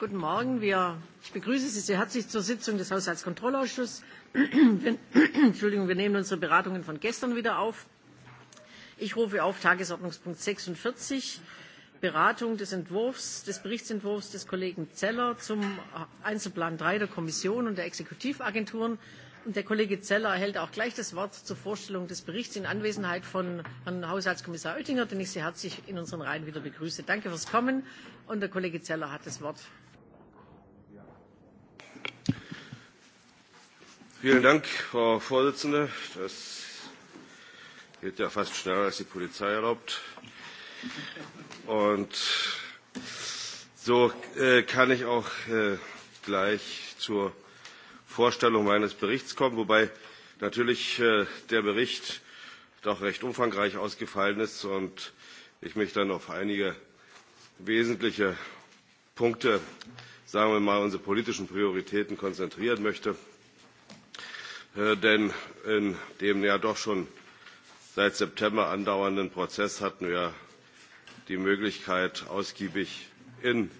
Guten Morgen. Wir, ich begrüße Sie sehr herzlich zur Sitzung des Haushaltskontrollausschusses. wir, Entschuldigung, wir nehmen unsere Beratungen von gestern wieder auf. Ich rufe auf Tagesordnungspunkt 46, Beratung des Entwurfs, des Berichtsentwurfs des Kollegen Zeller zum Einzelplan 3 der Kommission und der Exekutivagenturen. Und der Kollege Zeller erhält auch gleich das Wort zur Vorstellung des Berichts in Anwesenheit von Herrn Haushaltskommissar Oettinger, den ich sehr herzlich in unseren Reihen wieder begrüße. Danke fürs Kommen. Und der Kollege Zeller hat das Wort. Vielen Dank, Frau Vorsitzende. Das geht ja fast schneller, als die Polizei erlaubt. Und so äh, kann ich auch äh, gleich zur Vorstellung meines Berichts kommen, wobei natürlich äh, der Bericht doch recht umfangreich ausgefallen ist und ich mich dann auf einige wesentliche Punkte, sagen wir mal, unsere politischen Prioritäten konzentrieren möchte denn in dem ja doch schon seit September andauernden Prozess hatten wir die Möglichkeit, ausgiebig in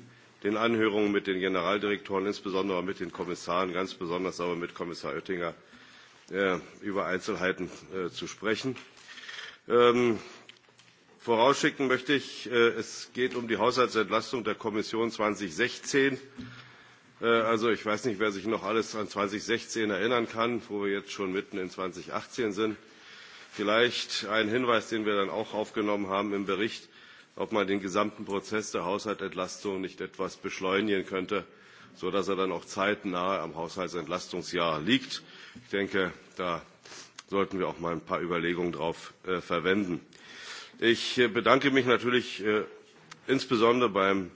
den Anhörungen mit den Generaldirektoren, insbesondere mit den Kommissaren, ganz besonders aber mit Kommissar Oettinger, äh, über Einzelheiten äh, zu sprechen. Ähm, vorausschicken möchte ich, äh, es geht um die Haushaltsentlastung der Kommission 2016. Äh, also ich weiß nicht, wer sich noch alles an 2016 erinnern kann, wo wir jetzt schon mitten in 2018 sind. Vielleicht ein Hinweis, den wir dann auch aufgenommen haben im Bericht, ob man den gesamten Prozess der Haushaltsentlastung nicht etwas beschleunigen könnte, sodass er dann auch zeitnah am Haushaltsentlastungsjahr liegt. Ich denke, da sollten wir auch mal ein paar Überlegungen drauf äh, verwenden. Ich äh, bedanke mich natürlich äh, insbesondere beim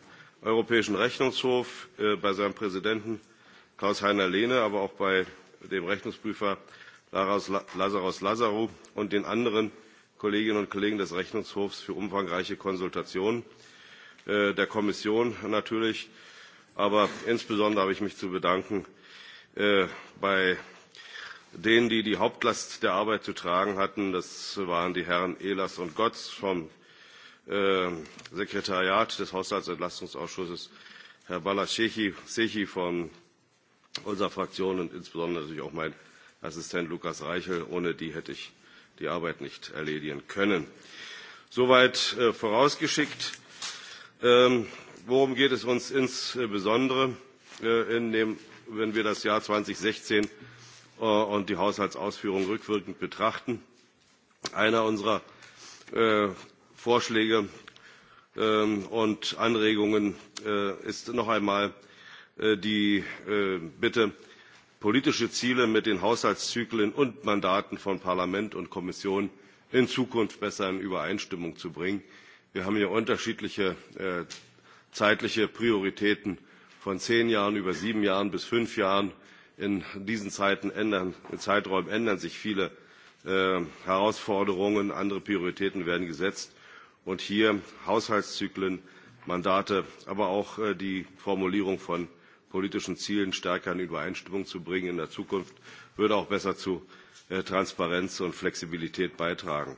europäischen rechnungshof äh, bei seinem präsidenten klaus heiner lehne aber auch bei dem rechnungsprüfer lazaros lazarou und den anderen kolleginnen und kollegen des rechnungshofs für umfangreiche konsultationen äh, der kommission natürlich aber insbesondere habe ich mich zu bedanken äh, bei denen die die hauptlast der arbeit zu tragen hatten das waren die herren ehlers und götz vom Äh, Sekretariat des Haushaltsentlastungsausschusses, Herr Balaschechi von unserer Fraktion und insbesondere natürlich auch mein Assistent Lukas Reichel. Ohne die hätte ich die Arbeit nicht erledigen können. Soweit äh, vorausgeschickt. Ähm, worum geht es uns insbesondere, äh, in dem, wenn wir das Jahr 2016 und die Haushaltsausführung rückwirkend betrachten? Einer unserer Vorschläge ähm, und Anregungen äh, ist noch einmal äh, die äh, Bitte, politische Ziele mit den Haushaltszyklen und Mandaten von Parlament und Kommission in Zukunft besser in Übereinstimmung zu bringen. Wir haben hier unterschiedliche zeitliche Prioritäten von zehn Jahren über sieben Jahren bis fünf Jahren. In diesen Zeiten ändern, in Zeiträumen ändern sich viele Herausforderungen, andere Prioritäten werden gesetzt und hier Haushaltszyklen, Mandate, aber auch äh, die Formulierung von politischen Zielen stärker in Übereinstimmung zu bringen in der Zukunft, würde auch besser zu äh, Transparenz und Flexibilität beitragen.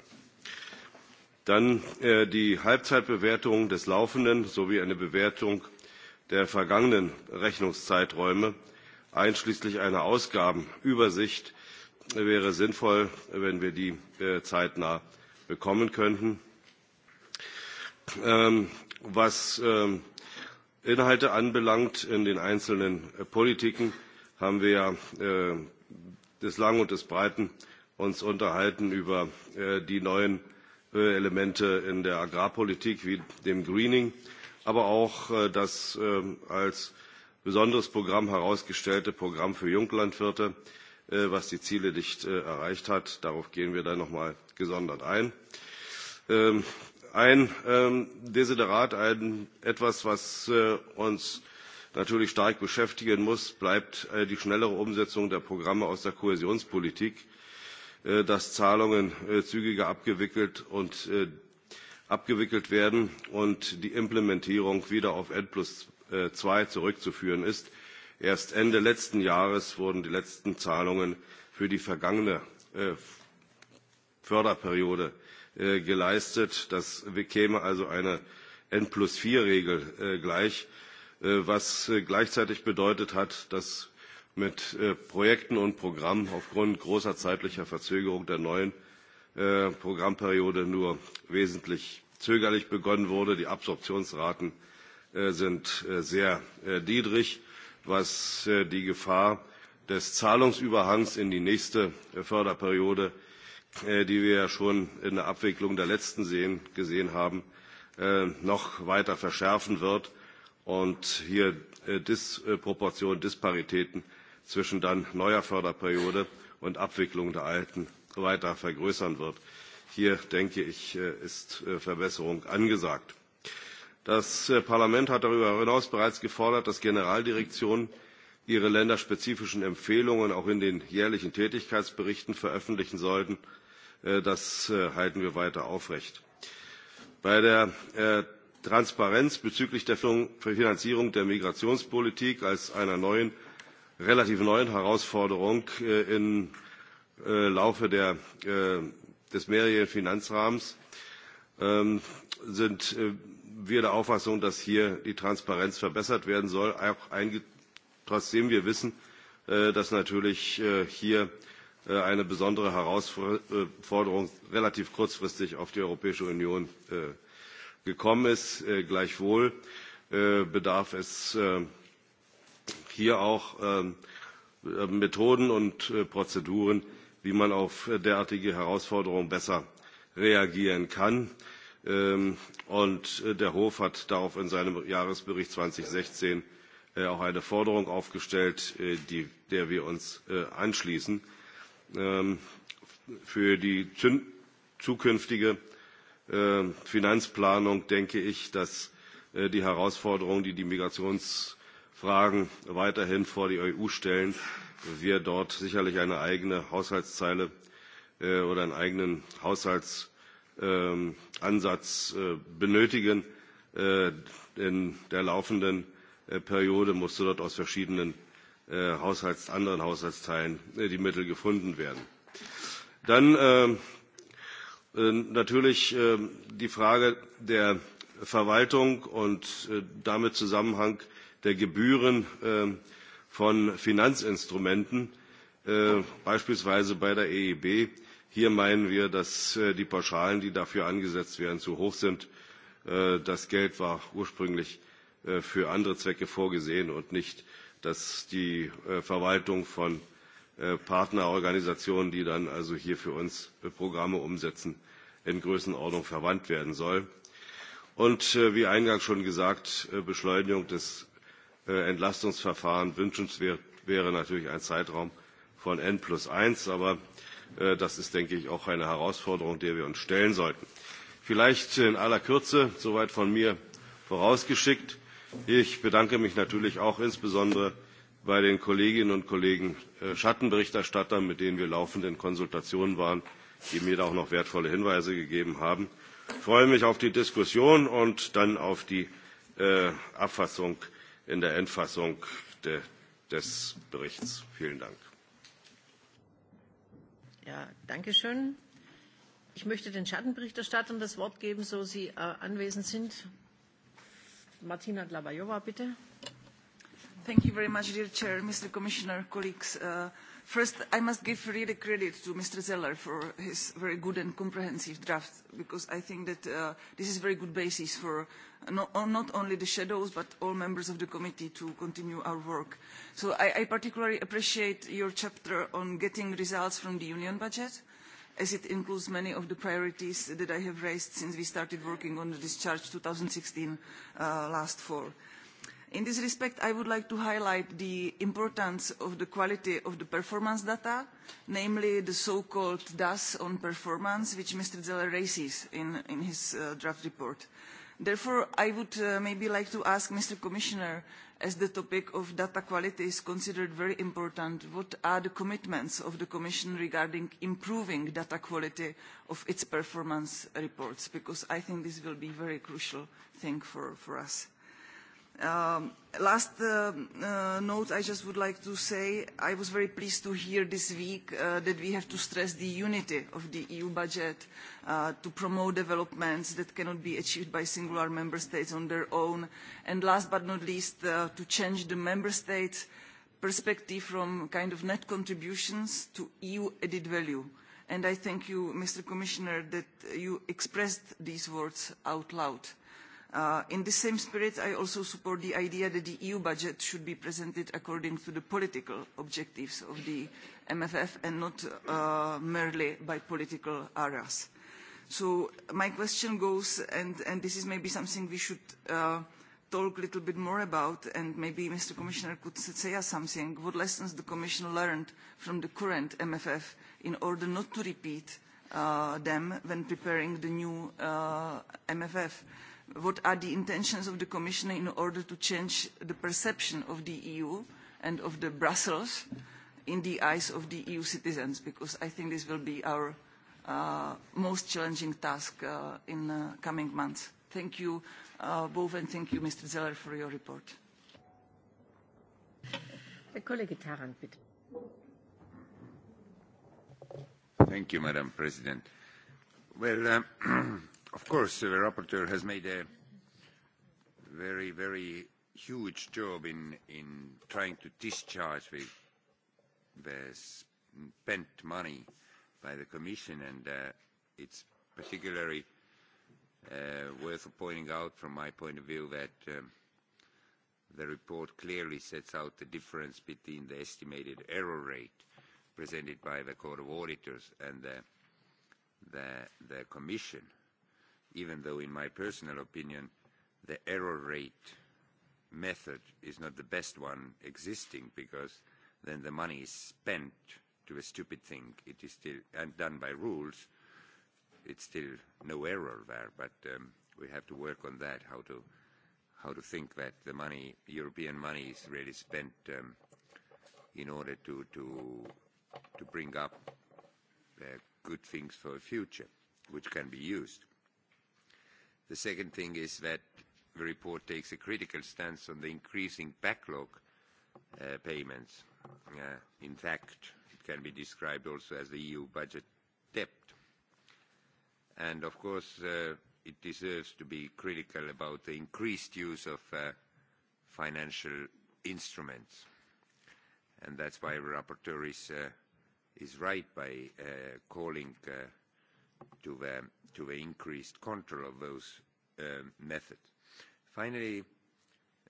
Dann äh, die Halbzeitbewertung des laufenden sowie eine Bewertung der vergangenen Rechnungszeiträume einschließlich einer Ausgabenübersicht wäre sinnvoll, wenn wir die zeitnah bekommen könnten. Ähm, was ähm, Inhalte anbelangt in den einzelnen äh, Politiken, haben wir ja äh, des Langen und des Breiten uns unterhalten über äh, die neuen Elemente in der Agrarpolitik wie dem Greening, aber auch das ähm, als besonderes Programm herausgestellte Programm für Junglandwirte, was die Ziele nicht erreicht hat. Darauf gehen wir dann noch mal gesondert ein ein ähm, Desiderat, ein, etwas, was äh, uns natürlich stark beschäftigen muss, bleibt äh, die schnellere Umsetzung der Programme aus der Kohäsionspolitik, äh, dass Zahlungen äh, zügiger abgewickelt und äh, abgewickelt werden und die Implementierung wieder auf N plus 2 äh, zurückzuführen ist. Erst Ende letzten Jahres wurden die letzten Zahlungen für die vergangene äh, Förderperiode Äh, geleistet. Das käme also einer N plus 4 Regel äh, gleich, äh, was gleichzeitig bedeutet hat, dass mit Projekten und Programmen aufgrund großer zeitlicher Verzögerung der neuen Programmperiode nur wesentlich zögerlich begonnen wurde. Die Absorptionsraten sind sehr niedrig, was die Gefahr des Zahlungsüberhangs in die nächste Förderperiode Äh, die wir ja schon in der Abwicklung der letzten sehen, gesehen haben, äh, noch weiter verschärfen wird und hier äh, Disproportionen, Disparitäten zwischen dann neuer Förderperiode und Abwicklung der alten weiter vergrößern wird. Hier, denke ich, ist Verbesserung angesagt. Das Parlament hat darüber hinaus bereits gefordert, dass Generaldirektionen ihre länderspezifischen Empfehlungen auch in den jährlichen Tätigkeitsberichten veröffentlichen sollten Äh, das äh, halten wir weiter aufrecht. Bei der äh, Transparenz bezüglich der Finanzierung der Migrationspolitik als einer neuen, relativ neuen Herausforderung im Laufe der, des mehrjährigen Finanzrahmens ähm, sind wir der Auffassung, dass hier die Transparenz verbessert werden soll, auch trotzdem wir wissen, dass natürlich hier Äh, eine besondere Herausforderung relativ kurzfristig auf die Europäische Union äh, gekommen ist. Äh, gleichwohl bedarf es hier auch Methoden und Prozeduren, wie man auf derartige Herausforderungen besser reagieren kann. Ähm, und der Hof hat darauf in seinem Jahresbericht 2016 auch eine Forderung aufgestellt, die, der wir uns anschließen. Ähm, für die zukünftige ähm, Finanzplanung denke ich, dass äh, die Herausforderungen, die die Migrationsfragen weiterhin vor die EU stellen, wir dort sicherlich eine eigene Haushaltszeile äh, oder einen eigenen Haushaltsansatz ähm, äh, benötigen. In der laufenden Periode musste dort aus verschiedenen Äh, Haushalts, anderen Haushaltsteilen äh, die Mittel gefunden werden. Dann äh, natürlich die Frage der Verwaltung und damit Zusammenhang der Gebühren von Finanzinstrumenten, beispielsweise bei der EIB. E Hier meinen wir, dass die Pauschalen, die dafür angesetzt werden, zu hoch sind. Das Geld war ursprünglich für andere Zwecke vorgesehen und nicht dass die äh, Verwaltung von äh, Partnerorganisationen, die dann also hier für uns äh, Programme umsetzen, in Größenordnung verwandt werden soll. Und wie eingangs schon gesagt, Beschleunigung des Entlastungsverfahrens wünschenswert wäre natürlich ein Zeitraum von N plus 1, aber das ist, denke ich, auch eine Herausforderung, der wir uns stellen sollten. Vielleicht in aller Kürze, soweit von mir vorausgeschickt. Ich bedanke mich natürlich auch insbesondere bei den Kolleginnen und Kollegen äh, Schattenberichterstattern, mit denen wir laufend in Konsultationen waren, die mir da auch noch wertvolle Hinweise gegeben haben. Ich freue mich auf die Diskussion und dann auf die äh, Abfassung in der Endfassung de, des Berichts. Vielen Dank. Ja, danke schön. Ich möchte den Schattenberichterstattern das Wort geben, so sie äh, anwesend sind. Martina Dlabajová, bitte. Thank you very much, dear Chair, Mr. Commissioner, colleagues. Uh, first, I must give really credit to Mr. Zeller for his very good and comprehensive draft, because I think that uh, this is a very good basis for not, not only the shadows, but all members of the committee to continue our work. So I, I particularly appreciate your chapter on getting results from the union budget. Uh, as it includes many of the priorities that I have raised since we started working on the discharge 2016 uh, last fall. In this respect, I would like to highlight the importance of the quality of the performance data, namely the so-called DAS on performance, which Mr. Zeller raises in, in his uh, draft report. Therefore, I would uh, maybe like to ask Mr. Commissioner as the topic of data quality is considered very important, what are the commitments of the Commission regarding improving data quality of its performance reports? Because I think this will be a very crucial thing for, for us. Um, last uh, uh, note I just would like to say, I was very pleased to hear this week uh, that we have to stress the unity of the EU budget uh, to promote developments that cannot be achieved by singular member states on their own. And last but not least, uh, to change the member states' perspective from kind of net contributions to EU added value. And I thank you, Mr. Commissioner, that you expressed these words out loud. Uh, in the same spirit, I also support the idea that the EU budget should be presented according to the political objectives of the MFF and not uh, merely by political areas. So my question goes, and, and this is maybe something we should uh, talk a little bit more about, and maybe Mr. Commissioner could say us something, what lessons the Commission learned from the current MFF in order not to repeat uh, them when preparing the new uh, MFF what are the intentions of the Commission in order to change the perception of the EU and of the Brussels in the eyes of the EU citizens, because I think this will be our uh, most challenging task uh, in uh, coming months. Thank you uh, both, and thank you, Mr. Zeller, for your report. Thank you, Madam President. Well, uh, Of course, the rapporteur has made a very, very huge job in, in trying to discharge the, the spent money by the Commission, and uh, it's particularly uh, worth pointing out from my point of view that um, the report clearly sets out the difference between the estimated error rate presented by the Court of Auditors and the, the, the Commission even though in my personal opinion the error rate method is not the best one existing because then the money is spent to a stupid thing. It is still and done by rules. It's still no error there, but um, we have to work on that, how to how to think that the money, European money is really spent um, in order to, to, to bring up uh, good things for the future, which can be used. The second thing is that the report takes a critical stance on the increasing backlog uh, payments. Uh, in fact, it can be described also as the EU budget debt. And of course, uh, it deserves to be critical about the increased use of uh, financial instruments. And that's why the rapporteur is, uh, is right by uh, calling to the to the increased control of those um, methods. Finally,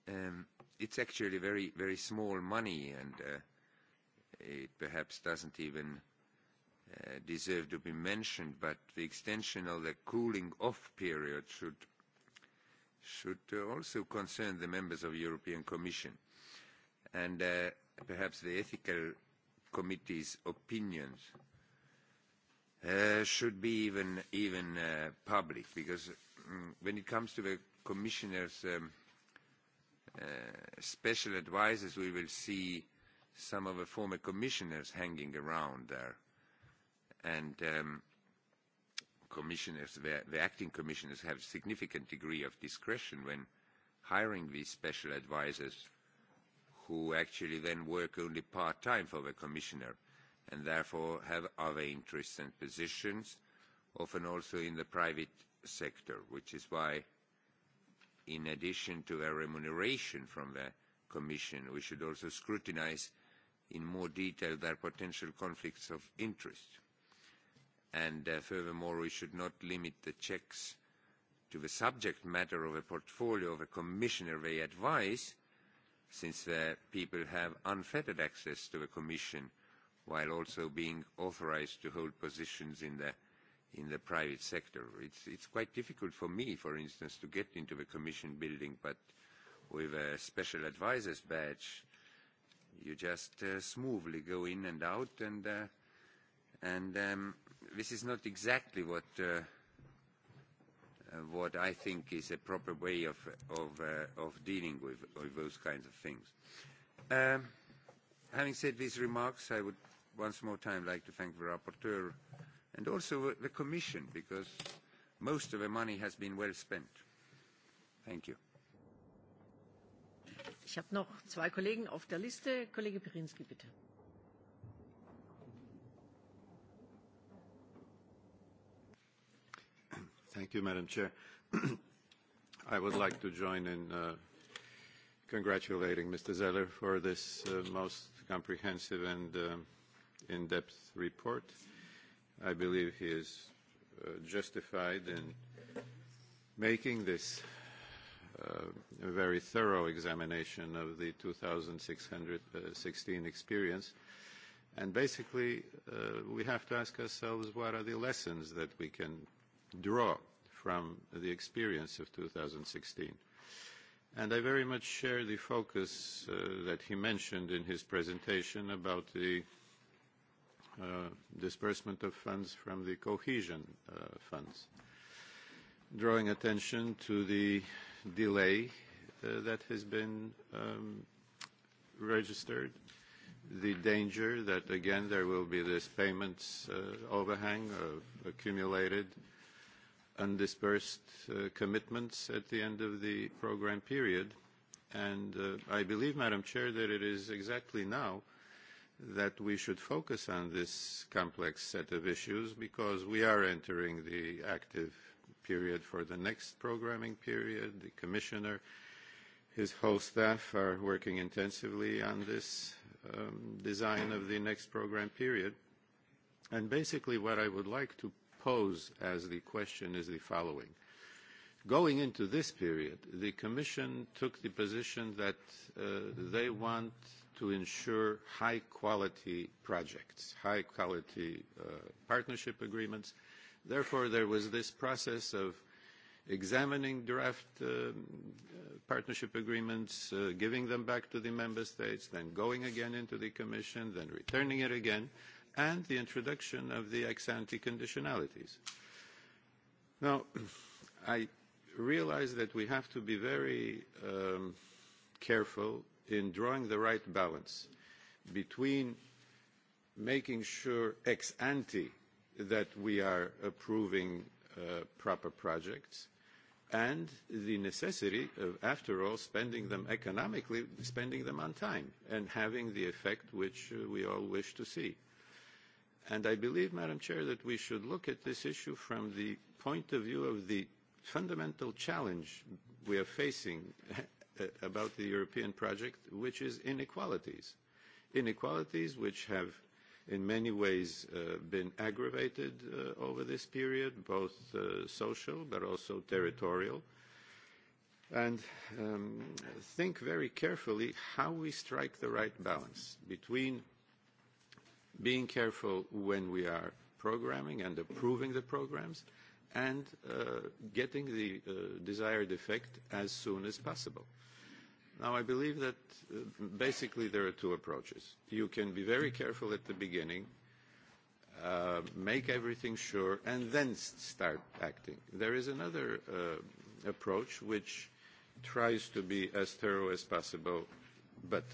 um, it's actually very, very small money, and uh, it perhaps doesn't even uh, deserve to be mentioned, but the extension of the cooling off period should should uh, also concern the members of European Commission. And uh, perhaps the ethical committee's opinions Uh, should be even, even uh, public because um, when it comes to the commissioner's um, uh, special advisors, we will see some of the former commissioners hanging around there. And um, commissioners, the, the acting commissioners have significant degree of discretion when hiring these special advisors who actually then work only part-time for the commissioner and therefore have other interests and positions, often also in the private sector, which is why, in addition to their remuneration from the Commission, we should also scrutinize in more detail their potential conflicts of interest. And uh, furthermore, we should not limit the checks to the subject matter of a portfolio of a commissioner they advise, since the uh, people have unfettered access to the Commission while also being authorized to hold positions in the in the private sector. It's, it's quite difficult for me, for instance, to get into the commission building, but with a special advisor's badge, you just uh, smoothly go in and out, and, uh, and um, this is not exactly what, uh, uh what I think is a proper way of, of, uh, of dealing with, with those kinds of things. Um, having said these remarks, I would once more time like to thank the rapporteur and also the Commission because most of the money has been well spent. Thank you. Ich habe noch zwei Kollegen auf der Liste. Kollege Pirinski, bitte. Thank you, Madam Chair. I would like to join in uh, congratulating Mr. Zeller for this uh, most comprehensive and um, in-depth report. I believe he is uh, justified in making this uh, a very thorough examination of the 2,616 experience. And basically, uh, we have to ask ourselves what are the lessons that we can draw from the experience of 2016. And I very much share the focus uh, that he mentioned in his presentation about the Uh, disbursement of funds from the cohesion uh, funds, drawing attention to the delay uh, that has been um, registered, the danger that, again, there will be this payments overhang of accumulated undisbursed uh, commitments at the end of the program period. and uh, I believe, Madam Chair, that it is exactly now that we should focus on this complex set of issues because we are entering the active period for the next programming period. The commissioner, his whole staff are working intensively on this um, design of the next program period. And basically what I would like to pose as the question is the following. Going into this period, the Commission took the position that uh, they want to ensure high-quality projects, high-quality uh, partnership agreements. Therefore, there was this process of examining draft um, uh, partnership agreements, uh, giving them back to the member states, then going again into the commission, then returning it again, and the introduction of the ex-ante conditionalities. Now, I realize that we have to be very um, careful in drawing the right balance between making sure ex ante that we are approving uh, proper projects and the necessity of, after all, spending them economically, spending them on time, and having the effect which uh, we all wish to see. And I believe, Madam Chair, that we should look at this issue from the point of view of the fundamental challenge we are facing Uh, about the European project, which is inequalities. Inequalities which have in many ways uh, been aggravated uh, over this period, both uh, social but also territorial. And um, think very carefully how we strike the right balance between being careful when we are programming and approving the programs and uh, getting the uh, desired effect as soon as possible. Now, I believe that uh, basically there are two approaches. You can be very careful at the beginning, uh, make everything sure, and then start acting. There is another uh, approach which tries to be as thorough as possible, but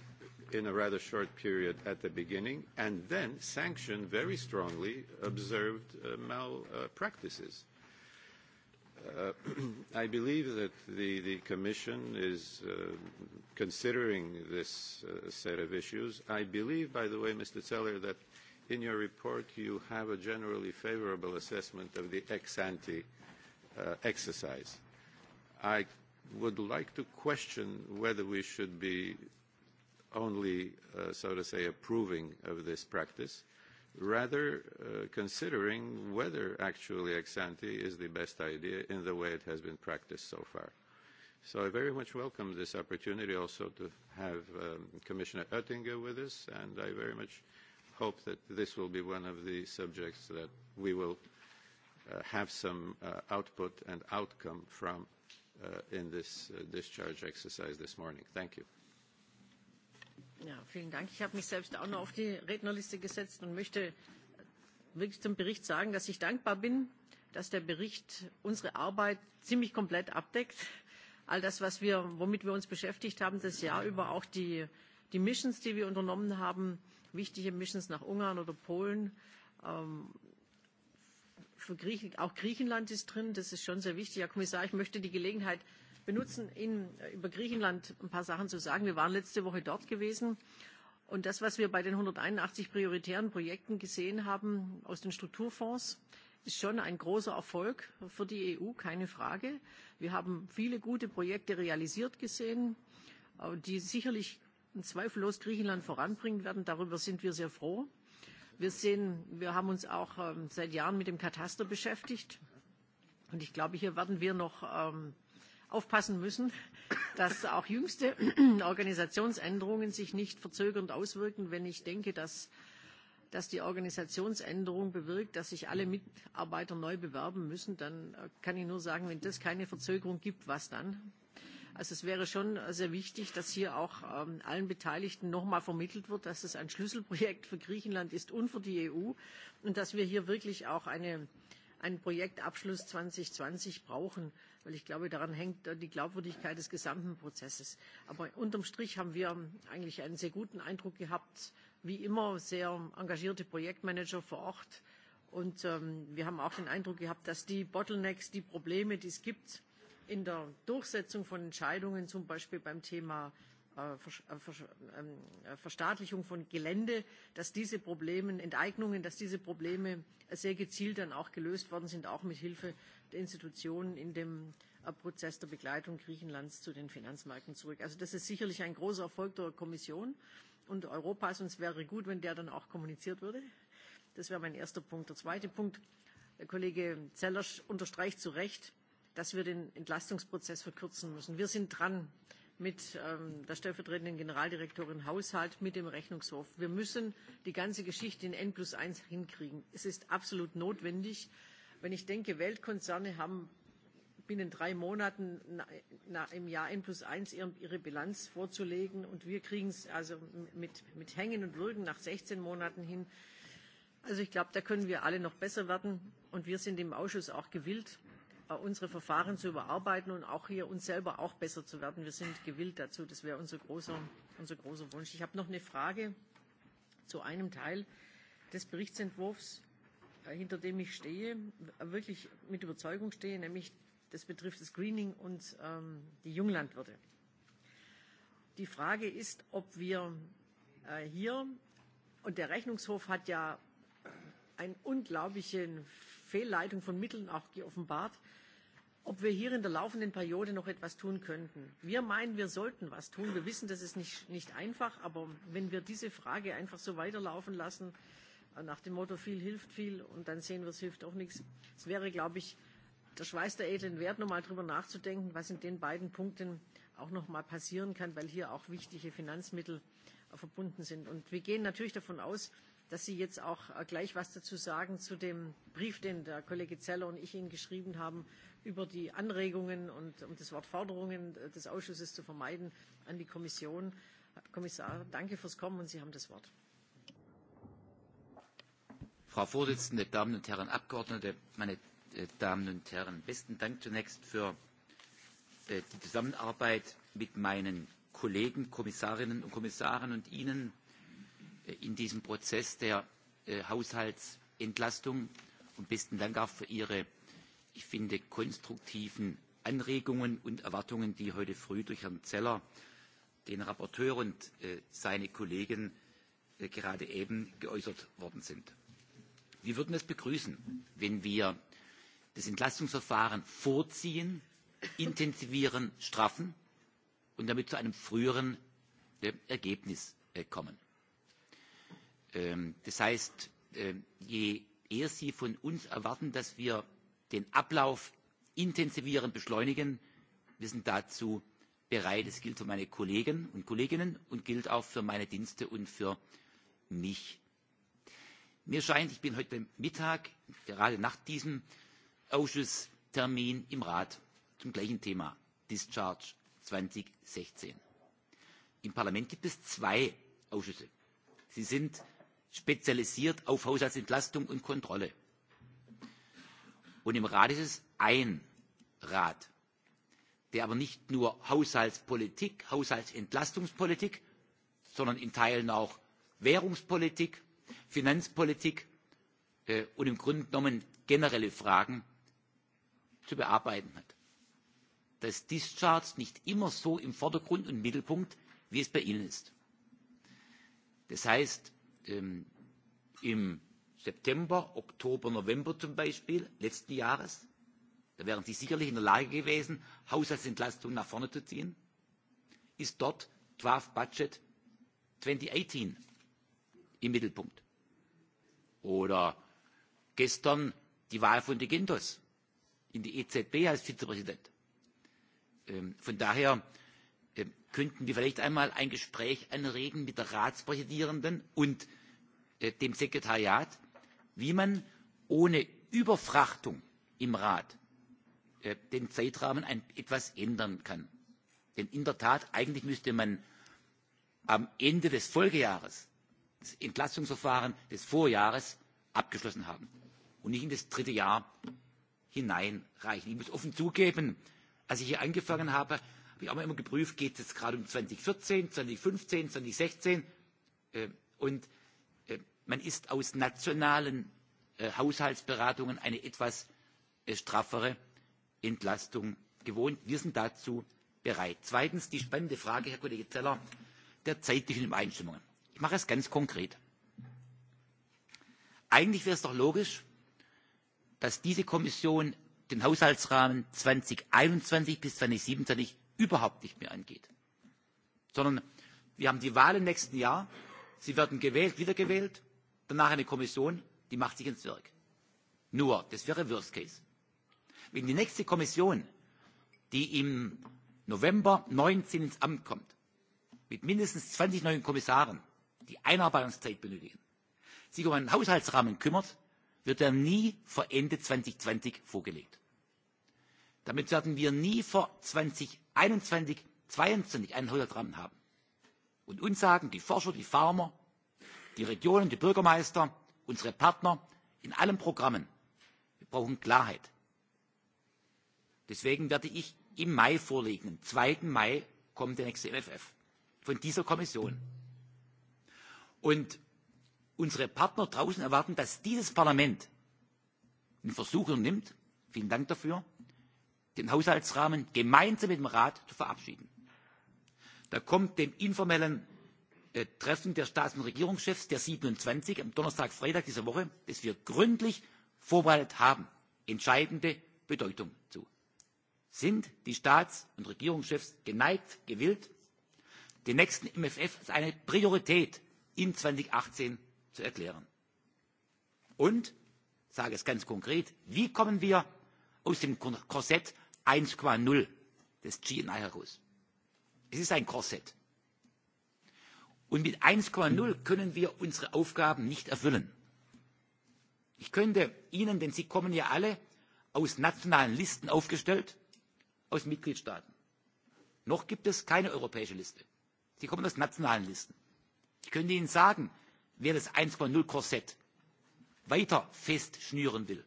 in a rather short period at the beginning, and then sanction very strongly observed uh, malpractices Uh, Uh, I believe that the, the Commission is uh, considering this uh, set of issues. I believe, by the way, Mr. Zeller, that in your report you have a generally favorable assessment of the ex-ante uh, exercise. I would like to question whether we should be only, uh, so to say, approving of this practice rather uh, considering whether actually ex ante is the best idea in the way it has been practiced so far. So I very much welcome this opportunity also to have um, Commissioner Oettinger with us, and I very much hope that this will be one of the subjects that we will uh, have some uh, output and outcome from in this discharge exercise this morning. Thank you. Ja, vielen Dank. Ich habe mich selbst auch noch auf die Rednerliste gesetzt und möchte wirklich zum Bericht sagen, dass ich dankbar bin, dass der Bericht unsere Arbeit ziemlich komplett abdeckt. All das, was wir, womit wir uns beschäftigt haben das Jahr über, auch die, die Missions, die wir unternommen haben, wichtige Missions nach Ungarn oder Polen, ähm, für Griechen, auch Griechenland ist drin, das ist schon sehr wichtig. Herr Kommissar, ich möchte die Gelegenheit benutzen, Ihnen äh, über Griechenland ein paar Sachen zu sagen. Wir waren letzte Woche dort gewesen. Und das, was wir bei den 181 prioritären Projekten gesehen haben aus den Strukturfonds, ist schon ein großer Erfolg für die EU, keine Frage. Wir haben viele gute Projekte realisiert gesehen, äh, die sicherlich zweifellos Griechenland voranbringen werden. Darüber sind wir sehr froh. Wir, sehen, wir haben uns auch ähm, seit Jahren mit dem Kataster beschäftigt. Und ich glaube, hier werden wir noch ähm, aufpassen müssen, dass auch jüngste Organisationsänderungen sich nicht verzögernd auswirken, wenn ich denke, dass, dass die Organisationsänderung bewirkt, dass sich alle Mitarbeiter neu bewerben müssen, dann äh, kann ich nur sagen, wenn das keine Verzögerung gibt, was dann? Also es wäre schon äh, sehr wichtig, dass hier auch ähm, allen Beteiligten nochmal vermittelt wird, dass es ein Schlüsselprojekt für Griechenland ist und für die EU und dass wir hier wirklich auch eine einen Projektabschluss 2020 brauchen, weil ich glaube, daran hängt die Glaubwürdigkeit des gesamten Prozesses. Aber unterm Strich haben wir eigentlich einen sehr guten Eindruck gehabt, wie immer sehr engagierte Projektmanager vor Ort. Und ähm, wir haben auch den Eindruck gehabt, dass die Bottlenecks, die Probleme, die es gibt in der Durchsetzung von Entscheidungen, zum Beispiel beim Thema Äh, äh, ähm, äh, Verstaatlichung von Gelände, dass diese Probleme, Enteignungen, dass diese Probleme sehr gezielt dann auch gelöst worden sind, auch mit Hilfe der Institutionen in dem Prozess der Begleitung Griechenlands zu den Finanzmärkten zurück. Also das ist sicherlich ein großer Erfolg der Kommission und Europas und es wäre gut, wenn der dann auch kommuniziert würde. Das wäre mein erster Punkt. Der zweite Punkt, der Kollege Zeller unterstreicht zu Recht, dass wir den Entlastungsprozess verkürzen müssen. Wir sind dran mit ähm, der stellvertretenden Generaldirektorin Haushalt, mit dem Rechnungshof. Wir müssen die ganze Geschichte in N plus 1 hinkriegen. Es ist absolut notwendig. Wenn ich denke, Weltkonzerne haben binnen drei Monaten na, na, im Jahr N plus 1 ihre, ihre Bilanz vorzulegen und wir kriegen es also mit, mit Hängen und Würgen nach 16 Monaten hin. Also ich glaube, da können wir alle noch besser werden und wir sind im Ausschuss auch gewillt, Äh, unsere Verfahren zu überarbeiten und auch hier uns selber auch besser zu werden. Wir sind gewillt dazu. Das wäre unser großer, unser großer Wunsch. Ich habe noch eine Frage zu einem Teil des Berichtsentwurfs, äh, hinter dem ich stehe, wirklich mit Überzeugung stehe, nämlich das betrifft das Greening und ähm, die Junglandwirte. Die Frage ist, ob wir äh, hier, und der Rechnungshof hat ja eine unglaubliche Fehlleitung von Mitteln auch geoffenbart, äh, ob wir hier in der laufenden Periode noch etwas tun könnten. Wir meinen, wir sollten was tun. Wir wissen, das ist nicht, nicht einfach, aber wenn wir diese Frage einfach so weiterlaufen lassen, äh, nach dem Motto viel hilft viel und dann sehen wir, es hilft auch nichts, es wäre, glaube ich, der Schweiß der edlen Wert, nochmal darüber nachzudenken, was in den beiden Punkten auch nochmal passieren kann, weil hier auch wichtige Finanzmittel äh, verbunden sind. Und wir gehen natürlich davon aus, dass Sie jetzt auch äh, gleich was dazu sagen zu dem Brief, den der Kollege Zeller und ich Ihnen geschrieben haben über die Anregungen und um das Wort Forderungen des Ausschusses zu vermeiden an die Kommission. Herr Kommissar, danke fürs Kommen und Sie haben das Wort. Frau Vorsitzende, Damen und Herren Abgeordnete, meine äh, Damen und Herren, besten Dank zunächst für äh, die Zusammenarbeit mit meinen Kollegen, Kommissarinnen und Kommissaren und Ihnen äh, in diesem Prozess der Haushaltsentlastung und besten Dank auch für Ihre ich finde, konstruktiven Anregungen und Erwartungen, die heute früh durch Herrn Zeller, den berichterstatter und äh, seine Kollegen äh, gerade eben geäußert worden sind. Wir würden es begrüßen, wenn wir das Entlastungsverfahren vorziehen, intensivieren, straffen und damit zu einem früheren äh, Ergebnis kommen. Ähm, das heißt, je eher Sie von uns erwarten, dass den ablauf intensivieren und beschleunigen. wir sind dazu bereit. das gilt für meine kollegen und kolleginnen und gilt auch für meine dienste und für mich. mir scheint ich bin heute mittag gerade nach diesem ausschusstermin im rat zum gleichen thema discharge zweitausendsechzehn im parlament gibt es zwei ausschüsse. sie sind spezialisiert auf haushaltsentlastung und kontrolle. Und im Rat ist es ein Rat, der aber nicht nur Haushaltspolitik, Haushaltsentlastungspolitik, sondern in Teilen auch Währungspolitik, Finanzpolitik äh, und im Grunde genommen generelle Fragen zu bearbeiten hat. Das Discharge nicht immer so im Vordergrund und Mittelpunkt, wie es bei Ihnen ist. Das heißt, ähm, im September, Oktober, November zum Beispiel letzten Jahres, da wären Sie sicherlich in der Lage gewesen, Haushaltsentlastung nach vorne zu ziehen, ist dort Draft Budget 2018 im Mittelpunkt. Oder gestern die Wahl von De Guindos in die EZB als Vizepräsident. Ähm, von daher ähm, könnten wir vielleicht einmal ein Gespräch anregen mit der Ratspräsidierenden und äh, dem Sekretariat, wie man ohne überfrachtung im rat äh, den zeitrahmen etwas ändern kann. denn in der tat eigentlich müsste man am ende des folgejahres das entlastungsverfahren des vorjahres abgeschlossen haben und nicht in das dritte jahr hineinreichen. ich muss offen zugeben als ich hier angefangen habe habe ich auch immer geprüft geht es gerade um zweitausendvierzehn zweitausendfünfzehn zweitausendsechzehn äh, und man ist aus nationalen äh, Haushaltsberatungen eine etwas äh, straffere Entlastung gewohnt. Wir sind dazu bereit. Zweitens die spannende Frage, Herr Kollege Zeller, der zeitlichen Übereinstimmungen. Ich mache es ganz konkret. Eigentlich wäre es doch logisch, dass diese Kommission den Haushaltsrahmen 2021 bis 2027 überhaupt nicht mehr angeht, sondern wir haben die Wahl im nächsten Jahr. Sie werden gewählt, wiedergewählt danach eine Kommission, die macht sich ins Werk. Nur, das wäre Worst Case. Wenn die nächste Kommission, die im November 19 ins Amt kommt, mit mindestens 20 neuen Kommissaren, die Einarbeitungszeit benötigen, sich um einen Haushaltsrahmen kümmert, wird er nie vor Ende 2020 vorgelegt. Damit werden wir nie vor 2021, 2022 einen Haushaltsrahmen haben. Und uns sagen die Forscher, die Farmer, die regionen die bürgermeister unsere partner in allen programmen. wir brauchen klarheit. deswegen werde ich im mai vorlegen am. zwei mai kommt der nächste mfr von dieser kommission. und unsere partner draußen erwarten dass dieses parlament den versuch unternimmt vielen dank dafür den haushaltsrahmen gemeinsam mit dem rat zu verabschieden. da kommt dem informellen Äh, Treffen der Staats- und Regierungschefs der siebenundzwanzig am Donnerstag, und Freitag dieser Woche, das wir gründlich vorbereitet haben, entscheidende Bedeutung zu. Sind die Staats- und Regierungschefs geneigt, gewillt, den nächsten MFF als eine Priorität in zweitausendachtzehn zu erklären? Und, ich sage es ganz konkret, wie kommen wir aus dem Korsett eins null des GNI heraus? Es ist ein Korsett Und mit 1,0 können wir unsere Aufgaben nicht erfüllen. Ich könnte Ihnen, denn Sie kommen ja alle aus nationalen Listen aufgestellt, aus Mitgliedstaaten. Noch gibt es keine europäische Liste. Sie kommen aus nationalen Listen. Ich könnte Ihnen sagen, wer das 1,0 Korsett weiter festschnüren will.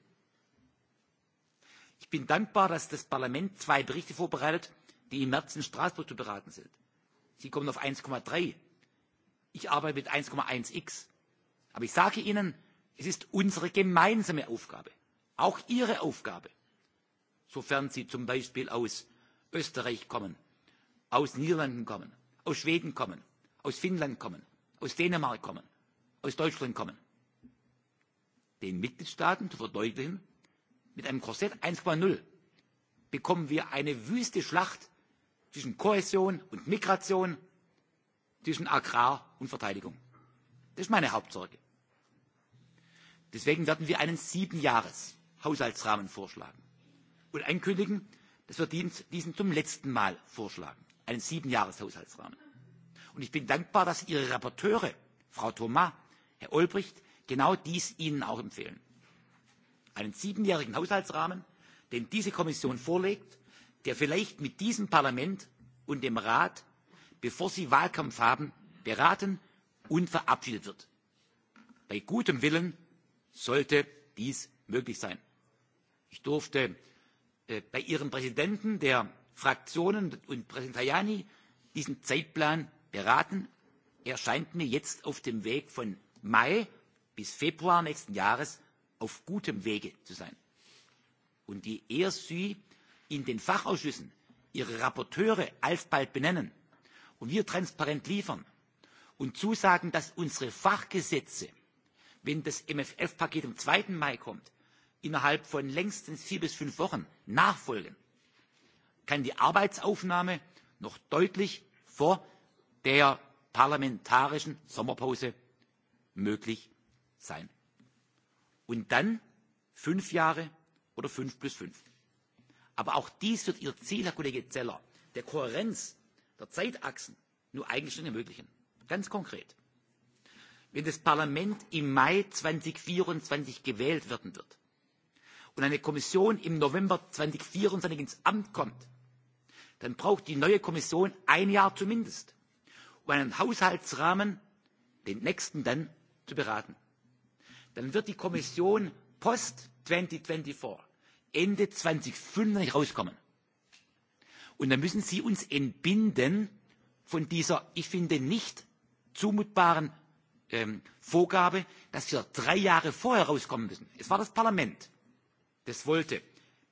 Ich bin dankbar, dass das Parlament zwei Berichte vorbereitet, die im März in Straßburg zu beraten sind. Sie kommen auf Ich arbeite mit 1,1x. Aber ich sage Ihnen, es ist unsere gemeinsame Aufgabe, auch Ihre Aufgabe, sofern Sie zum Beispiel aus Österreich kommen, aus Niederlanden kommen, aus Schweden kommen, aus Finnland kommen, aus Dänemark kommen, aus Deutschland kommen, den Mitgliedstaaten zu verdeutlichen, mit einem Korsett 1,0 bekommen wir eine wüste Schlacht zwischen Kohäsion und Migration, zwischen Agrar und Verteidigung. Das ist meine Hauptsorge. Deswegen werden wir einen siebenjahres Haushaltsrahmen vorschlagen und ankündigen, dass wir diesen zum letzten Mal vorschlagen, einen siebenjahres Haushaltsrahmen. Und ich bin dankbar, dass Ihre Rapporteure, Frau Thomas, Herr Olbricht, genau dies Ihnen auch empfehlen. Einen siebenjährigen Haushaltsrahmen, den diese Kommission vorlegt, der vielleicht mit diesem Parlament und dem Rat bevor sie wahlkampf haben beraten und verabschiedet wird. bei gutem willen sollte dies möglich sein. ich durfte äh, bei ihren präsidenten der fraktionen und präsident tajani diesen zeitplan beraten. er scheint mir jetzt auf dem weg von mai bis februar nächsten jahres auf gutem wege zu sein. und je eher sie in den fachausschüssen ihre berichterstatter alsbald benennen und wir transparent liefern und zusagen dass unsere fachgesetze wenn das mfr paket am. zwei mai kommt innerhalb von längstens vier bis fünf wochen nachfolgen kann die arbeitsaufnahme noch deutlich vor der parlamentarischen sommerpause möglich sein. und dann fünf jahre oder fünf plus fünf. aber auch dies wird ihr ziel herr kollege zeller der kohärenz der Zeitachsen nur eigenständig ermöglichen. Ganz konkret. Wenn das Parlament im Mai 2024 gewählt werden wird und eine Kommission im November 2024 ins Amt kommt, dann braucht die neue Kommission ein Jahr zumindest, um einen Haushaltsrahmen, den nächsten dann, zu beraten. Dann wird die Kommission post 2024 Ende 2025 rauskommen und dann müssen sie uns entbinden von dieser ich finde nicht zumutbaren ähm, vorgabe dass wir drei jahre vorher herauskommen müssen. es war das parlament das wollte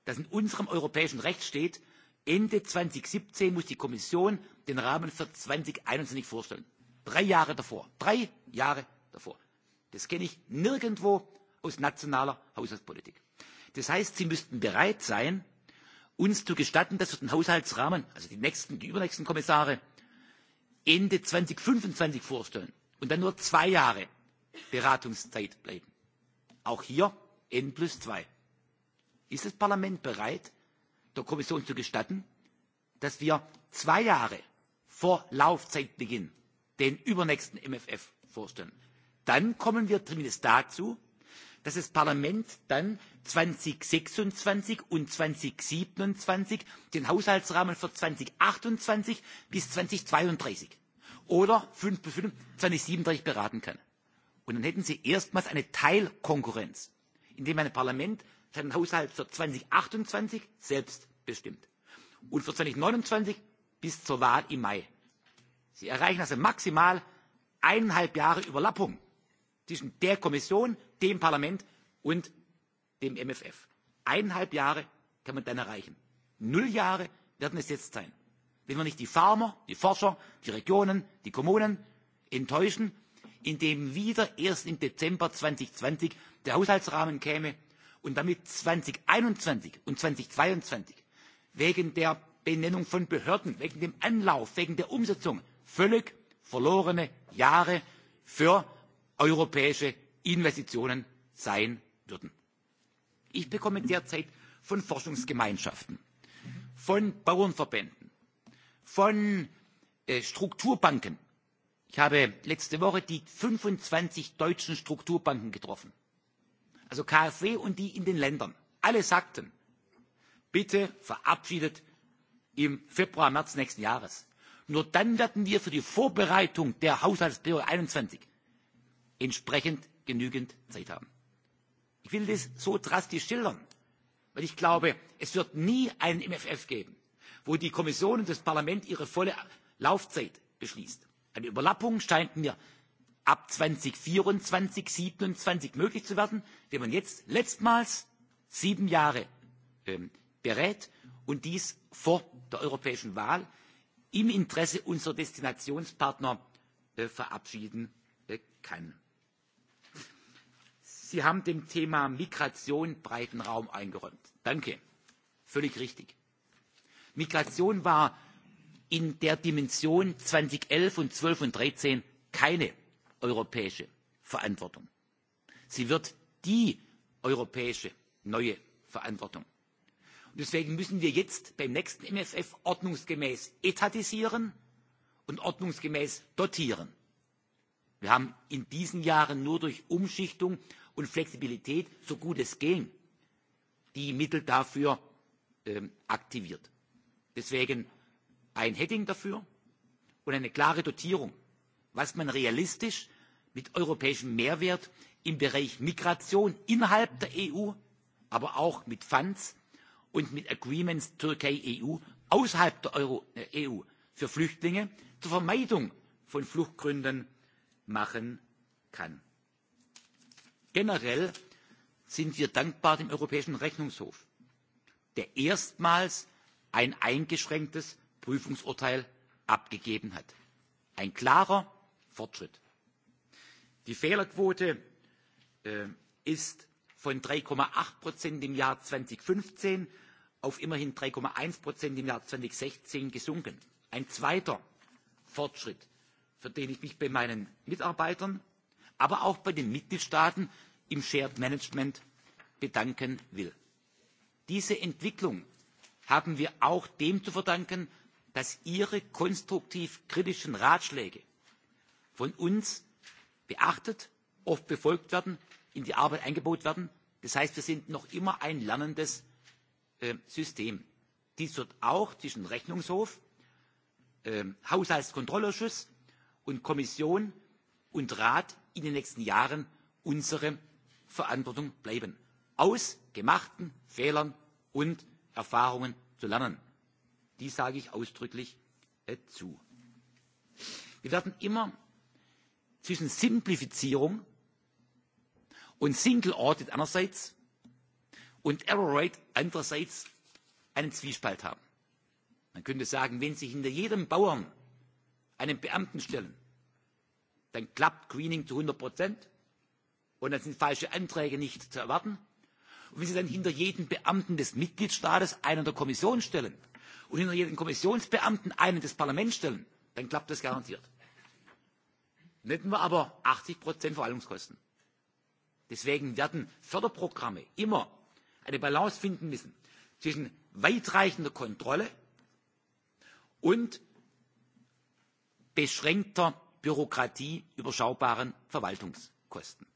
dass in unserem europäischen recht steht ende zweitausendsiebzehn muss die kommission den rahmen für zweitausendeinundzwanzig vorstellen. drei jahre davor drei jahre davor! das kenne ich nirgendwo aus nationaler haushaltspolitik. das heißt sie müssten bereit uns zu gestatten dass wir den haushaltsrahmen also die nächsten die übernächsten kommissare ende zweitausendfünfundzwanzig vorstellen und dann nur zwei jahre beratungszeit bleiben. auch hier n zwei. ist das parlament bereit der kommission zu gestatten dass wir zwei jahre vor laufzeitbeginn den übernächsten mfr vorstellen? dann kommen wir zumindest dazu dass das Parlament dann zweitausendsechsundzwanzig und zweitausendsiebenundzwanzig den Haushaltsrahmen für zweitausendachtundzwanzig bis zweitausendzweiunddreißig oder fünf bis fünf zweitausendsiebenunddreißig beraten kann. Und dann hätten Sie erstmals eine Teilkonkurrenz, indem ein Parlament seinen Haushalt für zweitausendachtundzwanzig selbst bestimmt und für zweitausendneunundzwanzig bis zur Wahl im Mai. Sie erreichen also maximal eineinhalb Jahre Überlappung zwischen der Kommission, dem Parlament und dem mfr. Eineinhalb Jahre kann man dann erreichen. Null Jahre werden es jetzt sein. Wenn wir nicht die Farmer, die Forscher, die Regionen, die Kommunen enttäuschen, indem wieder erst im Dezember zweitausendzwanzig der Haushaltsrahmen käme und damit zweitausendeinundzwanzig und zweitausendzweiundzwanzig wegen der Benennung von Behörden, wegen dem Anlauf, wegen der Umsetzung völlig verlorene Jahre europäische Investitionen sein würden. Ich bekomme derzeit von Forschungsgemeinschaften, von Bauernverbänden, von äh, Strukturbanken. Ich habe letzte Woche die fünfundzwanzig deutschen Strukturbanken getroffen. Also KfW und die in den Ländern. Alle sagten, bitte verabschiedet im Februar, März nächsten Jahres. Nur dann werden wir für die Vorbereitung der Haushaltsperiode zweitausendeinundzwanzig entsprechend genügend Zeit haben. Ich will das so drastisch schildern, weil ich glaube, es wird nie einen MFF geben, wo die Kommission und das Parlament ihre volle Laufzeit beschließt. Eine Überlappung scheint mir ab 2024, 27 möglich zu werden, wenn man jetzt letztmals sieben Jahre ähm, berät und dies vor der europäischen Wahl im Interesse unserer Destinationspartner äh, verabschieden äh, kann sie haben dem thema migration breiten raum eingeräumt. danke völlig richtig. migration war in der dimension zweitausendelf und zwölf und dreizehn keine europäische verantwortung. sie wird die europäische neue verantwortung. deswegen müssen wir jetzt beim nächsten mfr ordnungsgemäß etatisieren und ordnungsgemäß dotieren. wir haben in diesen jahren nur durch umschichtung und flexibilität so gut es ging die mittel dafür ähm, aktiviert. deswegen ein heading dafür und eine klare dotierung was man realistisch mit europäischem mehrwert im bereich migration innerhalb der eu aber auch mit funds und mit agreements türkei eu außerhalb der Euro, äh, eu für flüchtlinge zur vermeidung von fluchtgründen machen kann generell sind wir dankbar dem europäischen rechnungshof der erstmals ein eingeschränktes prüfungsurteil abgegeben hat. ein klarer fortschritt. die fehlerquote äh, ist von drei acht im jahr zweitausendfünfzehn auf immerhin drei eins im jahr zweitausendsechzehn gesunken ein zweiter fortschritt für den ich mich bei meinen mitarbeitern aber auch bei den Mitgliedstaaten im Shared Management bedanken will. Diese Entwicklung haben wir auch dem zu verdanken, dass Ihre konstruktiv kritischen Ratschläge von uns beachtet, oft befolgt werden, in die Arbeit eingebaut werden. Das heißt, wir sind noch immer ein lernendes äh, System. Dies wird auch zwischen Rechnungshof, äh, Haushaltskontrollausschuss und Kommission und in den nächsten Jahren unsere Verantwortung bleiben. Aus gemachten Fehlern und Erfahrungen zu lernen. Dies sage ich ausdrücklich äh, zu. Wir werden immer zwischen Simplifizierung und Single Audit einerseits und Error Rate andererseits einen Zwiespalt haben. Man könnte sagen, wenn Sie hinter jedem Bauern einen Beamten stellen, dann klappt Greening zu 100 Prozent und dann sind falsche Anträge nicht zu erwarten. Und wenn Sie dann hinter jeden Beamten des Mitgliedstaates einen der Kommission stellen und hinter jeden Kommissionsbeamten einen des Parlaments stellen, dann klappt das garantiert. Nennen wir aber 80 Prozent Verwaltungskosten. Deswegen werden Förderprogramme immer eine Balance finden müssen zwischen weitreichender Kontrolle und beschränkter Bürokratie, überschaubaren Verwaltungskosten.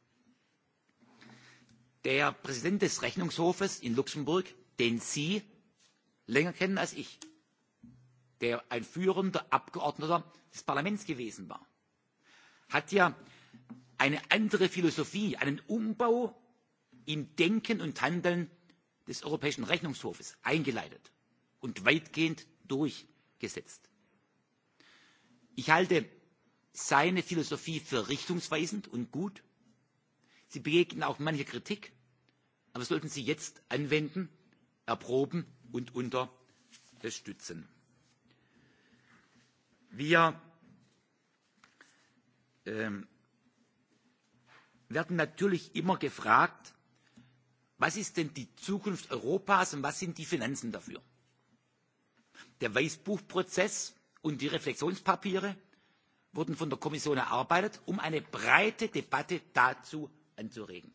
Der Präsident des Rechnungshofes in Luxemburg, den Sie länger kennen als ich, der ein führender Abgeordneter des Parlaments gewesen war, hat ja eine andere Philosophie, einen Umbau im Denken und Handeln des Europäischen Rechnungshofes eingeleitet und weitgehend durchgesetzt. Ich halte seine Philosophie für richtungsweisend und gut. Sie begegnen auch mancher Kritik, aber sollten sie jetzt anwenden, erproben und unterstützen. Wir ähm, werden natürlich immer gefragt, was ist denn die Zukunft Europas und was sind die Finanzen dafür? Der Weißbuchprozess und die Reflexionspapiere wurden von der Kommission erarbeitet, um eine breite Debatte dazu anzuregen.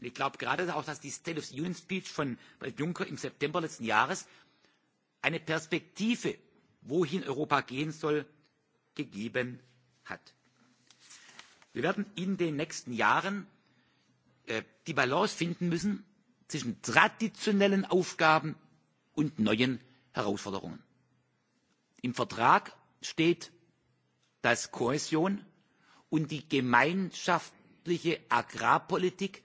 ich glaube gerade auch, dass die State of the Union Speech von Präsident Juncker im September letzten Jahres eine Perspektive, wohin Europa gehen soll, gegeben hat. Wir werden in den nächsten Jahren äh, die Balance finden müssen zwischen traditionellen Aufgaben und neuen Herausforderungen. Im Vertrag steht dass kohäsion und die gemeinschaftliche agrarpolitik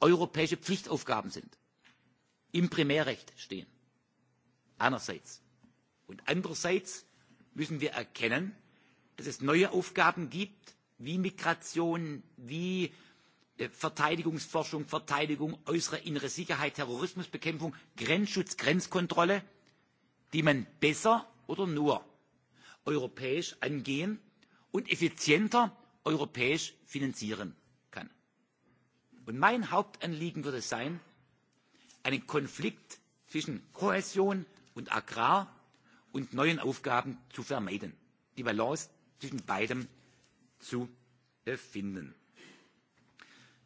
europäische pflichtaufgaben sind im primärrecht stehen einerseits. und andererseits müssen wir erkennen dass es neue aufgaben gibt wie migration wie äh, verteidigungsforschung verteidigung äußere innere sicherheit terrorismusbekämpfung grenzschutz grenzkontrolle die man besser oder nur europäisch angehen und effizienter europäisch finanzieren kann. Und mein hauptanliegen wird es sein einen konflikt zwischen kohäsion und agrar und neuen aufgaben zu vermeiden die balance zwischen beidem zu finden.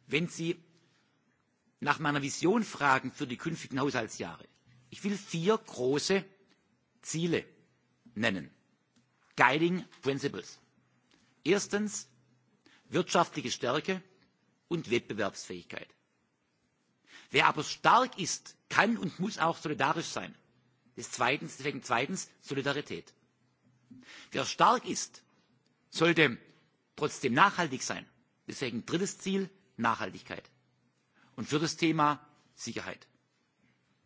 wenn sie nach meiner vision fragen für die künftigen haushaltsjahre ich will vier große ziele nennen Guiding Principles. Erstens wirtschaftliche Stärke und Wettbewerbsfähigkeit. Wer aber stark ist, kann und muss auch solidarisch sein. deswegen zweitens Solidarität. Wer stark ist, sollte trotzdem nachhaltig sein. Deswegen drittes Ziel Nachhaltigkeit. Und viertes Thema Sicherheit.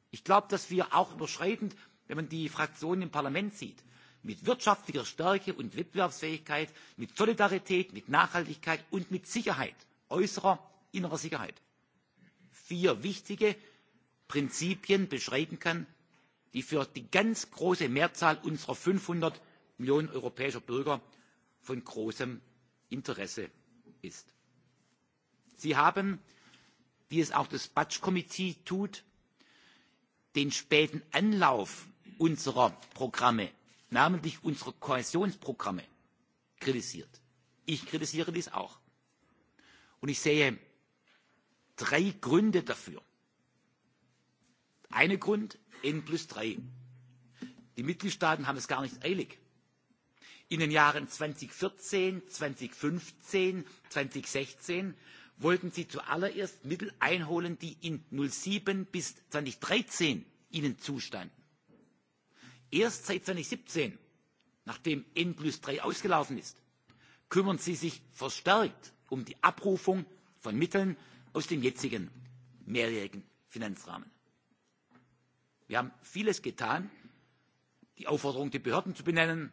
Ich glaube, dass wir auch überschreitend, wenn man die Fraktionen im Parlament sieht, mit wirtschaftlicher stärke und wettbewerbsfähigkeit mit solidarität mit nachhaltigkeit und mit sicherheit äußerer innerer sicherheit vier wichtige prinzipien beschreiben kann die für die ganz große mehrzahl unserer fünfhundert millionen europäischer bürger von großem interesse sind. sie haben wie es auch das budg komitee tut den späten anlauf unserer programme namentlich unsere Kohäsionsprogramme kritisiert. Ich kritisiere dies auch. Und ich sehe drei Gründe dafür. Eine Grund, N plus 3. Die Mitgliedstaaten haben es gar nicht eilig. In den Jahren 2014, 2015, 2016 wollten sie zuallererst Mittel einholen, die in 07 bis 2013 ihnen zustanden erst seit zweitausendsiebzehn nachdem n drei ausgelaufen ist kümmern sie sich verstärkt um die abrufung von mitteln aus dem jetzigen mehrjährigen finanzrahmen. wir haben vieles getan die aufforderung die behörden zu benennen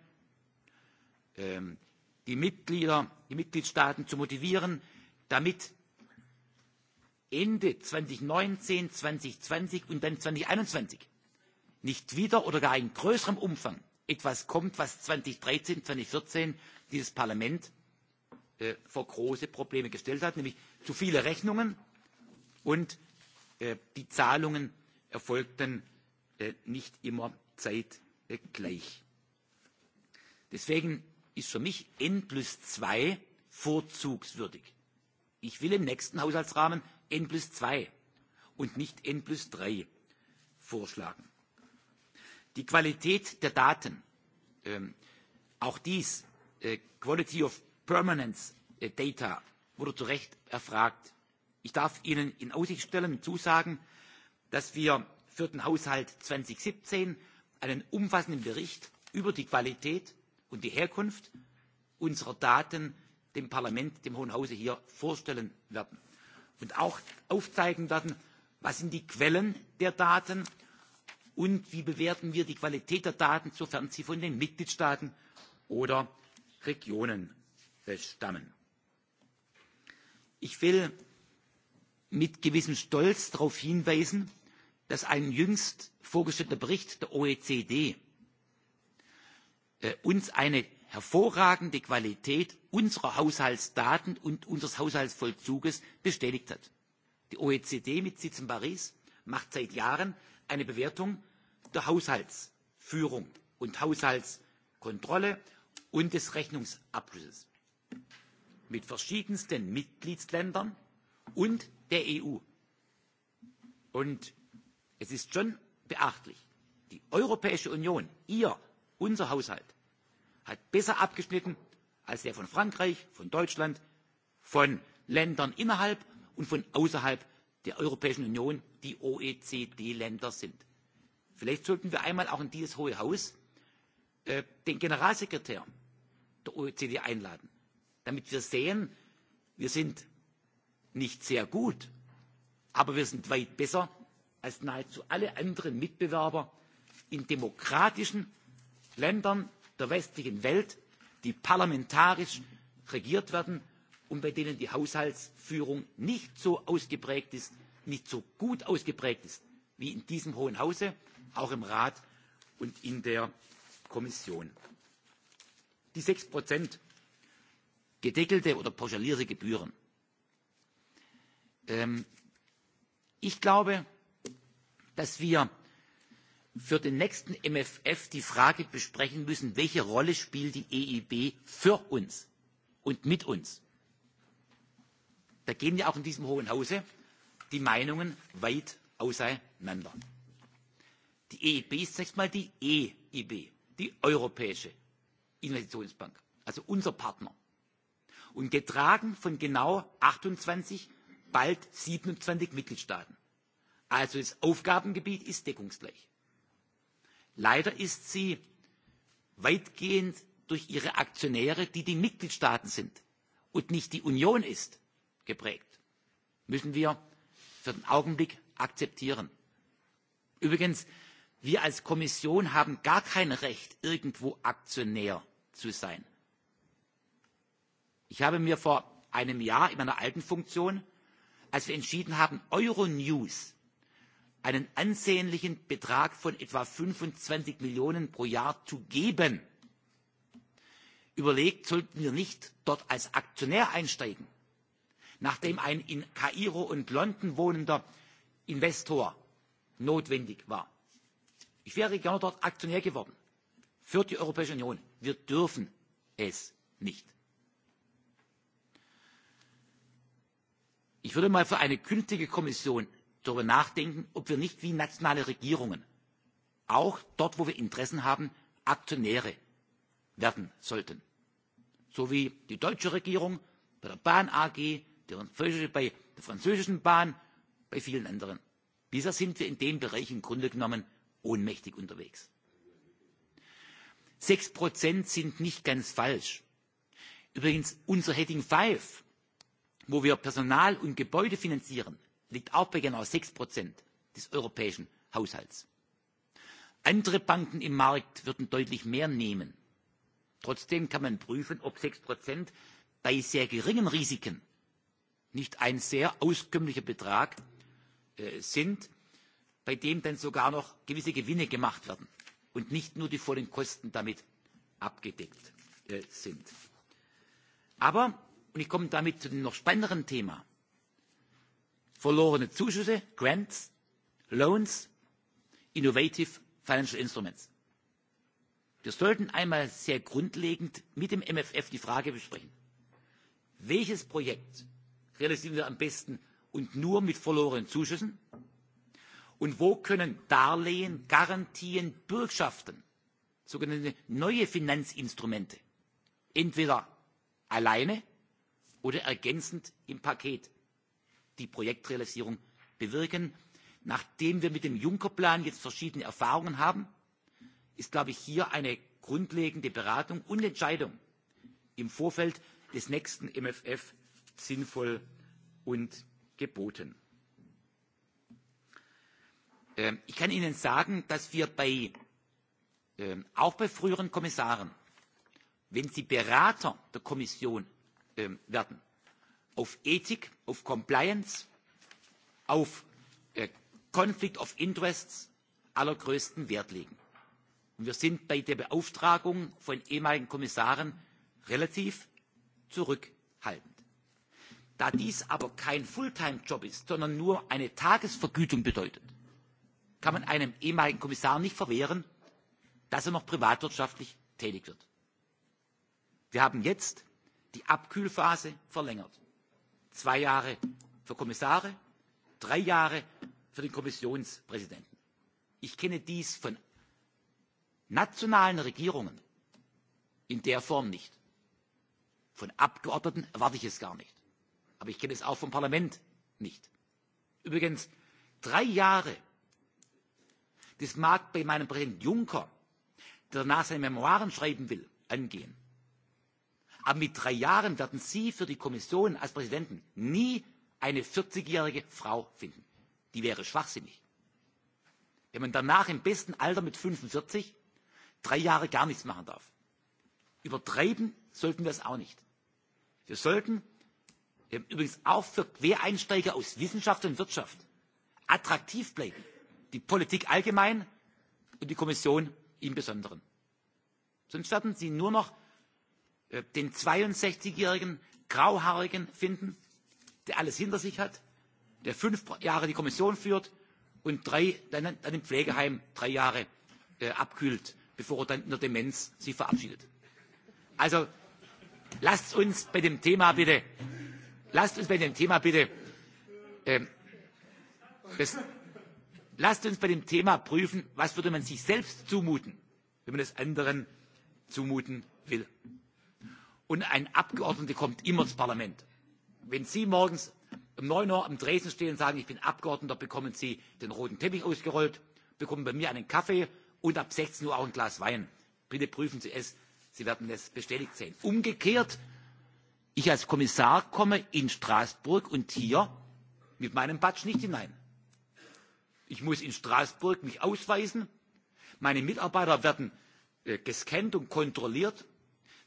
ähm, die mitglieder die mitgliedstaaten zu motivieren damit ende zweitausendneunzehn zweitausendzwanzig und dann zweitausendeinundzwanzig nicht wieder oder gar in größerem Umfang etwas kommt, was zweitausenddreizehn zweitausendvierzehn dieses Parlament äh, vor große Probleme gestellt hat, nämlich zu viele Rechnungen und äh, die Zahlungen erfolgten äh, nicht immer zeitgleich. Deswegen ist für mich N zwei vorzugswürdig. Ich will im nächsten Haushaltsrahmen N zwei und nicht N drei vorschlagen. Die Qualität der Daten, ähm, auch dies, äh, Quality of Permanence äh, Data, wurde zu Recht erfragt. Ich darf Ihnen in Aussicht stellen, und zusagen, dass wir für den Haushalt 2017 einen umfassenden Bericht über die Qualität und die Herkunft unserer Daten dem Parlament, dem Hohen Hause hier vorstellen werden und auch aufzeigen werden, was sind die Quellen der Daten, und wie bewerten wir die qualität der daten sofern sie von den mitgliedstaaten oder regionen stammen. ich will mit gewissem stolz darauf hinweisen dass ein jüngst vorgestellter bericht der oecd äh, uns eine hervorragende qualität unserer haushaltsdaten und unseres haushaltsvollzugs bestätigt hat. die oecd mit sitz in paris macht seit jahren eine bewertung der haushaltsführung und haushaltskontrolle und des rechnungsabschlusses mit verschiedensten mitgliedstaaten und der eu. und es ist schon beachtlich die europäische union ihr unser haushalt hat besser abgeschnitten als der von frankreich von deutschland von ländern innerhalb und von außerhalb der europäischen union die oecd länder sind vielleicht sollten wir einmal auch in dieses hohe haus äh, den generalsekretär der oecd einladen damit wir sehen wir sind nicht sehr gut aber wir sind weit besser als nahezu alle anderen mitbewerber in demokratischen ländern der westlichen welt die parlamentarisch regiert werden und bei denen die haushaltsführung nicht so ausgeprägt ist nicht so gut ausgeprägt ist wie in diesem hohen hause auch im Rat und in der Kommission. Die sechs gedeckelte oder pauschalierte Gebühren. Ähm, ich glaube, dass wir für den nächsten MFF die Frage besprechen müssen, welche Rolle spielt die EIB für uns und mit uns. Da gehen ja auch in diesem Hohen Hause die Meinungen weit auseinander. Die EIB ist zunächst mal die EIB, die Europäische Investitionsbank, also unser Partner. Und getragen von genau 28, bald 27 Mitgliedstaaten. Also das Aufgabengebiet ist deckungsgleich. Leider ist sie weitgehend durch ihre Aktionäre, die die Mitgliedstaaten sind und nicht die Union ist, geprägt. Müssen wir für den Augenblick akzeptieren. Übrigens, Wir als Kommission haben gar kein Recht, irgendwo Aktionär zu sein. Ich habe mir vor einem Jahr in meiner alten Funktion, als wir entschieden haben, Euronews einen ansehnlichen Betrag von etwa 25 Millionen pro Jahr zu geben, überlegt, sollten wir nicht dort als Aktionär einsteigen, nachdem ein in Kairo und London wohnender Investor notwendig war. Ich wäre gerne dort Aktionär geworden für die Europäische Union. Wir dürfen es nicht. Ich würde mal für eine künftige Kommission darüber nachdenken, ob wir nicht wie nationale Regierungen auch dort, wo wir Interessen haben, Aktionäre werden sollten. So wie die deutsche Regierung bei der Bahn AG, bei der französischen Bahn, bei vielen anderen. Bisher sind wir in dem Bereich im Grunde genommen ohnmächtig unterwegs. Sechs Prozent sind nicht ganz falsch. Übrigens, unser Heading 5, wo wir Personal und Gebäude finanzieren, liegt auch bei genau sechs Prozent des europäischen Haushalts. Andere Banken im Markt würden deutlich mehr nehmen. Trotzdem kann man prüfen, ob sechs Prozent bei sehr geringen Risiken nicht ein sehr auskömmlicher Betrag äh, sind, bei dem dann sogar noch gewisse Gewinne gemacht werden und nicht nur die vollen Kosten damit abgedeckt äh, sind. Aber, und ich komme damit zu dem noch spannenderen Thema, verlorene Zuschüsse, Grants, Loans, Innovative Financial Instruments. Wir sollten einmal sehr grundlegend mit dem MFF die Frage besprechen, welches Projekt realisieren wir am besten und nur mit verlorenen Zuschüssen Und wo können Darlehen, Garantien, Bürgschaften, sogenannte neue Finanzinstrumente, entweder alleine oder ergänzend im Paket die Projektrealisierung bewirken? Nachdem wir mit dem Juncker-Plan jetzt verschiedene Erfahrungen haben, ist, glaube ich, hier eine grundlegende Beratung und Entscheidung im Vorfeld des nächsten mfr sinnvoll und geboten. Ähm, ich kann Ihnen sagen, dass wir ähm, auch bei früheren Kommissaren, wenn sie Berater der Kommission ähm, werden, auf Ethik, auf Compliance, auf äh, Conflict of Interests allergrößten Wert legen. wir sind bei der Beauftragung von ehemaligen Kommissaren relativ zurückhaltend. Da dies aber kein Fulltime-Job ist, sondern nur eine Tagesvergütung bedeutet, kann man einem ehemaligen kommissar nicht verwehren dass er noch privatwirtschaftlich tätig wird. wir haben jetzt die abkühlphase verlängert zwei jahre für kommissare drei jahre für den kommissionspräsidenten. ich kenne dies von nationalen regierungen in der form nicht. von abgeordneten erwarte ich es gar nicht. aber ich kenne es auch vom parlament nicht. übrigens drei jahre Das mag bei meinem Präsidenten Juncker, der danach seine Memoiren schreiben will, angehen. Aber mit drei Jahren werden Sie für die Kommission als Präsidenten nie eine vierzig jährige Frau finden. Die wäre schwachsinnig. Wenn man danach im besten Alter mit fünfundvierzig drei Jahre gar nichts machen darf. Übertreiben sollten wir es auch nicht. Wir sollten übrigens auch für Quereinsteiger aus Wissenschaft und Wirtschaft attraktiv bleiben die politik allgemein und die kommission im besonderen. sonst werden sie nur noch äh, den zweiundsechzig jährigen grauhaarigen finden der alles hinter sich hat der fünf jahre die kommission führt und drei, dann, dann im pflegeheim drei jahre äh, abkühlt bevor er dann in der demenz sich verabschiedet. also lasst uns bei dem thema bitte lasst uns bei dem thema bitte äh, das, lasst uns bei dem Thema prüfen, was würde man sich selbst zumuten, wenn man es anderen zumuten will. Und ein Abgeordneter kommt immer ins Parlament. Wenn Sie morgens um neun Uhr am tresen stehen und sagen, ich bin Abgeordneter, bekommen Sie den roten Teppich ausgerollt, bekommen bei mir einen Kaffee und ab sechzehn Uhr auch ein Glas Wein. Bitte prüfen Sie es. Sie werden es bestätigt sehen. Umgekehrt, ich als Kommissar komme in Straßburg und hier mit meinem badge nicht hinein Ich muss mich in Straßburg ausweisen. Meine Mitarbeiter werden äh, gescannt und kontrolliert.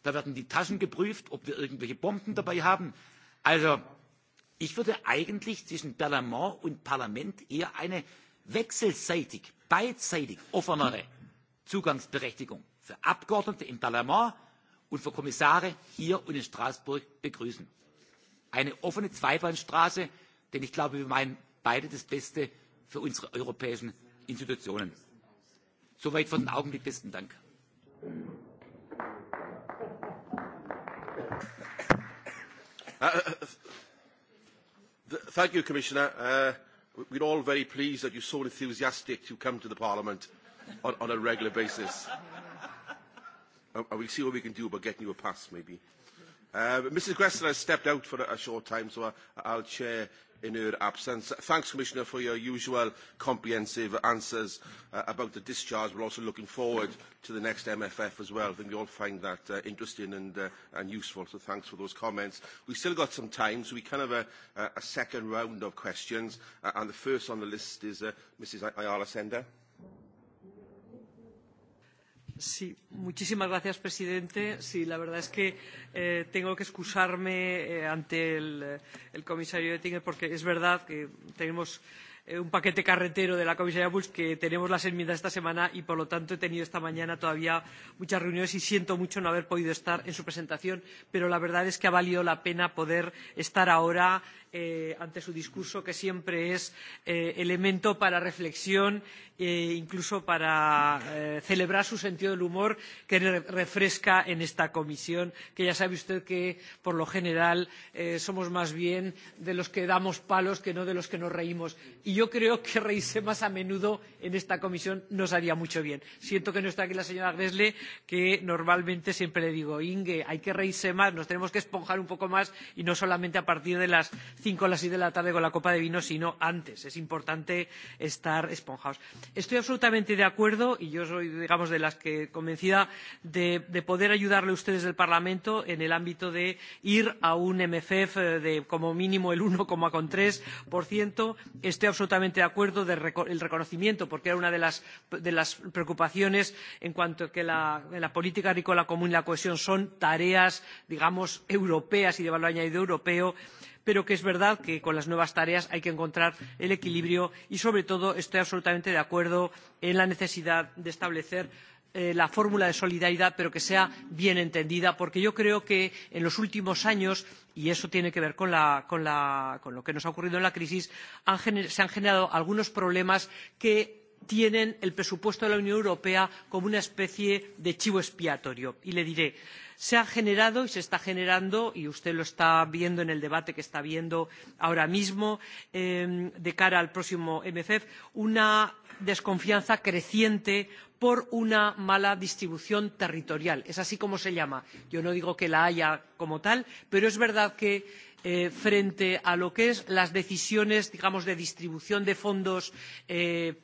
Da werden die Taschen geprüft, ob wir irgendwelche Bomben dabei haben. Also ich würde eigentlich zwischen Parlament und Parlament eher eine wechselseitig, beidseitig offenere Zugangsberechtigung für Abgeordnete im Parlament und für Kommissare hier und in Straßburg begrüßen. Eine offene Zweibahnstraße, denn ich glaube, wir meinen beide das Beste für unsere europäischen institutionen. soweit für den augenblick. besten dank. Uh, uh, uh th thank you, Commissioner. Uh, we're all very pleased that you're so enthusiastic to come to the Parliament on, on a regular basis. Uh, and uh, we'll see what we can do about getting you a pass, maybe. Uh, Mrs. Gressler has stepped out for a, a short time, so I, I'll chair in her absence. Thanks, Commissioner, for your usual comprehensive answers uh, about the discharge. We're also looking forward to the next MFF as well. I think we all find that uh, interesting and, uh, and useful, so thanks for those comments. We've still got some time, so we can have a, a second round of questions, uh, and the first on the list is uh, Mrs Ayala Sender. Uh, Sí, muchísimas gracias, presidente. Sí, la verdad es que eh, tengo que excusarme eh, ante el, el comisario Oettinger porque es verdad que tenemos eh, un paquete carretero de la comisaria Bulc que tenemos las enmiendas esta semana y, por lo tanto, he tenido esta mañana todavía muchas reuniones y siento mucho no haber podido estar en su presentación, pero la verdad es que ha valido la pena poder estar ahora eh, ante su discurso, que siempre es eh, elemento para reflexión e incluso para eh, celebrar su sentido del humor, que re refresca en esta comisión, que ya sabe usted que, por lo general, eh, somos más bien de los que damos palos que no de los que nos reímos. Y yo creo que reírse más a menudo en esta comisión nos haría mucho bien. Siento que no está aquí la señora Gressle, que normalmente siempre le digo, Inge, hay que reírse más, nos tenemos que esponjar un poco más y no solamente a partir de las 5 o las 6 de la tarde con la copa de vino, sino antes. Es importante estar esponjados. Estoy absolutamente de acuerdo y yo soy, digamos, de las que convencida de, de poder ayudarle a ustedes del Parlamento en el ámbito de ir a un MFF de como mínimo el 1,3%. Estoy absolutamente de acuerdo del de reco reconocimiento, porque era una de las, de las preocupaciones en cuanto a que la, la política agrícola común y la cohesión son tareas, digamos, europeas y de valor añadido europeo pero que es verdad que con las nuevas tareas hay que encontrar el equilibrio y, sobre todo, estoy absolutamente de acuerdo en la necesidad de establecer Eh, la fórmula de solidaridad pero que sea bien entendida porque yo creo que en los últimos años y eso tiene que ver con, la, con, la, con lo que nos ha ocurrido en la crisis han, se han generado algunos problemas que tienen el presupuesto de la unión europea como una especie de chivo expiatorio y le diré se ha generado y se está generando y usted lo está viendo en el debate que está habiendo ahora mismo eh, de cara al próximo mfp e una desconfianza creciente por una mala distribución territorial es así como se llama yo no digo que la haya como tal pero es verdad que eh, frente a lo que son las decisiones digamos de distribución de fondos eh,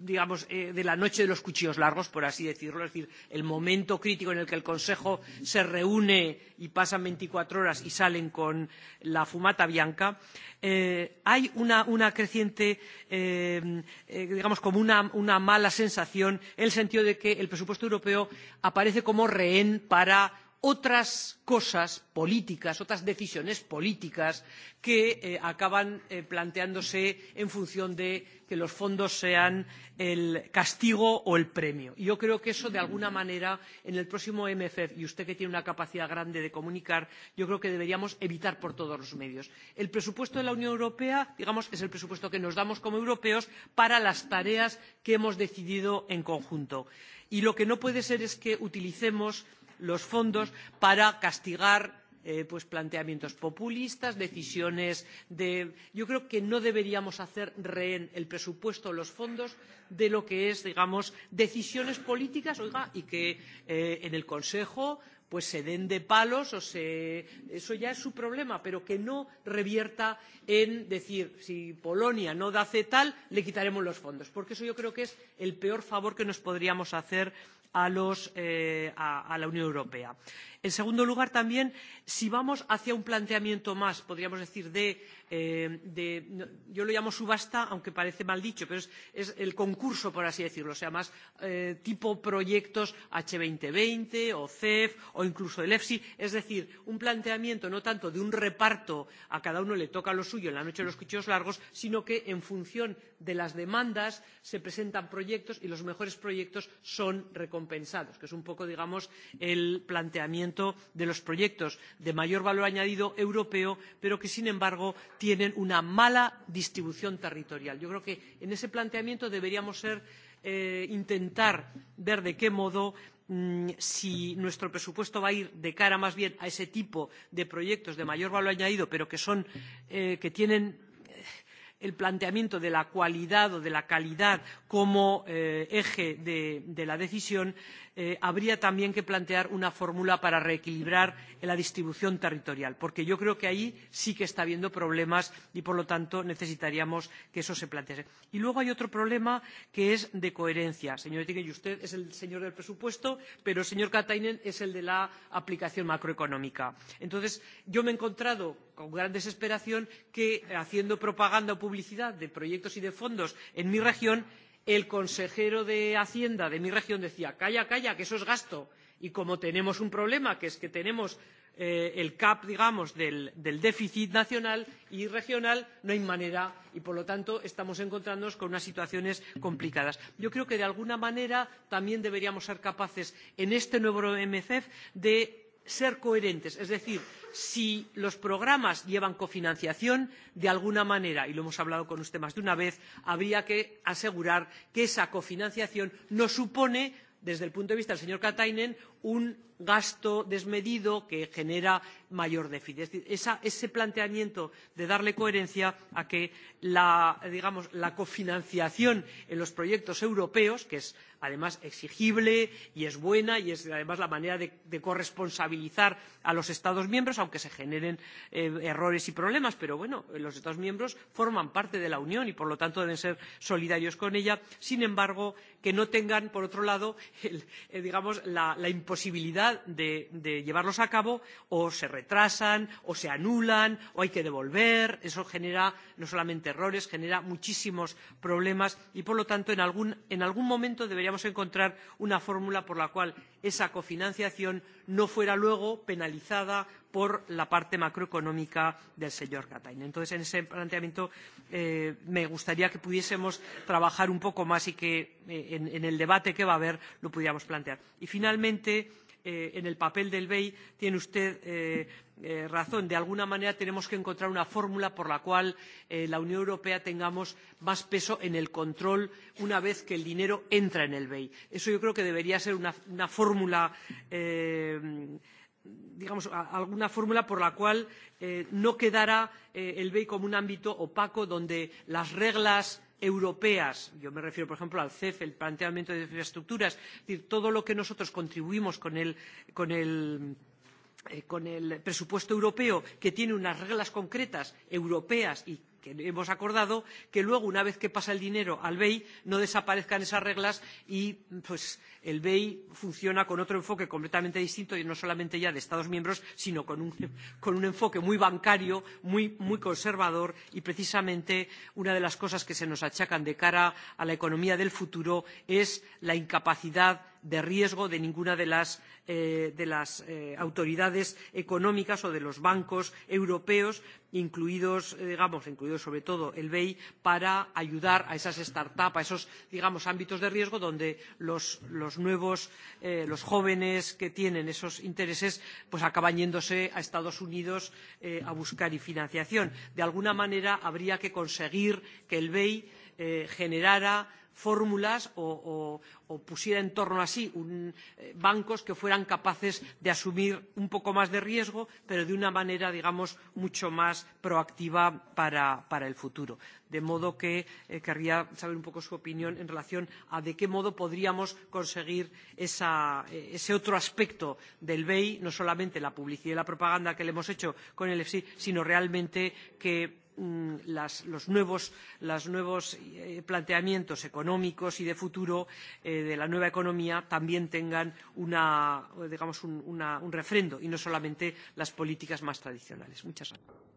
digamos, eh, de la noche de los cuchillos largos, por así decirlo, es decir, el momento crítico en el que el Consejo se reúne y pasan 24 horas y salen con la fumata bianca, eh, hay una, una creciente, eh, eh, digamos, como una, una mala sensación en el sentido de que el presupuesto europeo aparece como rehén para otras cosas políticas, otras decisiones políticas que eh, acaban eh, planteándose en función de que los fondos sean el castigo o el premio. Y yo creo que eso, de alguna manera, en el próximo MFF, e y usted que tiene una capacidad grande de comunicar, yo creo que deberíamos evitar por todos los medios. El presupuesto de la Unión Europea, digamos, es el presupuesto que nos damos como europeos para las tareas que hemos decidido en conjunto. Y lo que no puede ser es que utilicemos los fondos para castigar eh, pues planteamientos populistas, decisiones de. Yo creo que no deberíamos hacer rehén el presupuesto o los fondos de lo que es, digamos, decisiones políticas, oiga, y que eh, en el Consejo pues se den de palos o se eso ya es su problema, pero que no revierta en decir si Polonia no hace tal, le quitaremos los fondos, porque eso yo creo que es el peor favor que nos podríamos hacer a, los, eh, a, a la Unión Europea. En segundo lugar, también, si vamos hacia un planteamiento más, podríamos decir, de eh, de, no, yo lo llamo subasta, aunque parece mal dicho, pero es, es el concurso, por así decirlo, o sea, más eh, tipo proyectos H2020 o CEF o incluso el EFSI, es decir, un planteamiento no tanto de un reparto a cada uno le toca lo suyo en la noche de los cuchillos largos, sino que en función de las demandas se presentan proyectos y los mejores proyectos son recompensados, que es un poco, digamos, el planteamiento de los proyectos de mayor valor añadido europeo, pero que, sin embargo, tienen una mala distribución territorial. yo creo que en ese planteamiento deberíamos ser, eh, intentar ver de qué modo mm, si nuestro presupuesto va a ir de cara más bien a ese tipo de proyectos de mayor valor añadido pero que, son, eh, que tienen eh, el planteamiento de la cualidad o de la calidad como eh, eje de, de la decisión, eh, habría también que plantear una fórmula para reequilibrar la distribución territorial, porque yo creo que ahí sí que está habiendo problemas y, por lo tanto, necesitaríamos que eso se plantease. Y luego hay otro problema que es de coherencia. Señor Etienne, y usted es el señor del presupuesto, pero el señor Katainen es el de la aplicación macroeconómica. Entonces, yo me he encontrado con gran desesperación que, haciendo propaganda o publicidad de proyectos y de fondos en mi región, el consejero de Hacienda de mi región decía, calla, calla, que eso es gasto. Y como tenemos un problema, que es que tenemos eh, el cap, digamos, del, del déficit nacional y regional, no hay manera y, por lo tanto, estamos encontrándonos con unas situaciones complicadas. Yo creo que, de alguna manera, también deberíamos ser capaces, en este nuevo MFF, e de ser coherentes es decir si los programas llevan cofinanciación de alguna manera y lo hemos hablado con usted más de una vez habría que asegurar que esa cofinanciación no supone desde el punto de vista del señor katainen un gasto desmedido que genera mayor déficit. Es decir, ese planteamiento de darle coherencia a que la, digamos, la cofinanciación en los proyectos europeos, que es además exigible y es buena y es además la manera de, de corresponsabilizar a los Estados miembros, aunque se generen eh, errores y problemas, pero bueno, los Estados miembros forman parte de la Unión y por lo tanto deben ser solidarios con ella. Sin embargo, que no tengan, por otro lado, el, eh, digamos, la, la posibilidad de, de llevarlos a cabo o se retrasan o se anulan o hay que devolver. Eso genera no solamente errores, genera muchísimos problemas y, por lo tanto, en algún, en algún momento deberíamos encontrar una fórmula por la cual esa cofinanciación no fuera luego penalizada por la parte macroeconómica del señor Katainen. Entonces, en ese planteamiento eh, me gustaría que pudiésemos trabajar un poco más y que eh, en, en el debate que va a haber lo pudiéramos plantear. Y finalmente, eh, en el papel del BEI tiene usted eh, eh, razón. De alguna manera tenemos que encontrar una fórmula por la cual eh, la Unión Europea tengamos más peso en el control una vez que el dinero entra en el BEI. Eso yo creo que debería ser una, una fórmula. Eh, digamos, alguna fórmula por la cual eh, no quedara eh, el BEI como un ámbito opaco donde las reglas europeas yo me refiero por ejemplo al cef el planteamiento de infraestructuras es decir todo lo que nosotros contribuimos con el, con el eh, con el presupuesto europeo que tiene unas reglas concretas europeas y que hemos acordado que luego, una vez que pasa el dinero al BEI, no desaparezcan esas reglas y pues, el BEI funciona con otro enfoque completamente distinto, y no solamente ya de Estados miembros, sino con un, con un enfoque muy bancario, muy, muy conservador y precisamente una de las cosas que se nos achacan de cara a la economía del futuro es la incapacidad de riesgo de ninguna de las, eh, de las eh, autoridades económicas o de los bancos europeos, incluidos, eh, digamos, incluidos sobre todo el BEI, para ayudar a esas startups, a esos, digamos, ámbitos de riesgo donde los, los nuevos, eh, los jóvenes que tienen esos intereses, pues acaban yéndose a Estados Unidos eh, a buscar y financiación. De alguna manera habría que conseguir que el BEI eh, generara fórmulas o, o, o pusiera en torno a sí un, eh, bancos que fueran capaces de asumir un poco más de riesgo, pero de una manera, digamos, mucho más proactiva para, para el futuro. De modo que eh, querría saber un poco su opinión en relación a de qué modo podríamos conseguir esa, eh, ese otro aspecto del BEI, no solamente la publicidad y la propaganda que le hemos hecho con el EFSI, sino realmente que Mm, las, los nuevos, los nuevos eh, planteamientos económicos y de futuro eh, de la nueva economía también tengan una, digamos un, una, un refrendo y no solamente las políticas más tradicionales. Muchas gracias.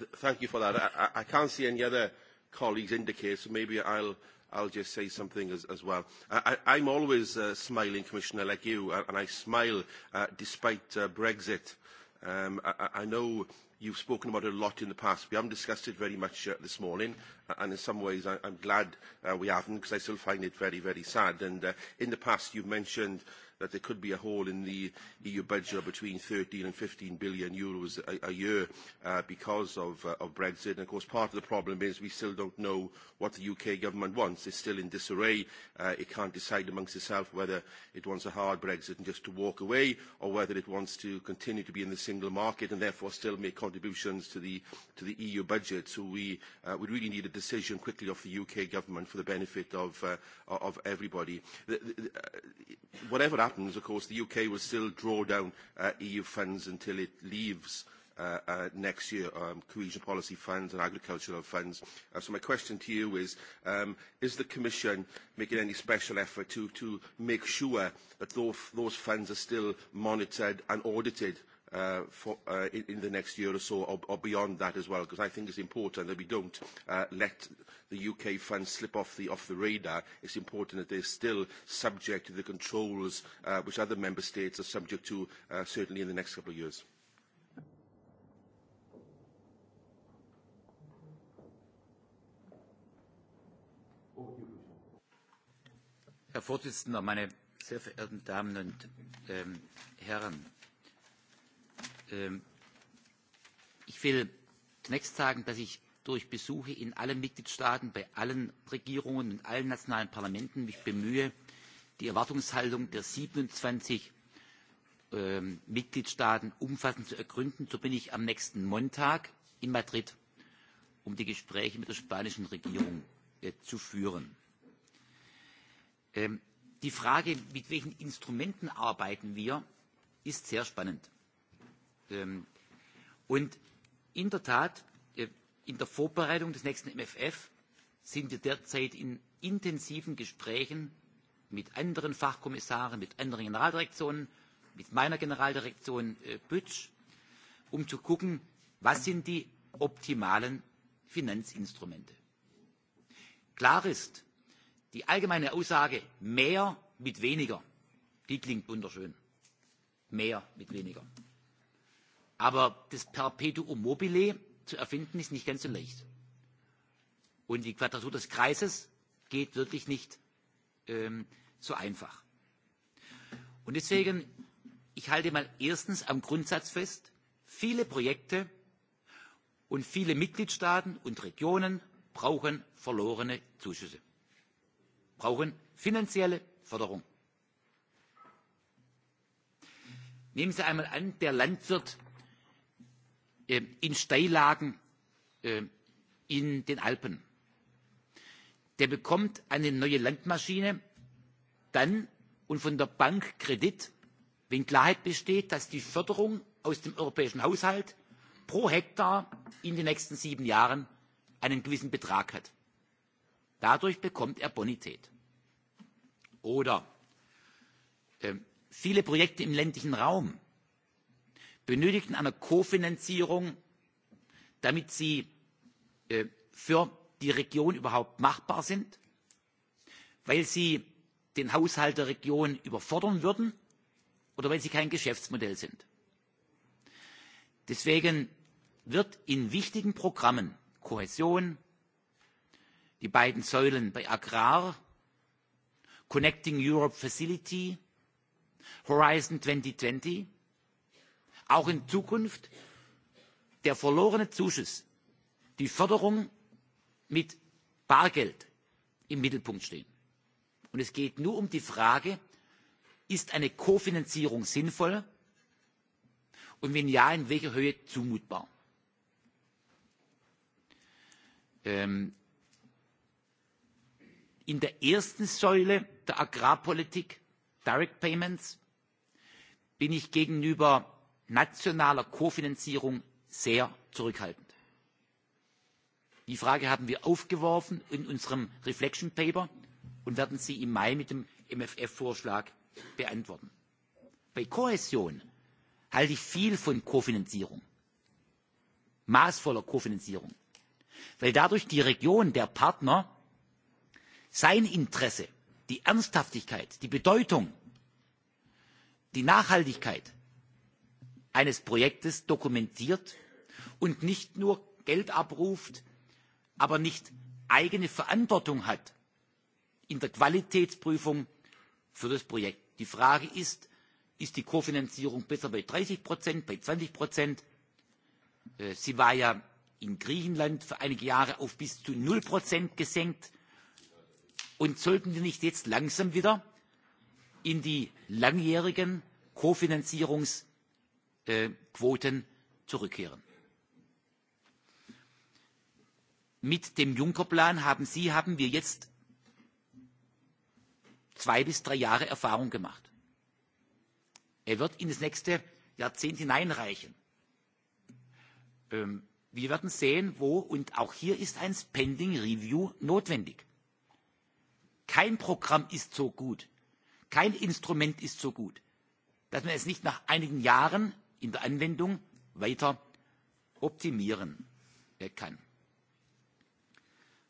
Thank you for that. I, I can't see any other colleagues indicate, so maybe I'll I'll just say something as, as well. I, I, I'm always uh, smiling, Commissioner, like you, uh, and I smile uh, despite uh, Brexit. Um, I, I know you've spoken about it a lot in the past. We haven't discussed it very much uh, this morning, uh, and in some ways I, I'm glad uh, we haven't, because I still find it very, very sad. And uh, in the past, you've mentioned that there could be a hole in the EU budget of between 13 and 15 billion euros a, a year uh, because of, uh, of Brexit. And of course, part of the problem is we still don't know what the UK government wants. It's still in disarray. Uh, it can't decide amongst itself whether it wants a hard Brexit and just to walk away or whether it wants to continue to be in the single market and therefore still make contributions to the, to the EU budget. So we uh, would really need a decision quickly off the UK government for the benefit of, uh, of everybody. The, the, uh, whatever happens happens, of course, the UK will still draw down uh, EU funds until it leaves uh, uh, next year, um, cohesion policy funds and agricultural funds. Uh, so my question to you is, um, is the Commission making any special effort to, to make sure that those, those funds are still monitored and audited uh, for, uh, in, in the next year or so or, or beyond that as well, because I think it's important that we don't uh, let the UK funds slip off the, off the radar. It's important that they're still subject to the controls uh, which other member states are subject to, uh, certainly in the next couple of years. Herr Vorsitzender, meine sehr verehrten Damen und ähm, Herren! Ähm, ich will zunächst sagen, dass ich durch Besuche in allen Mitgliedstaaten, bei allen Regierungen und allen nationalen Parlamenten mich bemühe, die Erwartungshaltung der 27 ähm, Mitgliedstaaten umfassend zu ergründen. So bin ich am nächsten Montag in Madrid, um die Gespräche mit der spanischen Regierung äh, zu führen. Ähm, die Frage, mit welchen Instrumenten arbeiten wir, ist sehr spannend. Ähm, und in der Tat, äh, in der Vorbereitung des nächsten MFR sind wir derzeit in intensiven Gesprächen mit anderen Fachkommissaren, mit anderen Generaldirektionen, mit meiner Generaldirektion äh, Bütsch, um zu gucken, was sind die optimalen Finanzinstrumente. Klar ist, die allgemeine Aussage mehr mit weniger, die klingt wunderschön. Mehr mit weniger Aber das Perpetuum mobile zu erfinden ist nicht ganz so leicht. Und die Quadratur des Kreises geht wirklich nicht ähm, so einfach. Und deswegen, ich halte mal erstens am Grundsatz fest, viele Projekte und viele Mitgliedstaaten und Regionen brauchen verlorene Zuschüsse, brauchen finanzielle Förderung. Nehmen Sie einmal an, der Landwirt Ähm, in Steillagen ähm, in den Alpen. Der bekommt eine neue Landmaschine dann und von der Bank Kredit, wenn Klarheit besteht, dass die Förderung aus dem europäischen Haushalt pro Hektar in den nächsten sieben Jahren einen gewissen Betrag hat. Dadurch bekommt er Bonität. Oder ähm, viele Projekte im ländlichen Raum benötigten eine kofinanzierung damit sie äh, für die region überhaupt machbar sind weil sie den haushalt der region überfordern würden oder weil sie kein geschäftsmodell sind. deswegen wird in wichtigen programmen kohäsion die beiden säulen bei agrar connecting europe facility horizon zweitausendzwanzig auch in zukunft der verlorene zuschuss die förderung mit bargeld im mittelpunkt stehen. und es geht nur um die frage ist eine kofinanzierung sinnvoll und wenn ja in welcher höhe zumutbar? Ähm, in der ersten säule der agrarpolitik direct payments bin ich gegenüber nationaler kofinanzierung sehr zurückhaltend. die frage haben wir aufgeworfen in unserem reflection paper und werden sie im mai mit dem mfr vorschlag beantworten. bei kohäsion halte ich viel von kofinanzierung maßvoller kofinanzierung weil dadurch die region der partner sein interesse die ernsthaftigkeit die bedeutung die nachhaltigkeit eines projektes dokumentiert und nicht nur geld abruft aber nicht eigene verantwortung hat in der qualitätsprüfung für das projekt. die frage ist ist die kofinanzierung besser bei dreißig bei? zwanzig äh, sie war ja in griechenland für einige jahre auf bis zu null gesenkt und sollten wir nicht jetzt langsam wieder in die langjährigen kofinanzierungsverträge Äh, Quoten zurückkehren. Mit dem Juncker-Plan haben Sie, haben wir jetzt zwei bis drei Jahre Erfahrung gemacht. Er wird in das nächste Jahrzehnt hineinreichen. Ähm, wir werden sehen, wo, und auch hier ist ein Spending Review notwendig. Kein Programm ist so gut, kein Instrument ist so gut, dass man es nicht nach einigen Jahren in der Anwendung weiter optimieren er kann.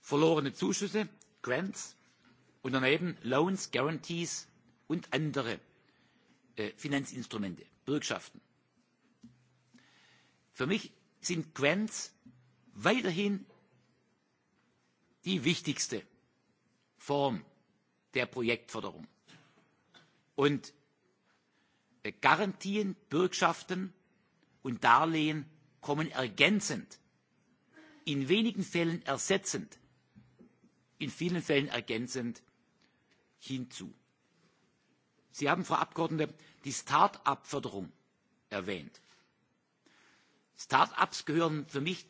Verlorene Zuschüsse, Grants und daneben Loans, Guarantees und andere äh, Finanzinstrumente, Bürgschaften. Für mich sind Grants weiterhin die wichtigste Form der Projektförderung. Garantien, Bürgschaften und Darlehen kommen ergänzend, in wenigen Fällen ersetzend, in vielen Fällen ergänzend hinzu. Sie haben, Frau Abgeordnete, die Start-up-Förderung erwähnt. Start-ups gehören für mich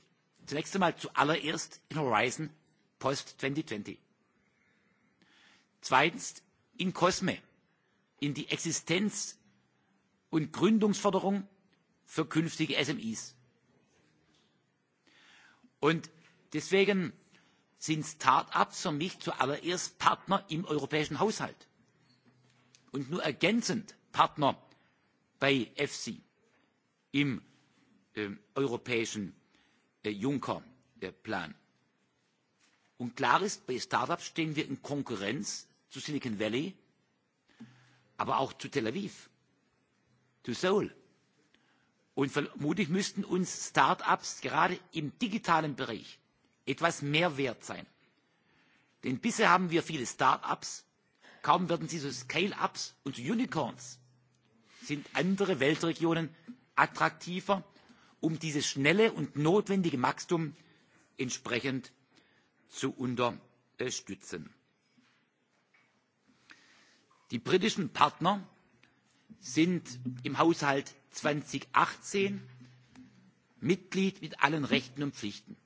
zunächst einmal zuallererst in Horizon Post 2020. Zweitens in Cosme, in die Existenz und gründungsförderung für künftige kmu. und deswegen sind start ups für mich zuallererst partner im europäischen haushalt und nur ergänzend partner bei efsi im ähm, europäischen äh, juncker plan. und klar ist bei start ups stehen wir in konkurrenz zu silicon valley aber auch zu tel aviv to Seoul. Und vermutlich müssten uns Start-ups gerade im digitalen Bereich etwas mehr wert sein. Denn bisher haben wir viele Start-ups, kaum werden sie zu Scale-ups und zu Unicorns, sind andere Weltregionen attraktiver, um dieses schnelle und notwendige Wachstum entsprechend zu unterstützen. Die britischen Partner sind im haushalt zweitausendachtzehn mitglied mit allen rechten und pflichten.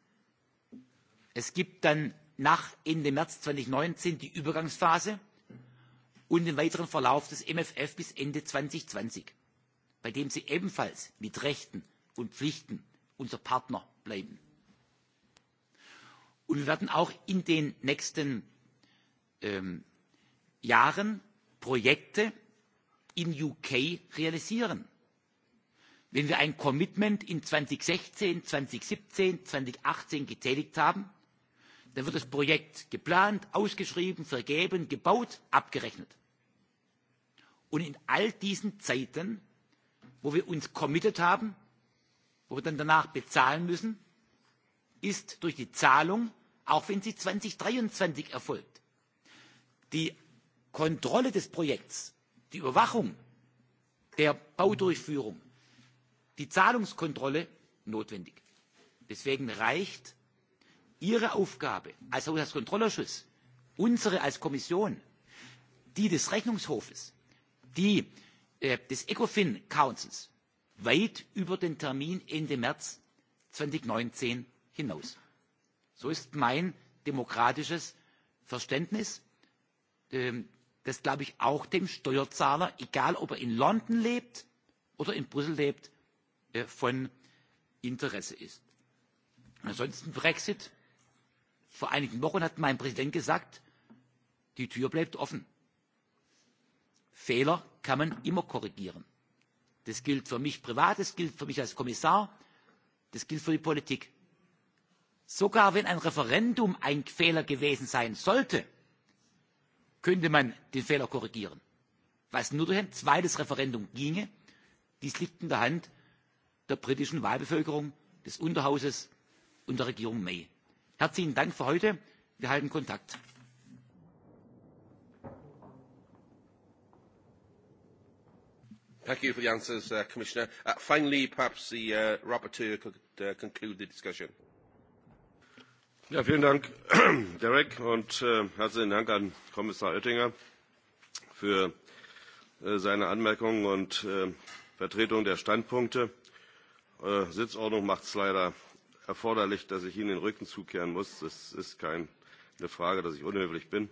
es gibt dann nach ende märz zweitausendneunzehn die übergangsphase und den weiteren verlauf des mfr bis ende zweitausendzwanzig bei dem sie ebenfalls mit rechten und pflichten unser partner bleiben. und wir werden auch in den nächsten ähm, jahren projekte im UK realisieren. Wenn wir ein Commitment in 2016, 2017, 2018 getätigt haben, dann wird das Projekt geplant, ausgeschrieben, vergeben, gebaut, abgerechnet. Und in all diesen Zeiten, wo wir uns committed haben, wo wir dann danach bezahlen müssen, ist durch die Zahlung, auch wenn sie 2023 erfolgt, die Kontrolle des Projekts die überwachung der baudurchführung die zahlungskontrolle notwendig. deswegen reicht ihre aufgabe als haushaltskontrollausschuss unsere als kommission die des rechnungshofes die äh, des ecofin rates weit über den termin ende märz zweitausendneunzehn hinaus. so ist mein demokratisches verständnis ähm, das glaube ich auch dem Steuerzahler, egal ob er in London lebt oder in Brüssel lebt, äh, von Interesse ist. ansonsten Brexit. Vor einigen Wochen hat mein Präsident gesagt, die Tür bleibt offen. Fehler kann man immer korrigieren. Das gilt für mich privat, das gilt für mich als Kommissar, das gilt für die Politik. Sogar wenn ein Referendum ein Fehler gewesen sein sollte, könnte man den Fehler korrigieren. Was nur durch ein zweites Referendum ginge, dies liegt in der Hand der britischen Wahlbevölkerung, des Unterhauses und der Regierung May. Herzlichen Dank für heute. Wir halten Kontakt. Thank you for the answers, uh, Commissioner. Uh, finally, perhaps the uh, rapporteur could uh, conclude the discussion vielen Dank, Derek, und äh, herzlichen Dank an Kommissar Oettinger für äh, seine Anmerkungen und äh, Vertretung der Standpunkte. Äh, Sitzordnung macht es leider erforderlich, dass ich Ihnen den Rücken zukehren muss. Das ist keine Frage, dass ich unhöflich bin.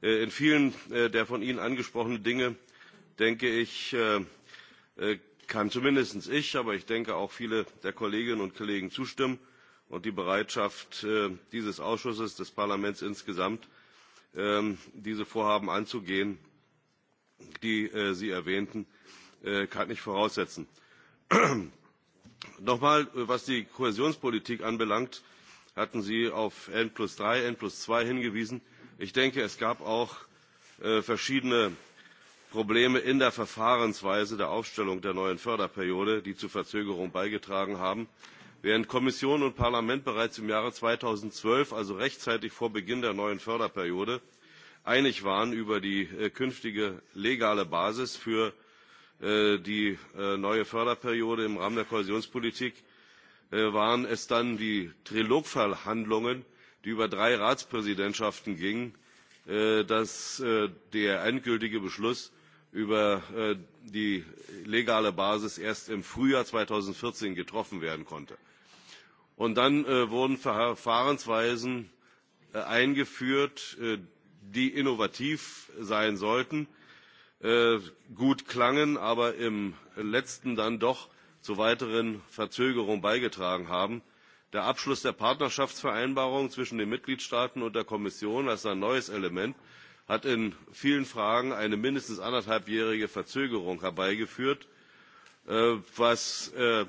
in vielen der von Ihnen angesprochenen Dinge, denke ich, kann zumindest ich, aber ich denke auch viele der Kolleginnen und Kollegen zustimmen und die bereitschaft äh, dieses ausschusses des parlaments insgesamt ähm, diese vorhaben anzugehen die äh, sie erwähnten äh, kann ich voraussetzen. nochmal was die kohäsionspolitik anbelangt hatten sie auf n drei n zwei hingewiesen. ich denke es gab auch verschiedene probleme in der verfahrensweise der aufstellung der neuen förderperiode die zu verzögerungen beigetragen haben während kommission und parlament bereits im jahre zweitausendzwölf also rechtzeitig vor beginn der neuen förderperiode einig waren über die äh, künftige legale basis für äh, die äh, neue förderperiode im rahmen der kohäsionspolitik waren es dann die trilog verhandlungen die über drei ratspräsidentschaften gingen dass der endgültige beschluss über die legale basis erst im frühjahr zweitausendvierzehn getroffen werden konnte. Und dann äh, wurden Verfahrensweisen äh, eingeführt, äh, die innovativ sein sollten, äh, gut klangen, aber im letzten dann doch zu weiteren Verzögerungen beigetragen haben. Der Abschluss der Partnerschaftsvereinbarung zwischen den Mitgliedstaaten und der Kommission als ein neues Element hat in vielen Fragen eine mindestens anderthalbjährige Verzögerung herbeigeführt, äh, was äh,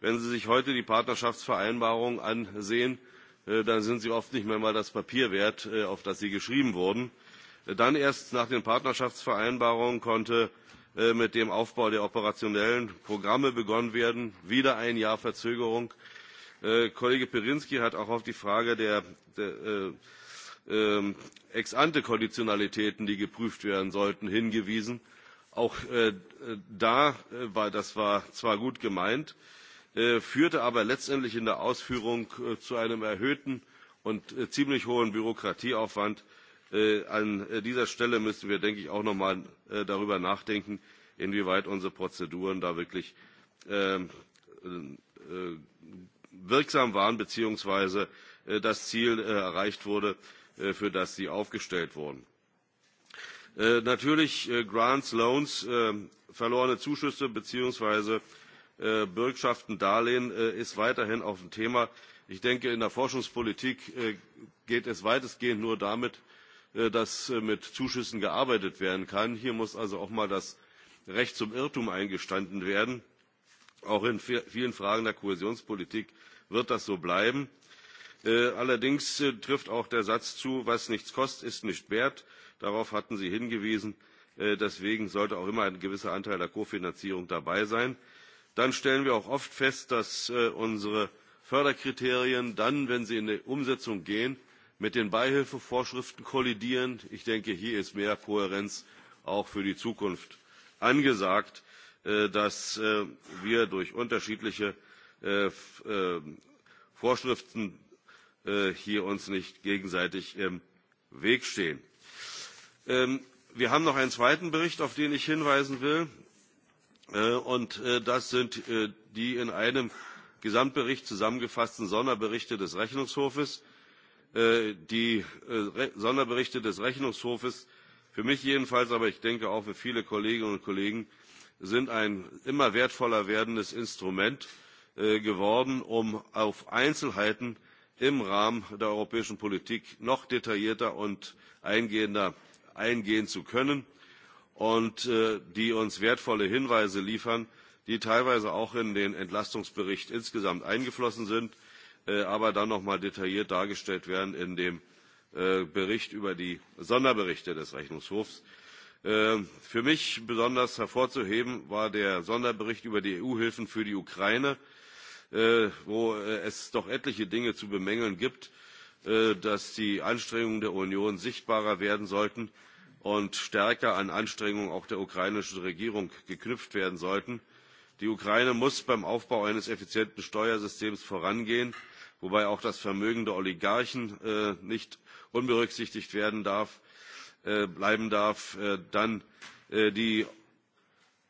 wenn sie sich heute die partnerschaftsvereinbarungen ansehen äh, dann sind sie oft nicht mehr einmal das papier wert äh, auf das sie geschrieben wurden. Äh, dann erst nach den partnerschaftsvereinbarungen konnte mit dem aufbau der operationellen programme begonnen werden wieder ein jahr verzögerung. kollege pirinski hat auch auf die frage der ähm, ex ante konditionalitäten die geprüft werden sollten hingewiesen. auch da war das war zwar gut gemeint Äh, führte aber letztendlich in der ausführung äh, zu einem erhöhten und äh, ziemlich hohen bürokratieaufwand. an dieser stelle müssen wir denke ich auch noch mal darüber nachdenken inwieweit unsere prozeduren da wirklich ähm, wirksam waren beziehungsweise das ziel erreicht wurde für das sie aufgestellt wurden. natürlich grants loans verlorene zuschüsse beziehungsweise Äh, bürgschaften darlehen äh, ist weiterhin auch ein thema. ich denke in der forschungspolitik äh, geht es weitestgehend nur damit dass mit zuschüssen gearbeitet werden kann. hier muss also auch mal das recht zum irrtum eingestanden werden. auch in vielen fragen der kohäsionspolitik wird das so bleiben. allerdings trifft auch der satz zu was nichts kostet ist nichts wert. darauf hatten sie hingewiesen. deswegen sollte auch immer ein gewisser anteil der kofinanzierung dabei dann stellen wir auch oft fest dass äh, unsere förderkriterien dann wenn sie in die umsetzung gehen mit den beihilfevorschriften kollidieren. ich denke hier ist mehr kohärenz auch für die zukunft angesagt äh, dass äh, wir durch unterschiedliche vorschriften hier uns nicht gegenseitig im weg stehen. Ähm, wir haben noch einen zweiten bericht auf den ich hinweisen will. Äh, und äh, das sind äh, die in einem gesamtbericht zusammengefassten sonderberichte des rechnungshofes. die sonderberichte des rechnungshofes für mich jedenfalls aber ich denke auch für viele kolleginnen und kollegen sind ein immer wertvoller werdendes instrument geworden um auf einzelheiten im rahmen der europäischen politik noch detaillierter und eingehender eingehen zu können und äh, die uns wertvolle Hinweise liefern, die teilweise auch in den Entlastungsbericht insgesamt eingeflossen sind, äh, aber dann noch mal detailliert dargestellt werden in dem äh, Bericht über die Sonderberichte des Rechnungshofs. für mich besonders hervorzuheben war der Sonderbericht über die EU-Hilfen für die Ukraine, wo es doch etliche Dinge zu bemängeln gibt, dass die Anstrengungen der Union sichtbarer werden sollten und stärker an Anstrengungen auch der ukrainischen Regierung geknüpft werden sollten. Die Ukraine muss beim Aufbau eines effizienten Steuersystems vorangehen, wobei auch das Vermögen der Oligarchen äh, nicht unberücksichtigt werden darf, äh, bleiben darf. Äh, dann äh, die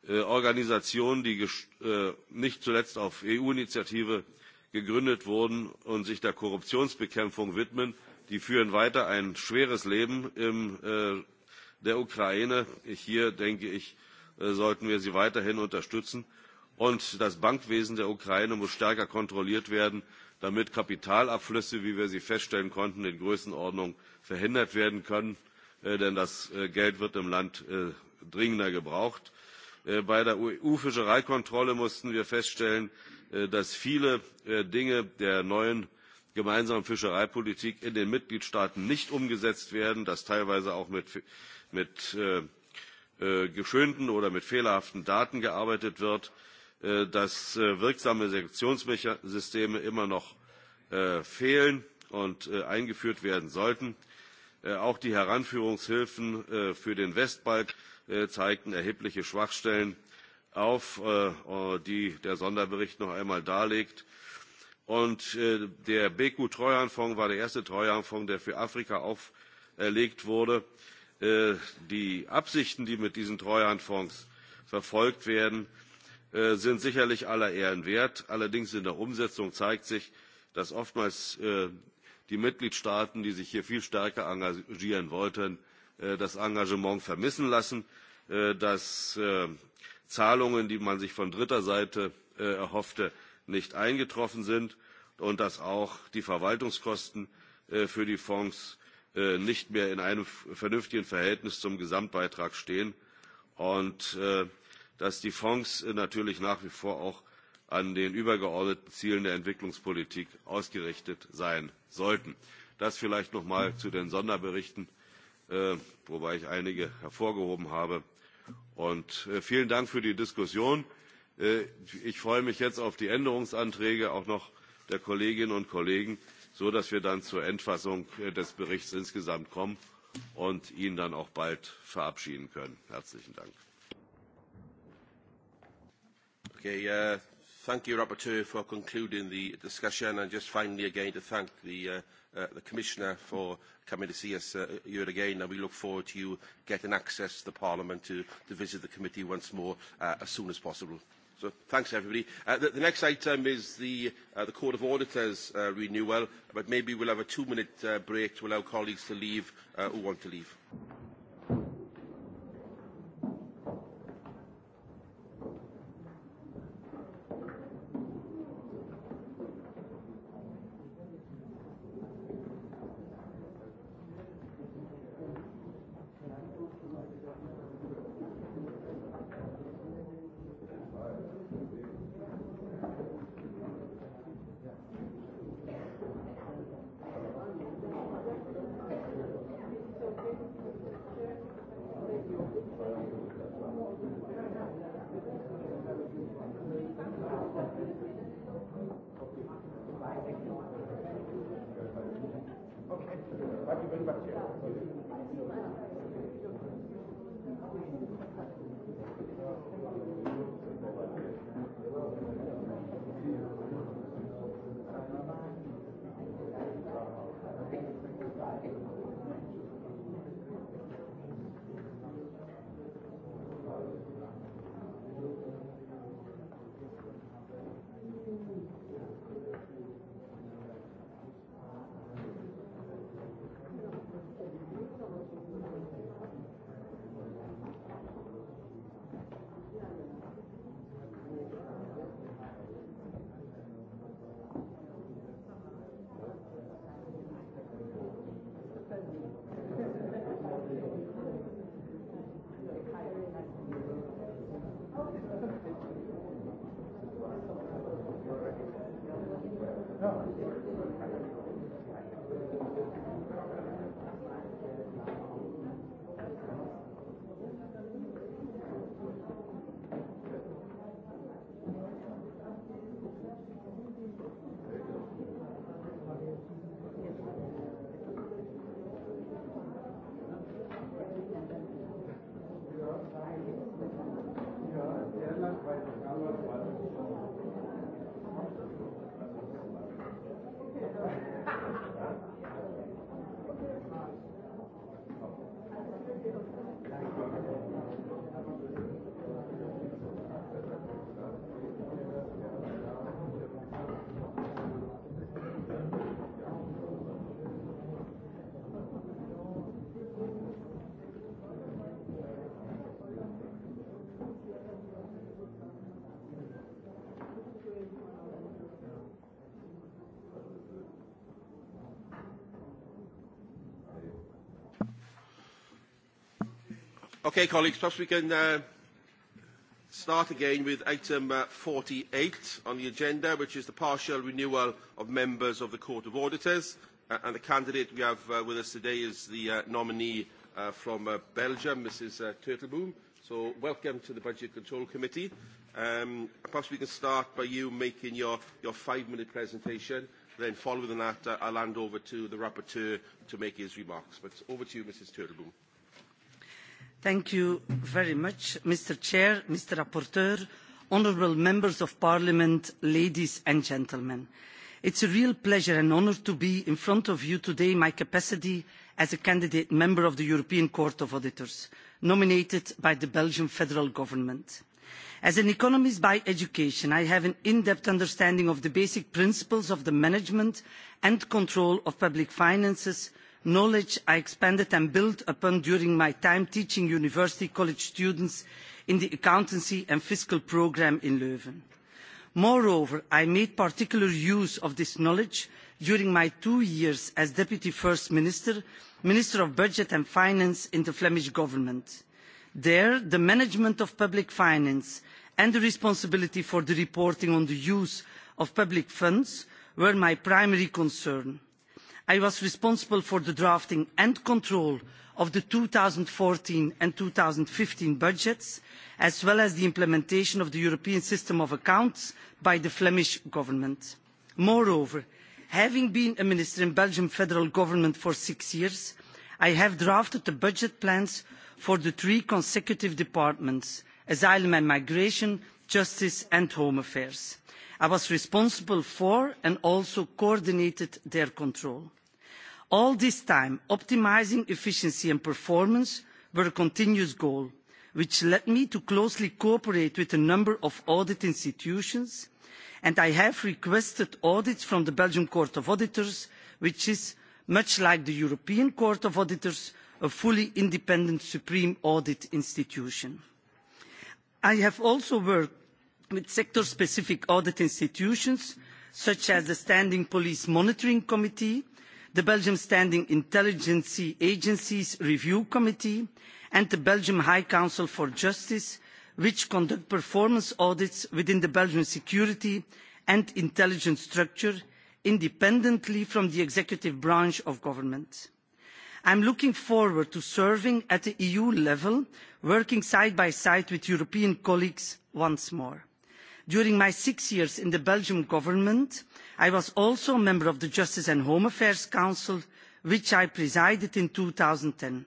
äh, Organisationen, die äh, nicht zuletzt auf EU-Initiative gegründet wurden und sich der Korruptionsbekämpfung widmen, die führen weiter ein schweres Leben im äh, der Ukraine. Hier, denke ich, äh, sollten wir sie weiterhin unterstützen. Und das Bankwesen der Ukraine muss stärker kontrolliert werden, damit Kapitalabflüsse, wie wir sie feststellen konnten, in Größenordnung verhindert werden können. Äh, denn das äh, Geld wird im Land dringender gebraucht. Bei der EU-Fischereikontrolle mussten wir feststellen, dass viele Dinge der neuen gemeinsamen Fischereipolitik in den Mitgliedstaaten nicht umgesetzt werden, dass teilweise auch mit mit äh, äh, geschönten oder mit fehlerhaften Daten gearbeitet wird, äh, dass wirksame Sanktionssysteme immer noch fehlen und eingeführt werden sollten. auch die Heranführungshilfen für den Westbalkan zeigten erhebliche Schwachstellen auf, die der Sonderbericht noch einmal darlegt. Und der beku Treuhandfonds war der erste Treuhandfonds, der für Afrika auferlegt wurde. Äh, die Absichten, die mit diesen Treuhandfonds verfolgt werden, äh, sind sicherlich aller Ehren wert. Allerdings in der Umsetzung zeigt sich, dass oftmals äh, die Mitgliedstaaten, die sich hier viel stärker engagieren wollten, das Engagement vermissen lassen, dass Zahlungen, die man sich von dritter Seite erhoffte, nicht eingetroffen sind und dass auch die Verwaltungskosten für die Fonds Äh, nicht mehr in einem vernünftigen Verhältnis zum Gesamtbeitrag stehen und äh, dass die Fonds äh, natürlich nach wie vor auch an den übergeordneten Zielen der Entwicklungspolitik ausgerichtet sein sollten. Das vielleicht noch einmal zu den Sonderberichten, wobei ich einige hervorgehoben habe. Und vielen Dank für die Diskussion. Ich freue mich jetzt auf die Änderungsanträge auch noch der Kolleginnen und Kollegen so dass wir dann zur Endfassung äh, des Berichts insgesamt kommen und ihn dann auch bald verabschieden können. Herzlichen Dank. Okay, uh, thank you, Rapporteur, for concluding the discussion. And just finally, again, to thank the, uh, uh, the Commissioner for coming to see us uh, here again. And we look forward to you getting access to the Parliament to, to visit the committee once more uh, as soon as possible. So thanks everybody. Uh, the, the next item is the, uh, the Court of Auditors uh, renewal, but maybe we'll have a two-minute uh, break to allow colleagues to leave uh, who want to leave. Okay, colleagues, perhaps we can uh, start again with item uh, 48 on the agenda, which is the partial renewal of members of the Court of Auditors. Uh, and the candidate we have uh, with us today is the uh, nominee uh, from uh, Belgium, Mrs. Uh, Turtleboom. So welcome to the Budget Control Committee. Um, perhaps we can start by you making your, your five-minute presentation. Then following that, uh, I'll hand over to the rapporteur to make his remarks. But over to you, Mrs. Turtleboom. Thank you very much, Mr. Chair, Mr. Rapporteur, honourable members of Parliament, ladies and gentlemen. It's a real pleasure and honour to be in front of you today in my capacity as a candidate member of the European Court of Auditors, nominated by the Belgian federal government. As an economist by education, I have an in-depth understanding of the basic principles of the management and control of public finances, knowledge I expanded and built upon during my time teaching university college students in the accountancy and fiscal programme in Leuven. Moreover, I made particular use of this knowledge during my two years as Deputy First Minister, Minister of Budget and Finance in the Flemish Government. There, the management of public finance and the responsibility for the reporting on the use of public funds were my primary concerns i was responsible for the drafting and control of the two thousand and fourteen and two thousand and fifteen budgets as well as the implementation of the european system of accounts by the flemish government. moreover having been a minister in belgian federal government for six years i have drafted the budget plans for the three consecutive departments asylum and migration justice and home affairs. i was responsible for and also coordinated their control. all this time optimising efficiency and performance were a continuous goal which led me to closely cooperate with a number of audit institutions and i have requested audits from the belgian court of auditors which is much like the european court of auditors a fully independent supreme audit institution. I have also worked with sector-specific audit institutions, such as the Standing Police Monitoring Committee, the Belgium Standing Intelligence Agencies Review Committee, and the Belgium High Council for Justice, which conduct performance audits within the Belgian security and intelligence structure, independently from the executive branch of government I'm looking forward to serving at the EU level, working side by side with European colleagues once more. During my six years in the Belgian government, I was also a member of the Justice and Home Affairs Council, which I presided in 2010.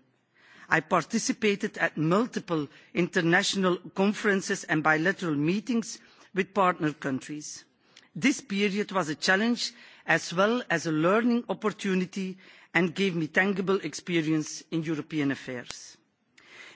I participated at multiple international conferences and bilateral meetings with partner countries. This period was a challenge as well as a learning opportunity and gave me tangible experience in European affairs.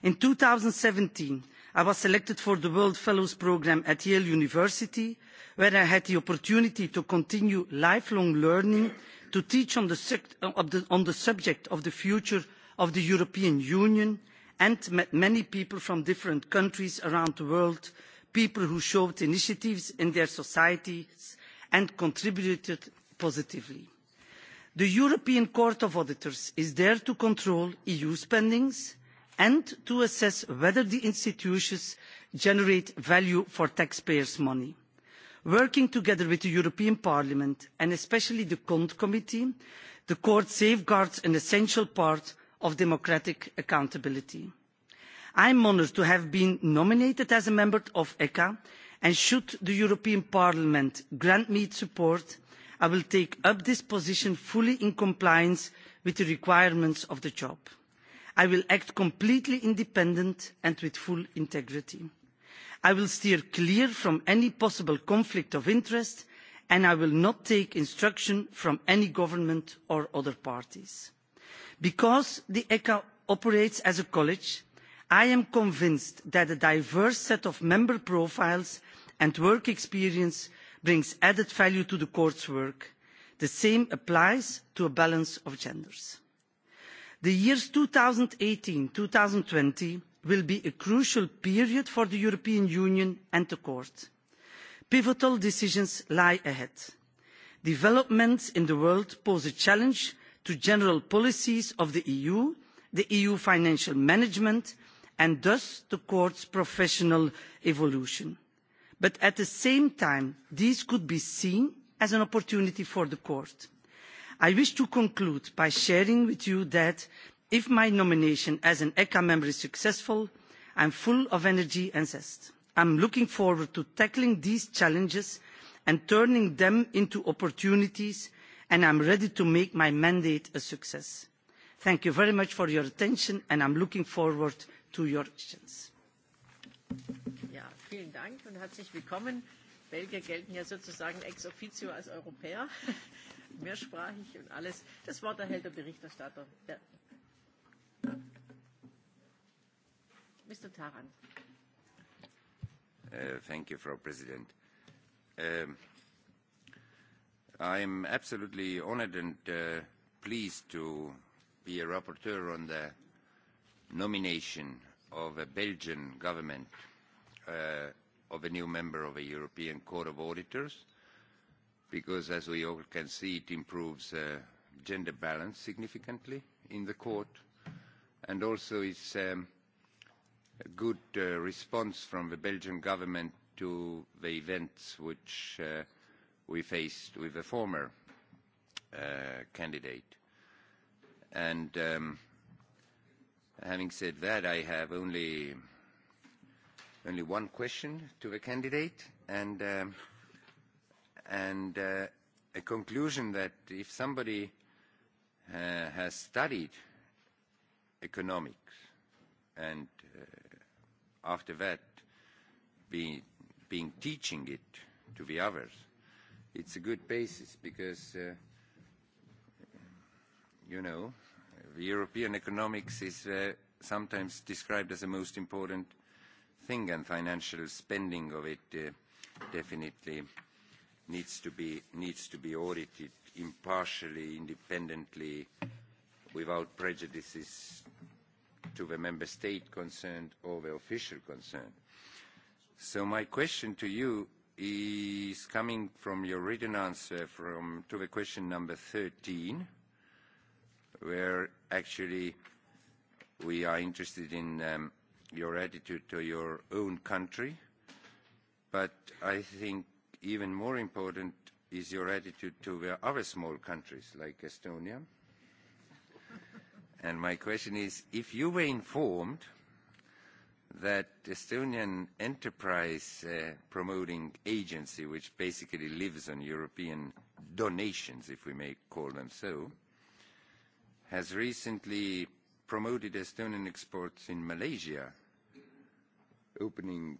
In 2017, I was selected for the World Fellows Programme at Yale University, where I had the opportunity to continue lifelong learning to teach on the, the, on the subject of the future of the European Union and met many people from different countries around the world, people who showed initiatives in their societies and contributed positively the european court of auditors is there to control eu spending and to assess whether the institutions generate value for taxpayers' money. working together with the european parliament and especially the cont committee the court safeguards an essential part of democratic accountability. i am honoured to have been nominated as a member of eca and should the european parliament grant me its support i will take up this position fully in compliance with the requirements of the job. i will act completely independently and with full integrity. i will steer clear from any possible conflict of interest and i will not take instruction from any government or other parties. because the eca operates as a college i am convinced that a diverse set of member profiles and work experience brings added value to the court's work. The same applies to a balance of genders. The years 2018-2020 will be a crucial period for the European Union and the court. Pivotal decisions lie ahead. Developments in the world pose a challenge to general policies of the EU, the EU financial management, and thus the court's professional evolution but at the same time these could be seen as an opportunity for the court. i wish to conclude by sharing with you that if my nomination as an echa member is successful i am full of energy and zest. i am looking forward to tackling these challenges and turning them into opportunities and i am ready to make my mandate a success. thank you very much for your attention and i am looking forward to your questions vielen Dank und herzlich willkommen. Belgier gelten ja sozusagen ex officio als Europäer, mehrsprachig und alles. Das Wort erhält der Berichterstatter. Der Mr. Tarand. Uh, thank you, Frau President. Um, I'm absolutely honored and uh, pleased to be a rapporteur on the nomination of a Belgian government uh, of a new member of a European Court of Auditors, because as we all can see, it improves uh, gender balance significantly in the court, and also it's um, a good uh, response from the Belgian government to the events which uh, we faced with the former uh, candidate. And um, having said that, I have only only one question to the candidate and, um, and uh, a conclusion that if somebody uh, has studied economics and uh, after that be, being teaching it to the others, it's a good basis because, uh, you know, the European economics is uh, sometimes described as the most important thing, and financial spending of it uh, definitely needs to be needs to be audited impartially, independently, without prejudices to the member state concerned or the official concerned. So my question to you is coming from your written answer from to the question number 13, where actually we are interested in um, your attitude to your own country, but I think even more important is your attitude to the other small countries like Estonia. and my question is, if you were informed that Estonian enterprise uh, promoting agency, which basically lives on European donations, if we may call them so, has recently promoted Estonian exports in Malaysia opening,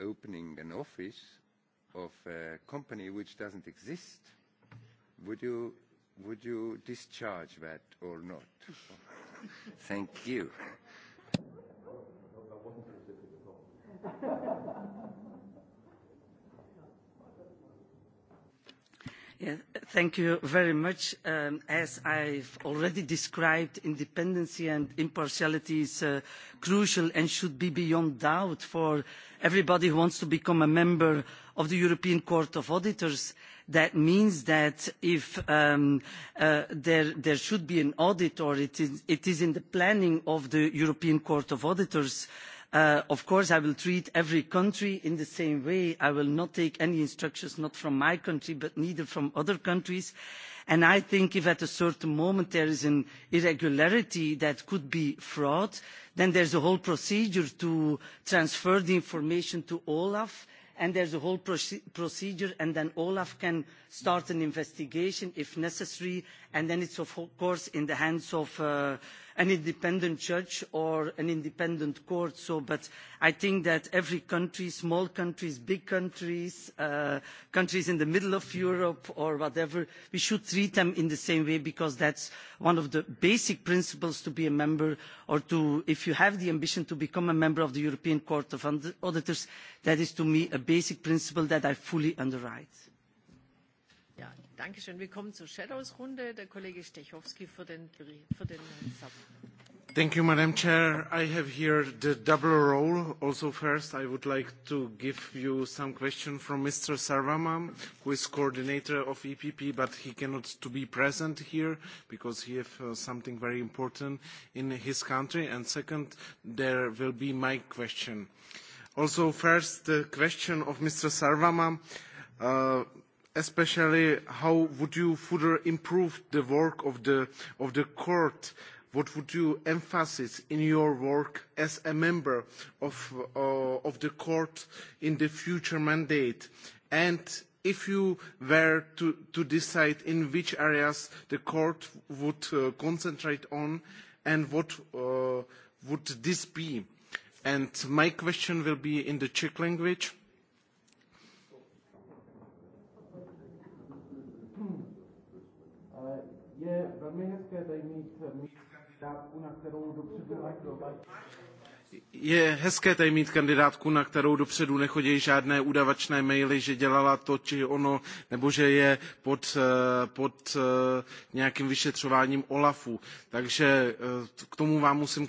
opening an office of a company which doesn't exist, would you, would you discharge that or not? Thank you. Yeah, thank you very much. Um, as I've already described, independency and impartiality is uh, crucial and should be beyond doubt for everybody who wants to become a member of the European Court of Auditors. That means that if um, uh, there, there should be an audit or it is, it is in the planning of the European Court of Auditors, uh, Uh, of course, I will treat every country in the same way. I will not take any instructions, not from my country, but neither from other countries. And I think if at a certain moment there is an irregularity that could be fraud, then there's a whole procedure to transfer the information to Olaf and there's a whole procedure and then olaf can start an investigation if necessary and then it's of course in the hands of uh, an independent judge or an independent court. So, but I think that every country, small countries, big countries, uh, countries in the middle of Europe or whatever, we should treat them in the same way because that's one of the basic principles to be a member or to, if you have the ambition to become a member of the European Court of Auditors, that is to me a basic principle that I fully underwrite. Ja, danke schön. Wir kommen zur Shadows-Runde. Der Kollege Stechowski für den, für den Thank you, Madam Chair. I have here the double role. Also, first, I would like to give you some question from Mr. Sarvamaa, who is coordinator of EPP, but he cannot to be present here because he have uh, something very important in his country. And second, there will be my question. Also, first, the question of Mr. Sarvamaa. Uh, especially how would you further improve the work of the, of the court? What would you emphasize in your work as a member of, uh, of the court in the future mandate? And if you were to, to decide in which areas the court would uh, concentrate on and what uh, would this be? And my question will be in the Czech language Je velmi hezké tady mít, eh, mít na kterou dopředu mají je hezké tady mít kandidátku, na kterou dopředu nechodí žádné udavačné maily, že dělala to či ono, nebo že je pod, eh, pod eh, nějakým vyšetřováním OLAFu. Takže eh, k tomu vám musím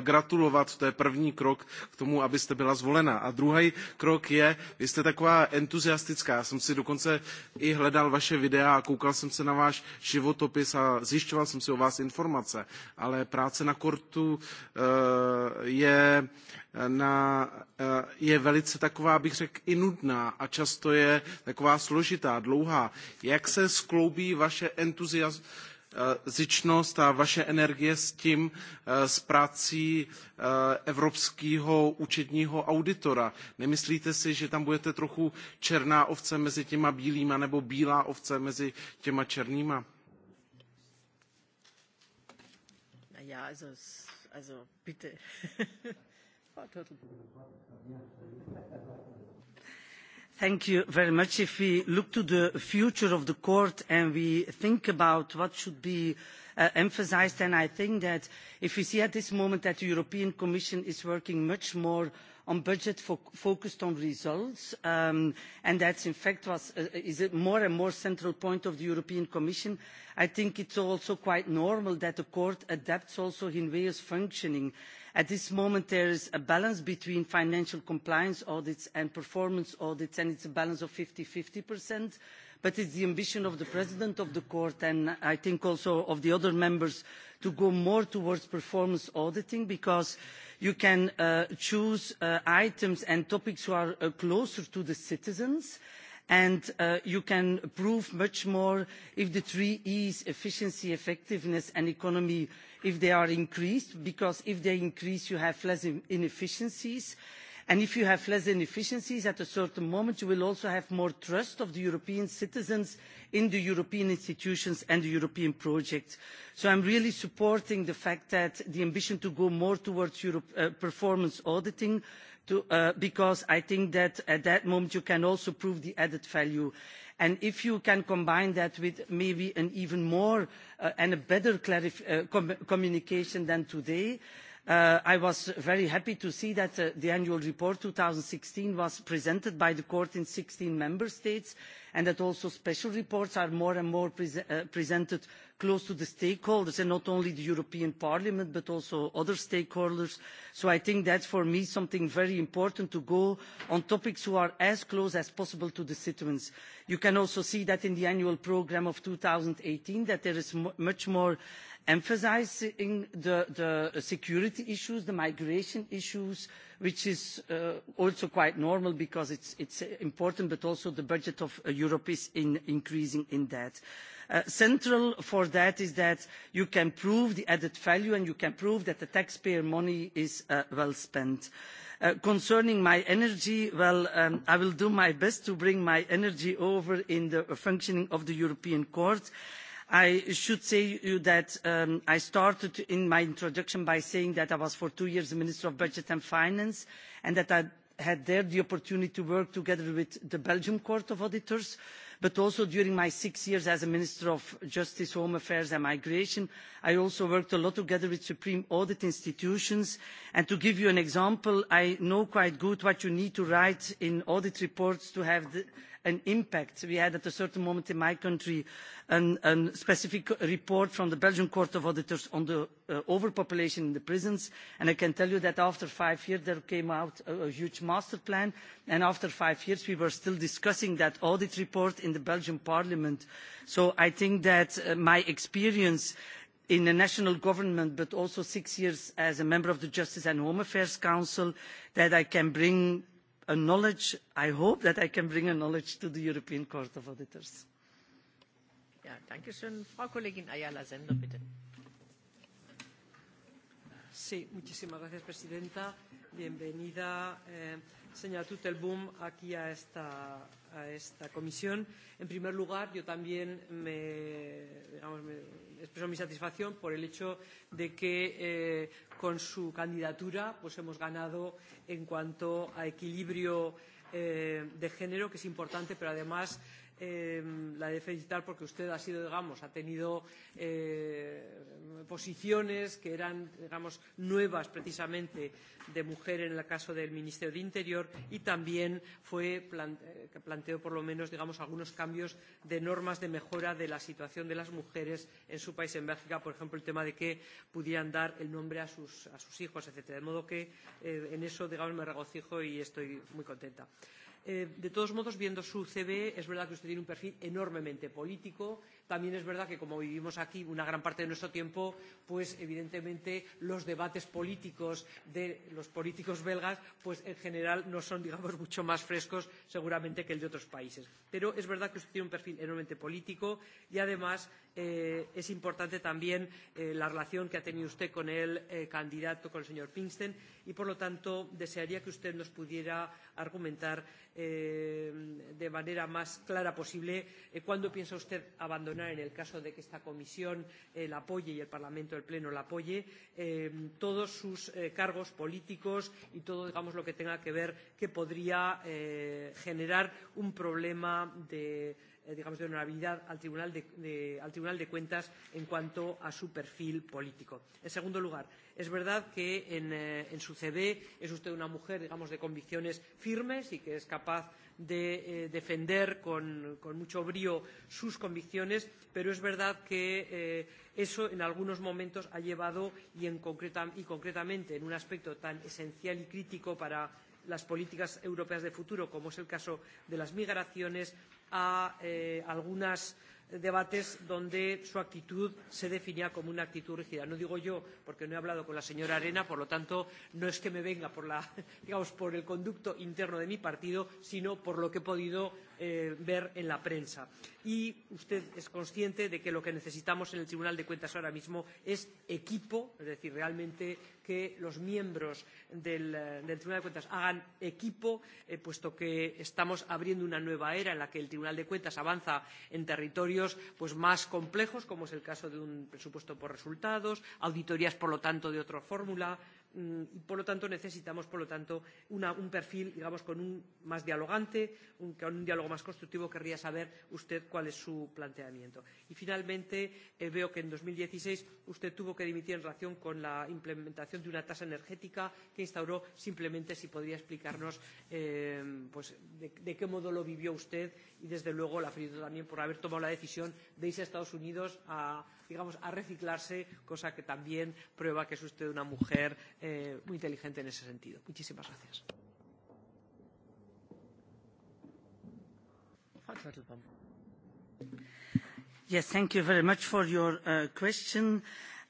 gratulovat, to je první krok k tomu, abyste byla zvolena. A druhý krok je, vy jste taková entuziastická, já jsem si dokonce i hledal vaše videa a koukal jsem se na váš životopis a zjišťoval jsem si o vás informace, ale práce na kortu e, je, na, je velice taková, bych řekl, i nudná a často je taková složitá, dlouhá. Jak se skloubí vaše entuziasmus a vaše energie s tím, eh, s prací eh, evropského účetního auditora. Nemyslíte si, že tam budete trochu černá ovce mezi těma bílýma nebo bílá ovce mezi těma černýma? Ja, also es Also bitte. Thank you very much. If we look to the future of the court and we think about what should be uh, emphasized, and I think that if we see at this moment that the European Commission is working much more on budget focused on results um, and that in fact was, uh, is a more and more central point of the European Commission. I think it's also quite normal that the court adapts also in its functioning. At this moment there is a balance between financial compliance audits and performance audits and it's a balance of 50-50% but it's the ambition of the president of the court and i think also of the other members to go more towards performance auditing because You can uh, choose uh, items and topics which are uh, closer to the citizens and you can prove much more if the three e's efficiency effectiveness and economy if they are increased because if they increase you have less inefficiencies. and and if you have less inefficiencies at a certain moment you will also have more trust of the european citizens in the european institutions and the european project. so i am really supporting the fact that the ambition to go more towards Europe, uh, performance auditing to, uh, because i think that at that moment you can also prove the added value and if you can combine that with maybe an even more uh, and a better communication than today Uh, I was very happy to see that uh, the annual report 2016 was presented by the court in 16 member states, and that also special reports are more and more pre uh, presented close to the stakeholders and not only the European Parliament but also other stakeholders. So I think that's for me something very important to go on topics who are as close as possible to the citizens. You can also see that in the annual programme of 2018 that there is much more emphasising the, the security issues, the migration issues, which is uh, also quite normal because it's, important, but also the budget of Europe is increasing in that. Uh, Uh, central for that is that you can prove the added value and you can prove that the taxpayer money is uh, well spent. Uh, concerning my energy, well, um, I will do my best to bring my energy over in the functioning of the European Court. I should say you that um, I started in my introduction by saying that I was for two years the Minister of Budget and Finance and that I had there the opportunity to work together with the Belgium Court of Auditors. Uh, but also during my six years as a minister of justice home affairs and migration i also worked a lot together with supreme audit institutions and to give you an example i know quite well what you need to write in audit reports to have the, an impact. We had at a certain moment in my country a specific report from the Belgian Court of Auditors on the uh, overpopulation in the prisons. And I can tell you that after five years, there came out a, a huge master plan. And after five years, we were still discussing that audit report in the Belgian parliament. So I think that uh, my experience in the national government but also six years as a member of the justice and home affairs council that i can bring a knowledge i hope that i can bring a knowledge to the european court of auditors. Bienvenida, eh, señora Tuttelboom, aquí a esta, a esta comisión. En primer lugar, yo también me, digamos, me expreso mi satisfacción por el hecho de que eh, con su candidatura pues hemos ganado en cuanto a equilibrio eh, de género, que es importante, pero además eh, la he de felicitar porque usted ha sido, digamos, ha tenido eh, posiciones que eran, digamos, nuevas precisamente de mujer en el caso del Ministerio de Interior y también fue plante eh, que planteó por lo menos, digamos, algunos cambios de normas de mejora de la situación de las mujeres en su país, en Bélgica, por ejemplo, el tema de que pudieran dar el nombre a sus, a sus hijos, etcétera. De modo que eh, en eso, digamos, me regocijo y estoy muy contenta. Eh, de todos modos, viendo su CV, es verdad que usted tiene un perfil enormemente político, También es verdad que, como vivimos aquí una gran parte de nuestro tiempo, pues evidentemente los debates políticos de los políticos belgas, pues en general no son, digamos, mucho más frescos seguramente que el de otros países. Pero es verdad que usted tiene un perfil enormemente político y además eh, es importante también eh, la relación que ha tenido usted con el eh, candidato, con el señor Pinkston, y por lo tanto desearía que usted nos pudiera argumentar eh, de manera más clara posible eh, cuándo piensa usted abandonar funcionar en el caso de que esta comisión eh, la apoye y el Parlamento, el Pleno, la apoye, eh, todos sus eh, cargos políticos y todo digamos, lo que tenga que ver que podría eh, generar un problema de eh, digamos, de honorabilidad al Tribunal de, de, al Tribunal de Cuentas en cuanto a su perfil político. En segundo lugar, es verdad que en, eh, en su CV es usted una mujer, digamos, de convicciones firmes y que es capaz de eh, defender con, con mucho brío sus convicciones, pero es verdad que eh, eso en algunos momentos ha llevado, y, en concreta, y concretamente en un aspecto tan esencial y crítico para las políticas europeas de futuro, como es el caso de las migraciones, a eh, algunas debates donde su actitud se definía como una actitud rígida. No digo yo, porque no he hablado con la señora Arena, por lo tanto, no es que me venga por, la, digamos, por el conducto interno de mi partido, sino por lo que he podido eh, ver en la prensa. Y usted es consciente de que lo que necesitamos en el Tribunal de Cuentas ahora mismo es equipo, es decir, realmente que los miembros del, eh, del Tribunal de Cuentas hagan equipo, eh, puesto que estamos abriendo una nueva era en la que el Tribunal de Cuentas avanza en territorios pues, más complejos, como es el caso de un presupuesto por resultados, auditorías, por lo tanto, de otra fórmula, y mm, por lo tanto necesitamos por lo tanto una, un perfil digamos con un más dialogante un, con un diálogo más constructivo querría saber usted cuál es su planteamiento y finalmente eh, veo que en 2016 usted tuvo que dimitir en relación con la implementación de una tasa energética que instauró simplemente si podría explicarnos eh, pues de, de qué modo lo vivió usted y desde luego la felicito también por haber tomado la decisión de irse a Estados Unidos a digamos, a reciclarse, cosa que también prueba que es usted una mujer eh, muy inteligente en ese sentido. Muchísimas gracias. Yes, thank you very much for your uh, question.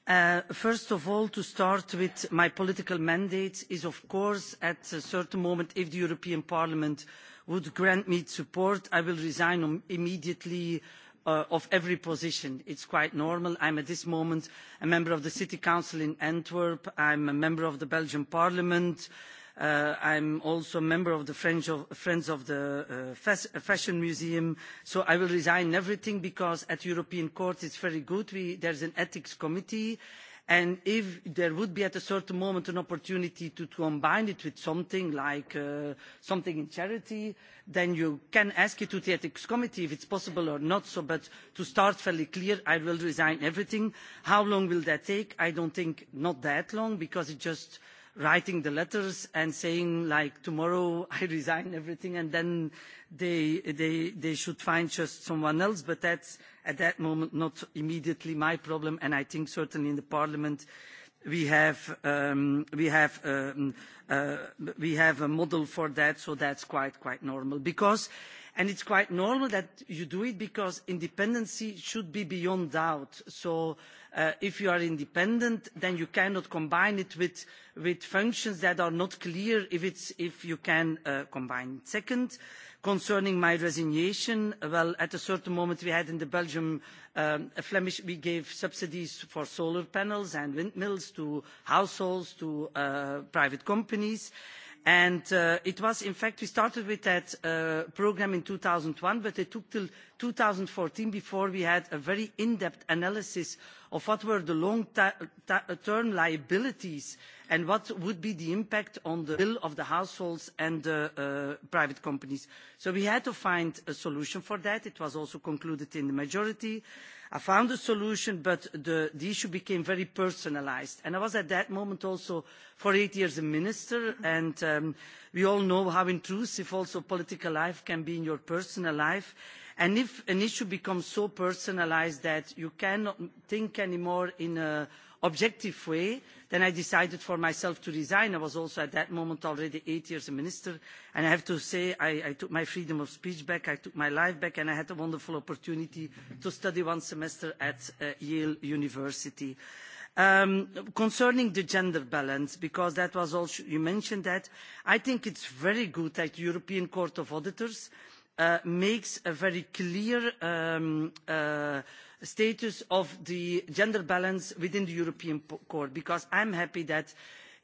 Uh, first of all to start with my political mandate is of course at a certain moment if the european parliament would grant me support i will resign immediately uh, uh, of every position. It's quite normal. I'm at this moment a member of the City Council in Antwerp. I'm a member of the Belgian Parliament. Uh, I'm also a member of the French of, Friends of the uh, Fashion Museum. So I will resign everything because at European Court it's very good. We, there's an ethics committee and if there would be at a certain moment an opportunity to, to combine it with something like uh, something in charity then you can ask it to the ethics committee if it's possible or not so but to start fairly clear i will resign everything how long will that take i don't think not that long because it just writing the letters and saying like tomorrow I resign everything and then they, they, they should find just someone else. But that's at that moment not immediately my problem. And I think certainly in the parliament we have, um, we, have, um, uh, we have a model for that. So that's quite, quite normal because and it's quite normal that you do it because independence should be beyond doubt so uh, if you are independent then you cannot combine it with, functions that are not clear if, you can uh, combine it. second concerning my resignation well at a certain moment we had in the belgium um, flemish we gave subsidies for solar panels and windmills to households to uh, private companies and and uh, it was in fact we started with that uh, programme in two thousand and one but it took till two thousand and fourteen before we had a very in depth analysis of what were the long term liabilities and what would be the impact on the bill of the households and the uh, private companies. so we had to find a solution for that. it was also concluded in the majority opinion I found a solution, but the, the issue became very personalized. And I was at that moment also for eight years a minister, mm-hmm. and um, we all know how intrusive also political life can be in your personal life. And if an issue becomes so personalized that you cannot think anymore in an objective way, then i decided for myself to resign i was also at that moment already eight years a minister and i have to say I, took my freedom of speech back i took my life back and i had a wonderful opportunity to study one semester at uh, yale university. Um, concerning the gender balance because that was also you mentioned that i think it's very good that the european court of auditors uh, makes a very clear um, uh, status of the gender balance within the European Court, because I'm happy that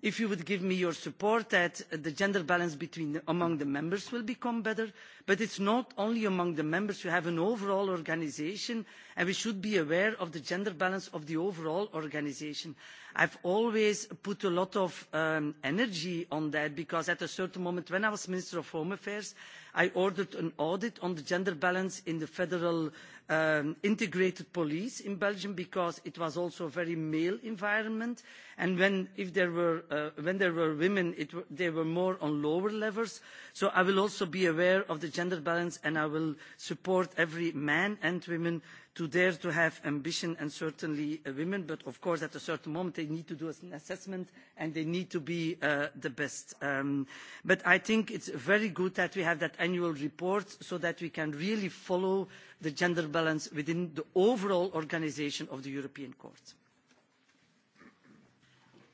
if you would give me your support that the gender balance between among the members will become better but it's not only among the members you have an overall organisation and we should be aware of the gender balance of the overall organisation. i've always put a lot of um, energy on that because at a certain moment when i was minister of home affairs I ordered an audit on the gender balance in the federal um, integrated police in Belgium because it was also a very male environment. And when, if there were, uh, when there were women, it, they were more on lower levels. So I will also be aware of the gender balance and I will support every man and woman to dare to have ambition and certainly uh, women but of course at a certain moment they need to do an assessment and they need to be uh, the best. Um, but i think it's very good that we have that annual report so that we can really follow the gender balance within the overall organisation of the european court.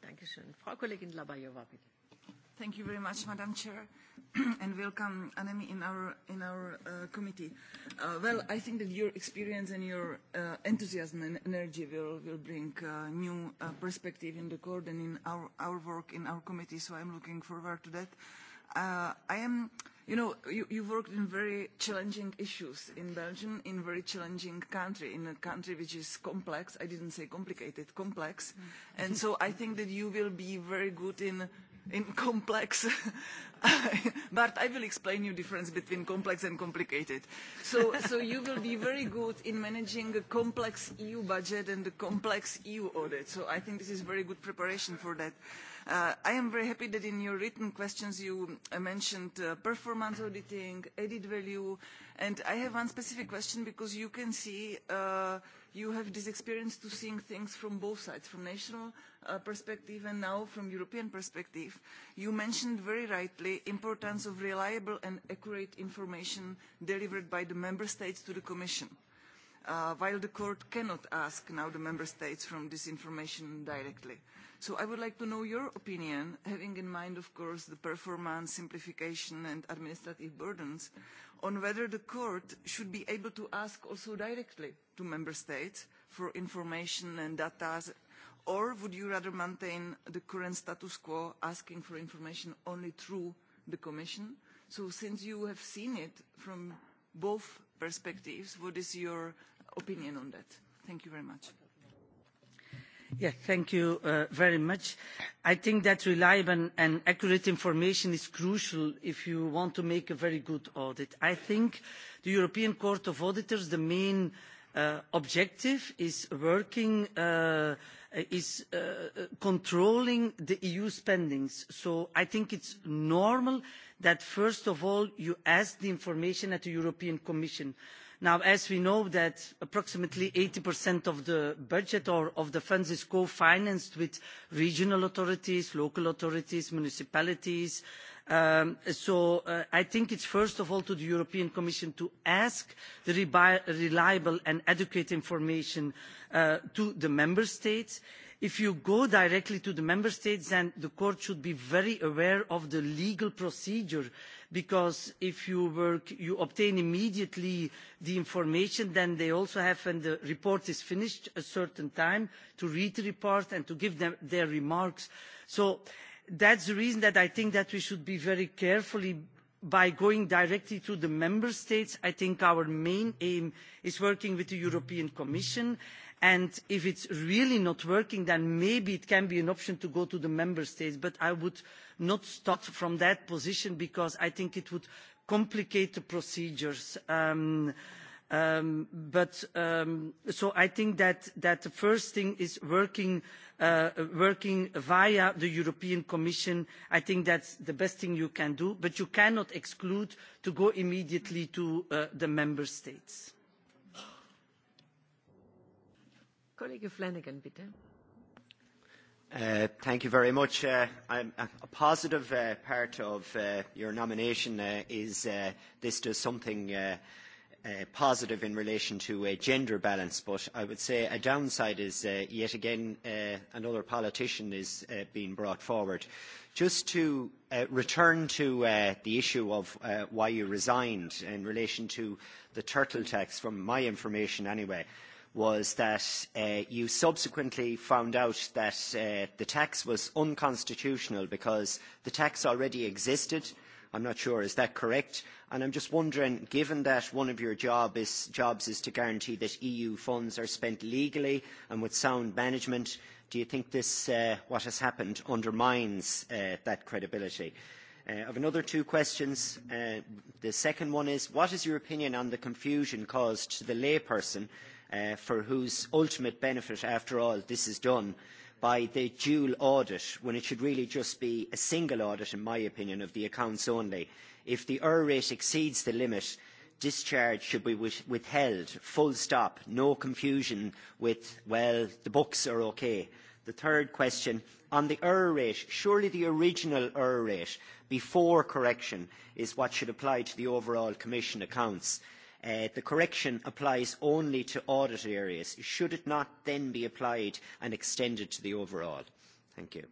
Dankeschön. frau kollegin dlabajov bitte. Thank you very much, Madam Chair, and welcome, Anemi, in our, in our uh, committee. Uh, well, I think that your experience and your uh, enthusiasm and energy will, will bring uh, new uh, perspective in the court and in our, our work in our committee, so I'm looking forward to that. Uh, I am, you know, you, you worked in very challenging issues in Belgium, in very challenging country, in a country which is complex. I didn't say complicated, complex. Mm. and so I think that you will be very good in in complex but I will explain you difference between complex and complicated. So, so you will be very good in managing a complex EU budget and a complex EU audit. So I think this is very good preparation for that. Uh, I am very happy that in your written questions you uh, mentioned uh, performance auditing, added value, and I have one specific question because you can see uh, you have this experience to seeing things from both sides, from national uh, perspective and now from European perspective. You mentioned very rightly importance of reliable and accurate information delivered by the member states to the Commission. Uh, while the court cannot ask now the member states from this information directly. So I would like to know your opinion, having in mind, of course, the performance, simplification and administrative burdens, on whether the court should be able to ask also directly to member states for information and data, or would you rather maintain the current status quo, asking for information only through the Commission? So since you have seen it from both perspectives, what is your opinion on that? Thank you very much. Yeah, thank you uh, very much. I think that reliable and accurate information is crucial if you want to make a very good audit. I think the European Court of Auditors, the main uh, Uh, objective is working uh, is uh, controlling the eu spendings so i think it's normal that first of all you ask the information at the european commission now as we know that approximately 80% of the budget or of the funds is co-financed with regional authorities local authorities municipalities uh, Um, so uh, I think it's first of all to the European Commission to ask for reliable and adequate information uh, to the member states. If you go directly to the member states, then the court should be very aware of the legal procedure because if you, obtain immediately the information then they also have when the report is finished a certain time to read the report and to give their remarks so that's the reason that i think that we should be very careful by going directly to the member states. i think our main aim is working with the european commission and if it's really not working then maybe it can be an option to go to the member states but i would not start from that position because i think it would complicate the procedures. Um, Um, um, so I think that, the first thing is uh, working, via the European Commission. I think that's the best thing you can do, but you cannot exclude to go immediately to uh, the member states. Colleague Flanagan, bitte. Uh, thank you very much. a, positive part of your nomination is uh, this does something uh, Uh, positive in relation to uh, gender balance, but I would say a downside is uh, yet again uh, another politician is uh, being brought forward. Just to uh, return to uh, the issue of uh, why you resigned in relation to the turtle tax, from my information anyway, was that uh, you subsequently found out that uh, the tax was unconstitutional because the tax already existed. Uh, I'm not sure. Is that correct? And I'm just wondering, given that one of your job is, jobs is to guarantee that EU funds are spent legally and with sound management, do you think this, uh, what has happened undermines uh, that credibility? Uh, have another two questions. Uh, the second one is, what is your opinion on the confusion caused to the layperson uh, for whose ultimate benefit, after all, this is done? Uh, by the dual audit when it should really just be a single audit, in my opinion, of the accounts only. If the error rate exceeds the limit, discharge should be withheld, full stop, no confusion with, well, the books are okay. The third question, on the error rate, surely the original error rate before correction is what should apply to the overall Commission accounts Uh, the correction applies only to audit areas. Should it not then be applied and extended to the overall? Thank you.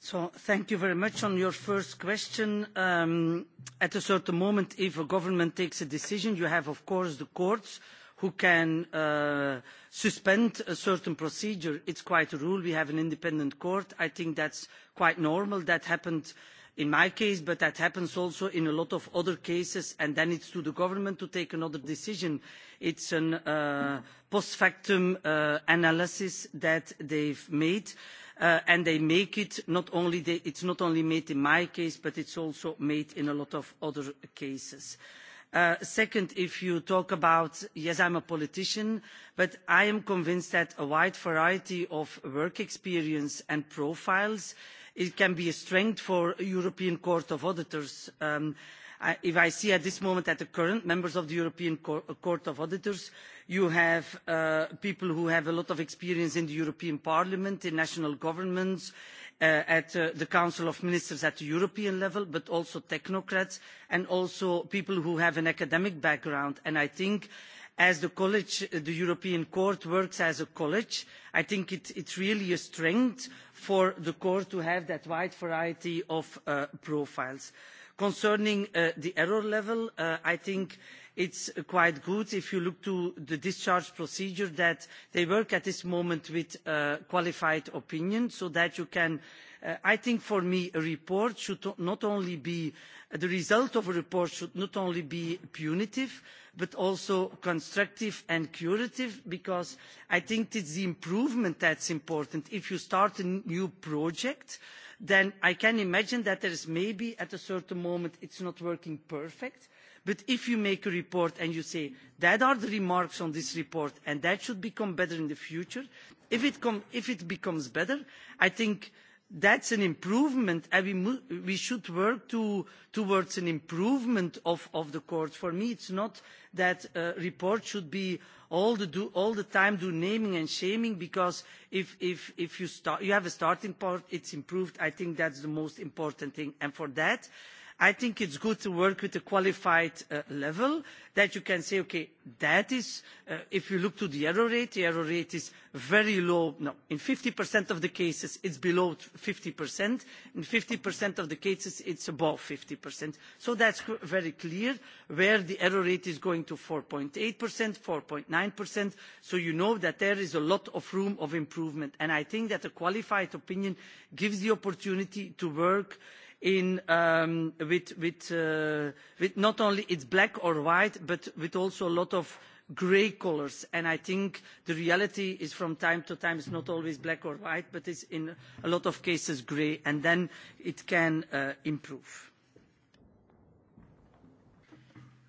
So, thank you very much. On your first question, um, at a certain moment, if a government takes a decision, you have, of course, the courts who can uh, suspend a certain procedure. It's quite a rule. We have an independent court. I think that's quite normal. That happened uh, in my case but that happens also in a lot of other cases and then it's to the government to take another decision. it's a uh, post factum uh, analysis that they've made uh, and they make it not only they, it's not only made in my case but it's also made in a lot of other cases. second if you talk about yes i am a politician but i am convinced that a wide variety of work experience and profiles it can be a strength for European Court of Auditors. Um, I, if I see at this moment at the current members of the European Cor Court of Auditors, you have uh, people who have a lot of experience in the European Parliament, in national governments, uh, at uh, the Council of Ministers at the European level, but also technocrats, and also people who have an academic background. And I think uh, as the college the european court works as a college i think it is really a strength for the court to have that wide variety of uh, profiles. concerning uh, the error level uh, i think it is quite good if you look to the discharge procedure that they work at this moment with a qualified opinion so that you can i think for me a report should not only be the result of a report should not only be punitive but also constructive and curative because I think it's the improvement that's important. If you start a new project, then I can imagine that there is maybe at a certain moment it's not working perfect. But if you make a report and you say, that are the remarks on this report and that should become better in the future, if it, com if it becomes better, I think that's an improvement and we, we should work to, towards an improvement of, of the court. For me, it's not that uh, report should be all the, do, all the time do naming and shaming because if, if, if you, start, you have a starting point, it's improved. I think that's the most important thing. And for that, uh, I think it's good to work with a qualified uh, level that you can say, okay, that is, uh, if you look to the error rate, the error rate is very low. No, in 50% of the cases, it's below 50%. In 50% of the cases, it's above 50%. So that's very clear where the error rate is going to 4.8%, 4.9%. So you know that there is a lot of room of improvement. And I think that a qualified opinion gives the opportunity to work in, um, with, with, uh, with not only it's black or white, but with also a lot of grey colours. And I think the reality is from time to time, it's not always black or white, but it's in a lot of cases grey, and then it can uh, improve.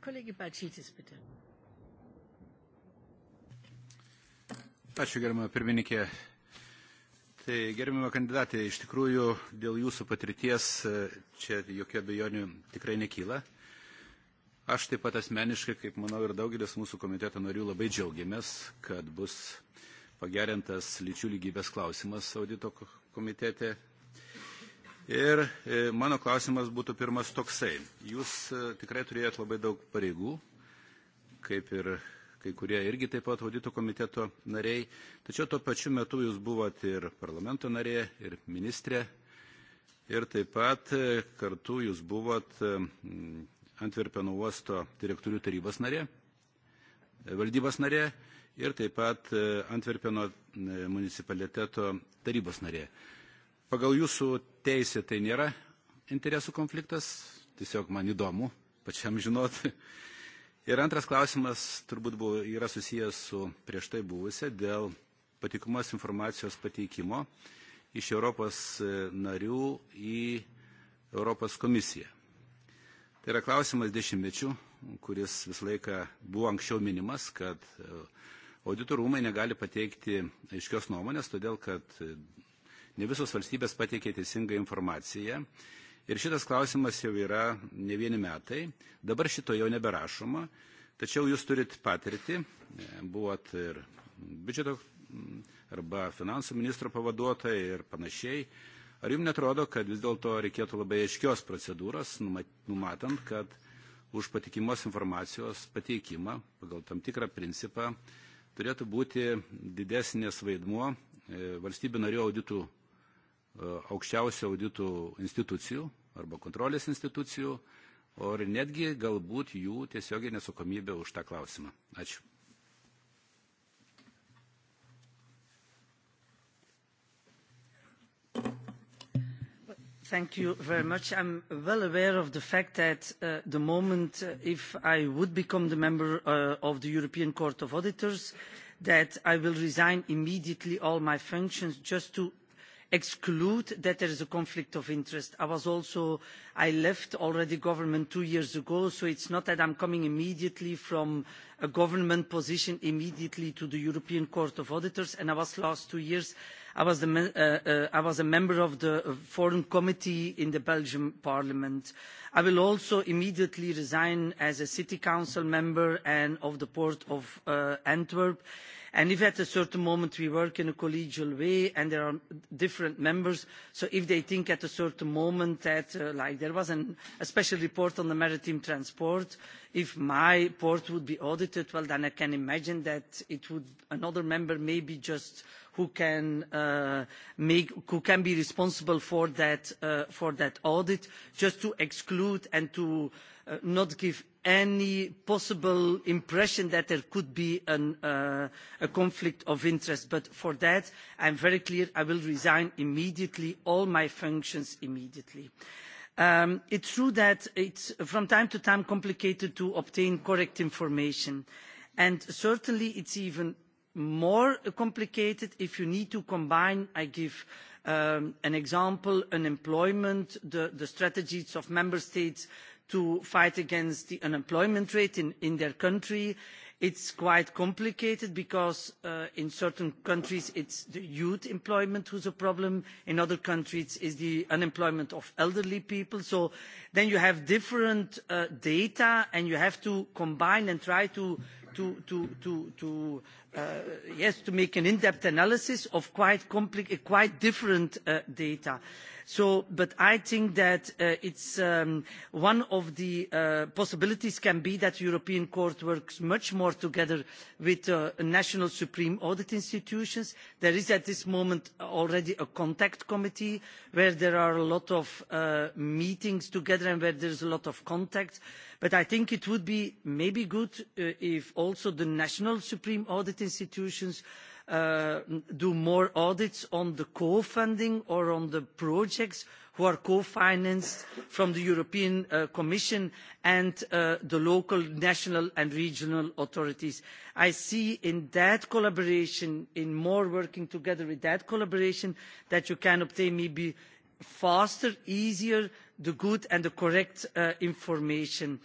Kollege Balčytis, bitte. Ačiū, tai gerbimo kandidatė, iš tikrųjų dėl jūsų patirties e, čia jokio bejonių tikrai nekyla. Aš taip pat asmeniškai, kaip manau ir daugelis mūsų komiteto narių, labai džiaugiamės, kad bus pagerintas lyčių lygybės klausimas audito komitete. Ir e, mano klausimas būtų pirmas toksai. Jūs e, tikrai turėjot labai daug pareigų, kaip ir kai kurie irgi taip pat audito komiteto nariai. Tačiau tuo pačiu metu jūs buvote ir parlamento narė, ir ministrė. Ir taip pat e, kartu jūs buvot e, Antverpeno uosto direktorių tarybos narė, e, valdybos narė ir taip pat Antverpeno municipaliteto tarybos narė. Pagal jūsų teisę tai nėra interesų konfliktas, tiesiog man įdomu pačiam žinoti. Ir antras klausimas turbūt buvo, yra susijęs su prieš tai buvusia dėl patikimos informacijos pateikimo iš Europos e, narių į Europos komisiją. Tai yra klausimas dešimtmečių, kuris visą laiką buvo anksčiau minimas, kad e, auditorų rūmai negali pateikti aiškios nuomonės, todėl kad e, ne visos valstybės pateikė teisingą informaciją Ir šitas klausimas jau yra ne vieni metai. Dabar šito jau neberašoma, tačiau jūs turit patirti, e, buvot ir biudžeto mm, arba finansų ministro pavaduotojai ir panašiai. Ar jums netrodo, kad vis dėlto reikėtų labai aiškios procedūros, numatant, kad už patikimos informacijos pateikimą pagal tam tikrą principą turėtų būti didesnės vaidmuo e, valstybių narių auditų E, aukščiausių auditų institucijų arba kontrolės institucijų, ir netgi galbūt jų tiesioginė atsakomybė už tą klausimą. Ačiū. Thank you very much. I'm well aware of the fact that uh, the moment uh, if I would become the member uh, of the European Court of Auditors, that I will resign immediately all my functions just to exclude that there is a conflict of interest. i was also i left already government two years ago so it's not that i'm coming immediately from a government position immediately to the european court of auditors and i was last two years i was, the, uh, uh, I was a member of the uh, foreign committee in the belgian parliament. i will also immediately resign as a city council member and of the port of uh, antwerp and if at a certain moment we work in a collegial way and there are different members so if they think at a certain moment that uh, like there was an, a special report on the maritime transport if my port would be audited well then i can imagine that it would another member maybe just who can uh, make who can be responsible for that uh, for that audit just to exclude and to uh, not give any possible impression that there could be an, uh, a conflict of interest. But for that, I'm very clear, I will resign immediately, all my functions immediately. Um, it's true that it's from time to time complicated to obtain correct information. And certainly it's even more complicated if you need to combine, I give um, an example, unemployment, the, the strategies of member states to fight against the unemployment rate in, in their country. It's quite complicated because uh, in certain countries it's the youth employment who's a problem. In other countries it's the unemployment of elderly people. So then you have different uh, data and you have to combine and try to to, to, to, to, uh, yes, to make an in-depth analysis of quite, compli- uh, quite different uh, data. So, but I think that uh, it's um, one of the uh, possibilities can be that the European Court works much more together with uh, national supreme audit institutions. There is at this moment already a contact committee where there are a lot of uh, meetings together and where there's a lot of contact. Uh, but i think it would be maybe good uh, if also the national supreme audit institutions Uh, do more audits on the co-funding or on the projects that are co-financed from the European uh, Commission and uh, the local, national and regional authorities. I see in that collaboration, in more working together with that collaboration, that you can obtain maybe faster, easier the good and the correct uh, information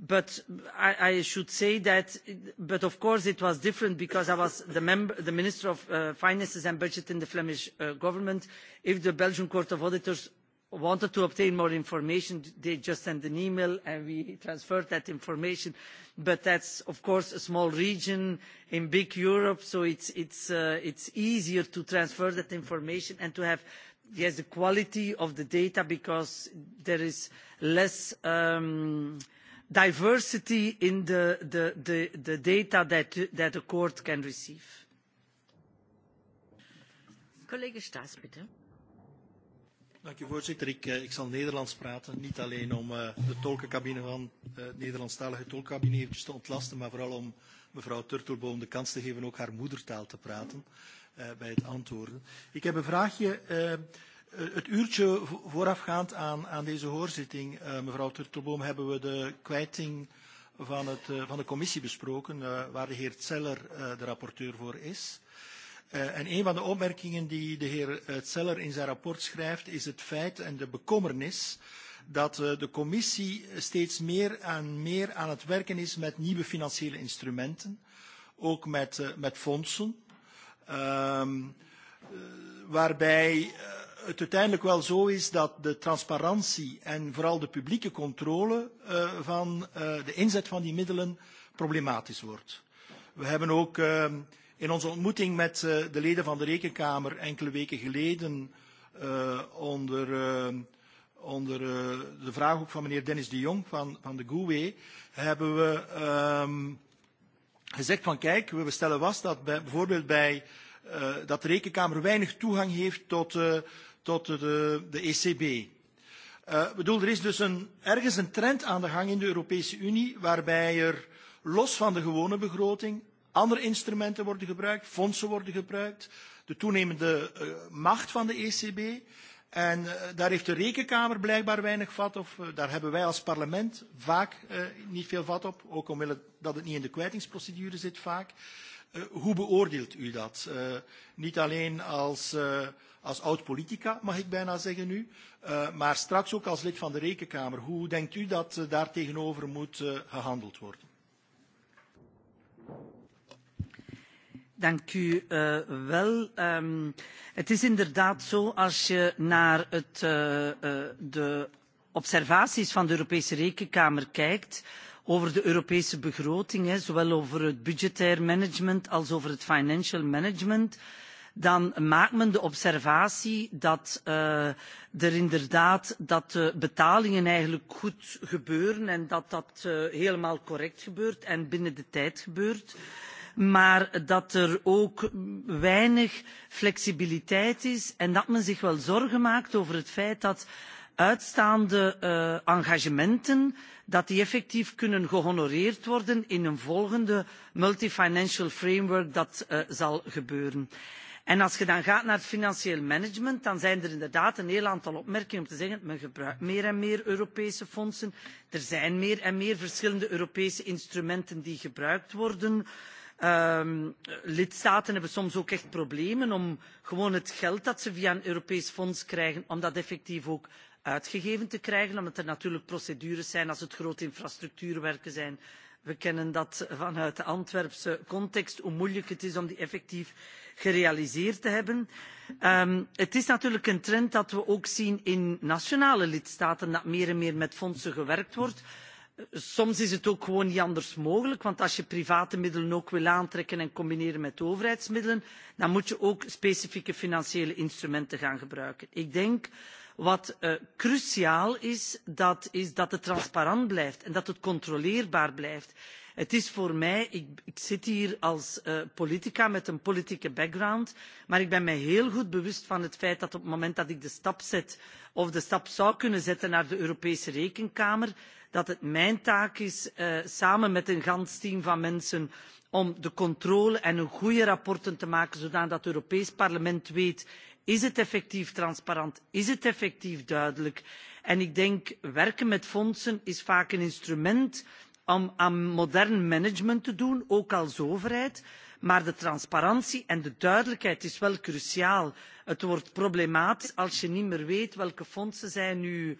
but I, should say that, but of course it was different because I was the, Minister of uh, Finances and Budget in the Flemish uh, government. If the Belgian Court of Auditors wanted to obtain more information, they just sent an email and we transferred that information. But that's, of course, a small region in big Europe, so it is it's easier to transfer that information and to have yes, the quality of the data because there is less um, diversity in the, data that, that a court can receive. Collega Staes, bitte. Dank u voorzitter. Ik, eh, ik zal Nederlands praten. Niet alleen om uh, de tolkencabine van uh, het Nederlandstalige tolkcabine eventjes te ontlasten, maar vooral om mevrouw Turtelboom de kans te geven ook haar moedertaal te praten. Eh, bij het antwoorden. Ik heb een vraagje. Eh, eh, het uurtje voorafgaand aan, aan deze hoorzitting, mevrouw Turtelboom, hebben we de kwijting van, het, van de commissie besproken, waar de heer Zeller de rapporteur voor is. En een van de opmerkingen die de heer Zeller in zijn rapport schrijft, is het feit en de bekommernis dat de commissie steeds meer en meer aan het werken is met nieuwe financiële instrumenten, ook met, met fondsen Um, uh, waarbij uh, het uiteindelijk wel zo is dat de transparantie en vooral de publieke controle uh, van uh, de inzet van die middelen problematisch wordt. We hebben ook uh, in onze ontmoeting met uh, de leden van de Rekenkamer enkele weken geleden uh, onder, uh, onder uh, de vraag ook van meneer Dennis de Jong van, van de GUE hebben we um, gezegd van kijk, we stellen vast dat bij, bijvoorbeeld bij uh, dat de rekenkamer weinig toegang heeft tot, uh, tot de, de ECB. E uh, eh, bedoel, er is dus een, ergens een trend aan de gang in de Europese Unie waarbij er los van de gewone begroting andere instrumenten worden gebruikt, fondsen worden gebruikt, de toenemende uh, macht van de ECB. En uh, daar heeft de rekenkamer blijkbaar weinig vat op. Uh, daar hebben wij als parlement vaak uh, niet veel vat op. Ook omwille dat het niet in de kwijtingsprocedure zit vaak. Uh, hoe beoordeelt u dat? Uh, niet alleen als, uh, als oud-politica, mag ik bijna zeggen nu, uh, maar straks ook als lid van de Rekenkamer. Hoe denkt u dat uh, daar tegenover moet uh, gehandeld worden? Dank u uh, wel. Um, het is inderdaad zo, als je naar het, uh, uh, de observaties van de Europese Rekenkamer kijkt over de Europese begroting, hè, zowel over het budgetair management als over het financial management, dan maakt men de observatie dat uh, er inderdaad dat de betalingen eigenlijk goed gebeuren en dat dat uh, helemaal correct gebeurt en binnen de tijd gebeurt. Uh, maar dat er ook weinig flexibiliteit is en dat men zich wel zorgen maakt over het feit dat uitstaande uh, engagementen dat die effectief kunnen gehonoreerd worden in een volgende multifinancial framework dat uh, zal gebeuren. En als je dan gaat naar het financieel management, dan zijn er inderdaad een heel aantal opmerkingen om te zeggen, men gebruikt meer en meer Europese fondsen, er zijn meer en meer verschillende Europese instrumenten die gebruikt worden. Uh, Um, lidstaten hebben soms ook echt problemen om gewoon het geld dat ze via een Europees fonds krijgen, om dat effectief ook uitgegeven te krijgen, omdat er natuurlijk procedures zijn als het grote infrastructuurwerken zijn. We kennen dat vanuit de Antwerpse context, hoe moeilijk het is om die effectief gerealiseerd te hebben. Um, het is natuurlijk een trend dat we ook zien in nationale lidstaten, dat meer en meer met fondsen gewerkt wordt soms is het ook gewoon niet anders mogelijk want als je private middelen ook wil aantrekken en combineren met overheidsmiddelen dan moet je ook specifieke financiële instrumenten gaan gebruiken. ik denk wat uh, cruciaal is dat, is dat het transparant blijft en dat het controleerbaar blijft. het is voor mij ik, ik zit hier als uh, politica met een politieke background maar ik ben mij heel goed bewust van het feit dat op het moment dat ik de stap zet of de stap zou kunnen zetten naar de europese rekenkamer dat het mijn taak is eh, samen met een gans team van mensen om de controle en een goede rapporten te maken zodat het Europees Parlement weet is het effectief transparant, is het effectief duidelijk. En ik denk werken met fondsen is vaak een instrument om aan modern management te doen, ook als overheid. Maar de transparantie en de duidelijkheid is wel cruciaal. Het wordt problematisch als je niet meer weet welke fondsen zijn nu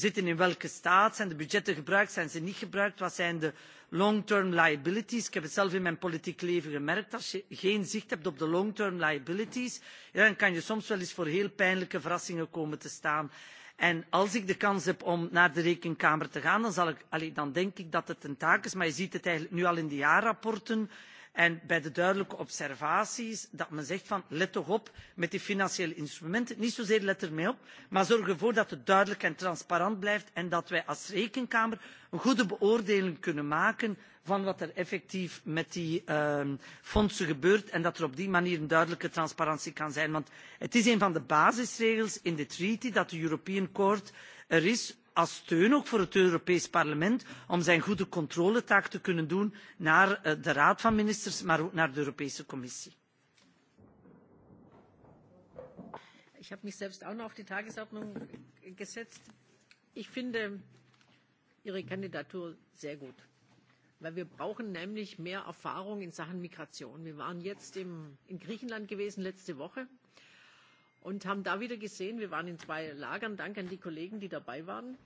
zitten in welke staat zijn de budgetten gebruikt zijn ze niet gebruikt wat zijn de long term liabilities? ik heb het zelf in mijn politiek leven gemerkt als je geen zicht hebt op de long term liabilities dan kan je soms wel eens voor heel pijnlijke verrassingen komen te staan. en als ik de kans heb om naar de rekenkamer te gaan dan, zal ik, allee, dan denk ik dat het een taak is maar je ziet het eigenlijk nu al in de jaarrapporten en bij de duidelijke observaties dat men zegt van let toch op met die financiële instrumenten niet zozeer let er mee op maar zorg ervoor dat het duidelijk en transparant blijft en dat wij als rekenkamer een goede beoordeling kunnen maken van wat er effectief met die uh, fondsen gebeurt en dat er op die manier een duidelijke transparantie kan zijn. want het is een van de basisregels in de treaty dat de european court er is als steun ook voor het Europees Parlement om zijn goede controletaak te kunnen doen naar eh, de Raad van Ministers, maar ook naar de Europese Commissie. Ik habe mich selbst auch noch auf die Tagesordnung gesetzt. Ich finde eh, Ihre Kandidatur sehr gut, weil wir brauchen nämlich mehr Erfahrung in Sachen Migration. Wir waren jetzt im, in Griechenland gewesen letzte Woche und haben da wieder gesehen, wir waren in zwei Lagern, dank an die Kollegen, die dabei waren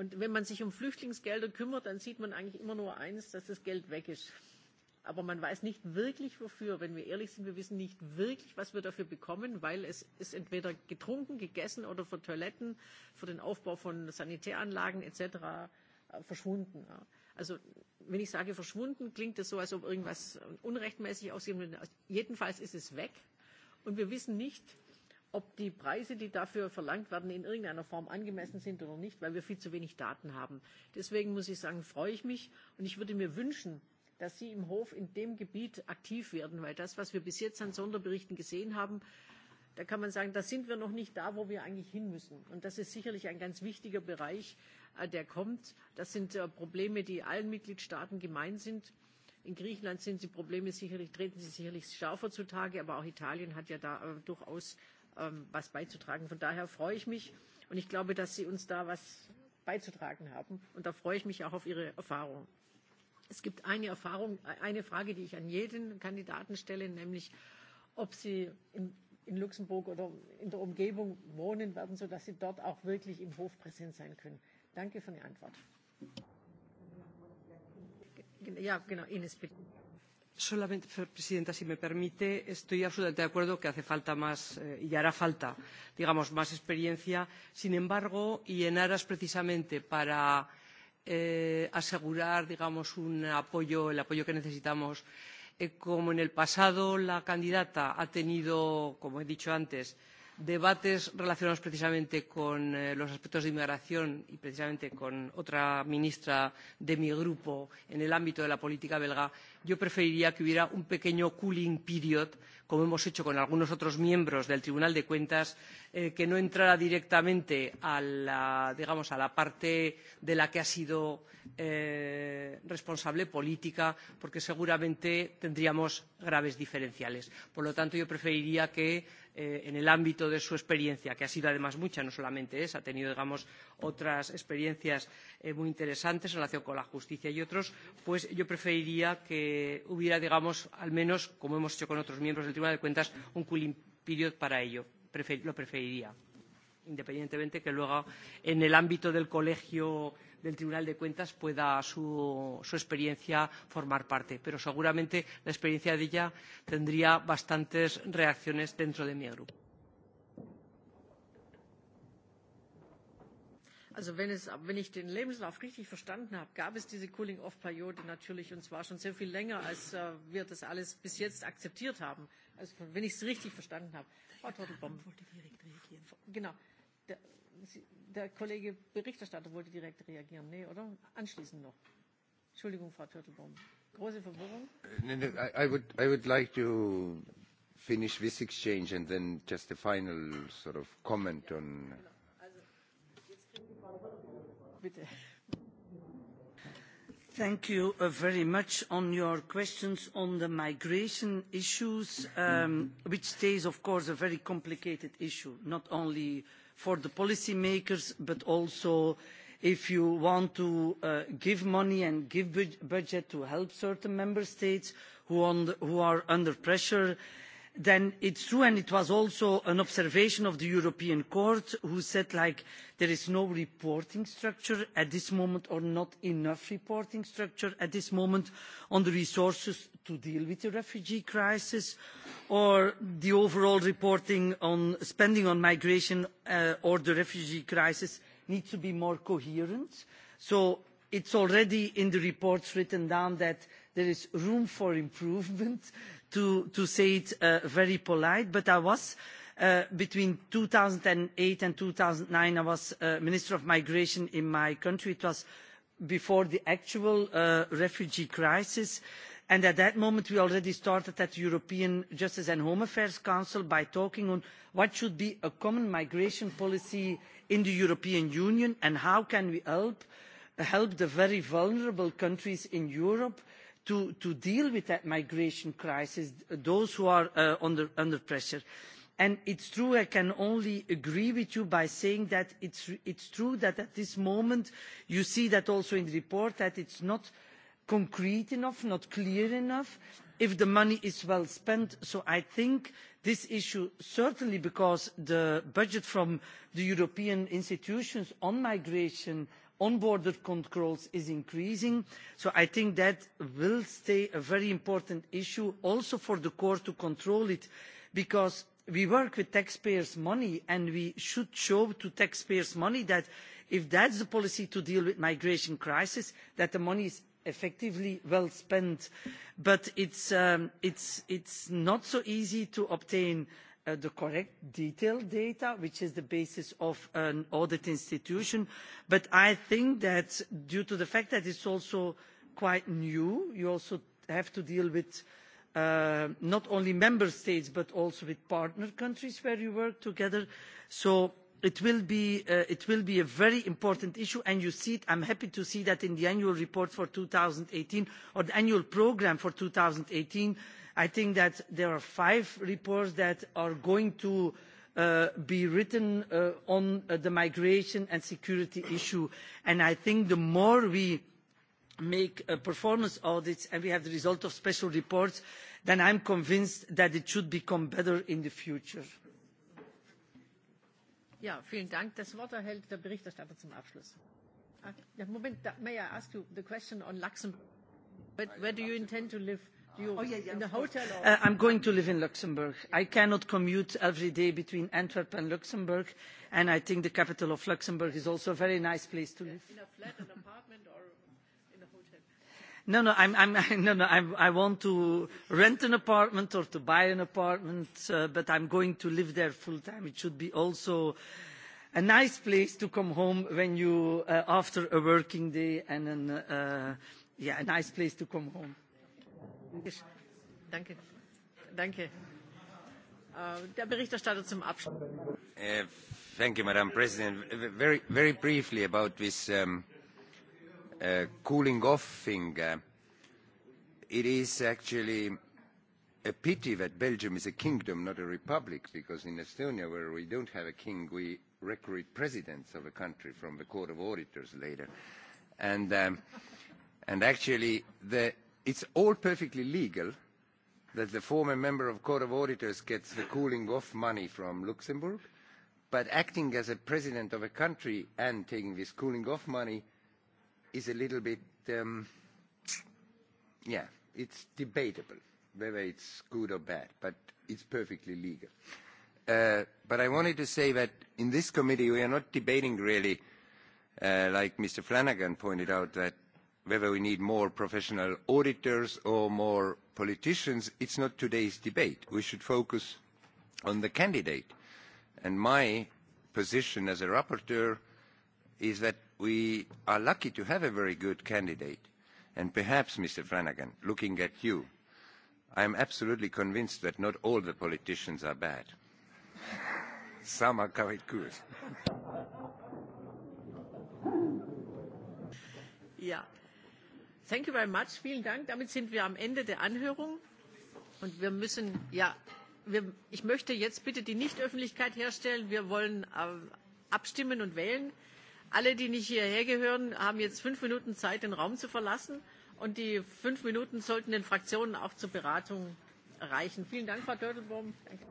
Und wenn man sich um Flüchtlingsgelder kümmert, dann sieht man eigentlich immer nur eins, dass das Geld weg ist. Aber man weiß nicht wirklich, wofür. Wenn wir ehrlich sind, wir wissen nicht wirklich, was wir dafür bekommen, weil es ist entweder getrunken, gegessen oder für Toiletten, für den Aufbau von Sanitäranlagen etc. Äh, verschwunden. Also wenn ich sage verschwunden, klingt es so, als ob irgendwas unrechtmäßig aussieht. Jedenfalls ist es weg. Und wir wissen nicht, ob die Preise, die dafür verlangt werden, in irgendeiner Form angemessen sind oder nicht, weil wir viel zu wenig Daten haben. Deswegen muss ich sagen, freue ich mich und ich würde mir wünschen, dass Sie im Hof in dem Gebiet aktiv werden, weil das, was wir bis jetzt an Sonderberichten gesehen haben, da kann man sagen, da sind wir noch nicht da, wo wir eigentlich hin müssen. Und das ist sicherlich ein ganz wichtiger Bereich, äh, der kommt. Das sind äh, Probleme, die allen Mitgliedstaaten gemein sind. In Griechenland sind die Probleme sicherlich, treten sie sicherlich schärfer zutage, aber auch Italien hat ja da äh, durchaus ähm, was beizutragen. Von daher freue ich mich und ich glaube, dass Sie uns da was beizutragen haben. Und da freue ich mich auch auf Ihre Erfahrung. Es gibt eine Erfahrung, eine Frage, die ich an jeden Kandidaten stelle, nämlich ob Sie in, in Luxemburg oder in der Umgebung wohnen werden, sodass Sie dort auch wirklich im Hof präsent sein können. Danke für die Antwort. Ja, genau, Ines, bitte. Solamente, presidenta, si me permite, estoy absolutamente de acuerdo que hace falta más eh, y hará falta, digamos, más experiencia. Sin embargo, y en aras precisamente para eh, asegurar, digamos, un apoyo, el apoyo que necesitamos, eh, como en el pasado la candidata ha tenido, como he dicho antes, eh, debates relacionados precisamente con eh, los aspectos de inmigración y precisamente con otra ministra de mi grupo en el ámbito de la política belga, yo preferiría que hubiera un pequeño cooling period, como hemos hecho con algunos otros miembros del Tribunal de Cuentas, eh, que no entrara directamente a la, digamos, a la parte de la que ha sido eh, responsable política, porque seguramente tendríamos graves diferenciales. Por lo tanto, yo preferiría que eh, en el ámbito de su experiencia, que ha sido además mucha, no solamente esa, ha tenido, digamos, otras experiencias eh, muy interesantes en relación con la justicia y otros, pues yo preferiría que hubiera, digamos, al menos, como hemos hecho con otros miembros del Tribunal de Cuentas, un cooling period para ello. Prefer lo preferiría, independientemente que luego en el ámbito del colegio del Tribunal de Cuentas pueda su, su experiencia formar parte. Pero seguramente la experiencia de ella tendría bastantes reacciones dentro de mi grupo. Also wenn, es, wenn ich den Lebenslauf richtig verstanden habe, gab es diese Cooling-Off-Periode natürlich und zwar schon sehr viel länger, als äh, wir das alles bis jetzt akzeptiert haben. Also wenn ich es richtig verstanden habe. Frau Turtelbaum. wollte direkt reagieren. Genau. Der, der Kollege Berichterstatter wollte direkt reagieren. Nee, oder? Anschließend noch. Entschuldigung, Frau Turtelbaum. Große Verwirrung. No, no, I, I, would, I would like to finish this exchange and then just a final sort of comment ja, on... Genau. Also, Thank you uh, very much on your questions on the migration issues, um, which stays, of course, a very complicated issue, not only uh, for the policymakers, but also if you want to uh, give money and give budget to help certain member states who, on the, who are under pressure, then it's true, and it was also an observation of the European Court, who said that there is no reporting structure at this moment, or not enough reporting structure at this moment, on the resources to deal with the refugee crisis, or the overall reporting on spending on migration uh, or the refugee crisis needs to be more coherent. So it's already in the reports written down that there is room for improvement to, to say it uh, very polite, but I was uh, between 2008 and 2009, I was uh, Minister of Migration in my country. It was before the actual uh, refugee crisis. And at that moment, we already started at the European Justice and Home Affairs Council by talking on what should be a common migration policy in the European Union and how can we help, help the very vulnerable countries in Europe to, deal with that migration crisis, those who are uh, under, under pressure. And it's true, I can only agree with you by saying that it's, it's true that at this moment, you see that also in the report, that it's not concrete enough, not clear enough, if the money is well spent. So I think this issue, certainly because the budget from the European institutions on migration on border controls is increasing so i think that will stay a very important issue also for the court to control it because we work with taxpayers' money and we should show to taxpayers' money that if that's the policy to deal with migration crisis that the money is effectively well spent but it's um, not so easy to obtain Uh, the correct detailed data, which is the basis of an audit institution. But I think that due to the fact that it's also quite new, you also have to deal with uh, not only member states, but also with partner countries where you work together. So it will, be, uh, it will be a very important issue, and you see it. I'm happy to see that in the annual report for 2018 or the annual program for 2018, i think that there are five reports that are going to uh, be written uh, on uh, the migration and security issue and i think the more we make uh, performance audits and we have the result of special reports then i'm convinced that it should become better in the future. Ja, vielen Dank. Das Wort erhält der Berichterstatter zum Abschluss. Ah, Moment, may I ask you the question on Luxembourg? Where, where do you intend to live? You, oh, yeah, yeah, in the hotel or... uh, i'm going to live in luxembourg i cannot commute every day between antwerp and luxembourg and i think the capital of luxembourg is also a very nice place to live in a flat an apartment or in a hotel no no i'm, I'm no no I'm, i want to rent an apartment or to buy an apartment uh, but i'm going to live there full time it should be also a nice place to come home when you uh, after a working day and an, uh, yeah, a nice place to come home Danke. Danke. Äh, der Berichterstatter zum Abschluss. Uh, thank you, Madam President. Very, very briefly about this um, uh, cooling off thing. Uh, it is actually a pity that Belgium is a kingdom, not a republic, because in Estonia, where we don't have a king, we recruit presidents of a country from the Court of Auditors later. And, um, and actually, the It's all perfectly legal that the former member of the Court of Auditors gets the cooling off money from Luxembourg, but acting as a president of a country and taking this cooling off money is a little bit, um, yeah, it's debatable whether it's good or bad, but it's perfectly legal. Uh, but I wanted to say that in this committee we are not debating really, uh, like Mr. Flanagan pointed out, that whether we need more professional auditors or more politicians, it's not today's debate. We should focus on the candidate. And my position as a rapporteur is that we are lucky to have a very good candidate. And perhaps, Mr. Flanagan, looking at you, I am absolutely convinced that not all the politicians are bad. Some are quite good. Yeah. Thank you very much. Vielen Dank. Damit sind wir am Ende der Anhörung. Und wir müssen, ja, wir, ich möchte jetzt bitte die Nichtöffentlichkeit herstellen. Wir wollen äh, abstimmen und wählen. Alle, die nicht hierher gehören, haben jetzt fünf Minuten Zeit, den Raum zu verlassen. Und die fünf Minuten sollten den Fraktionen auch zur Beratung reichen. Vielen Dank, Frau Dörtelbaum. Danke.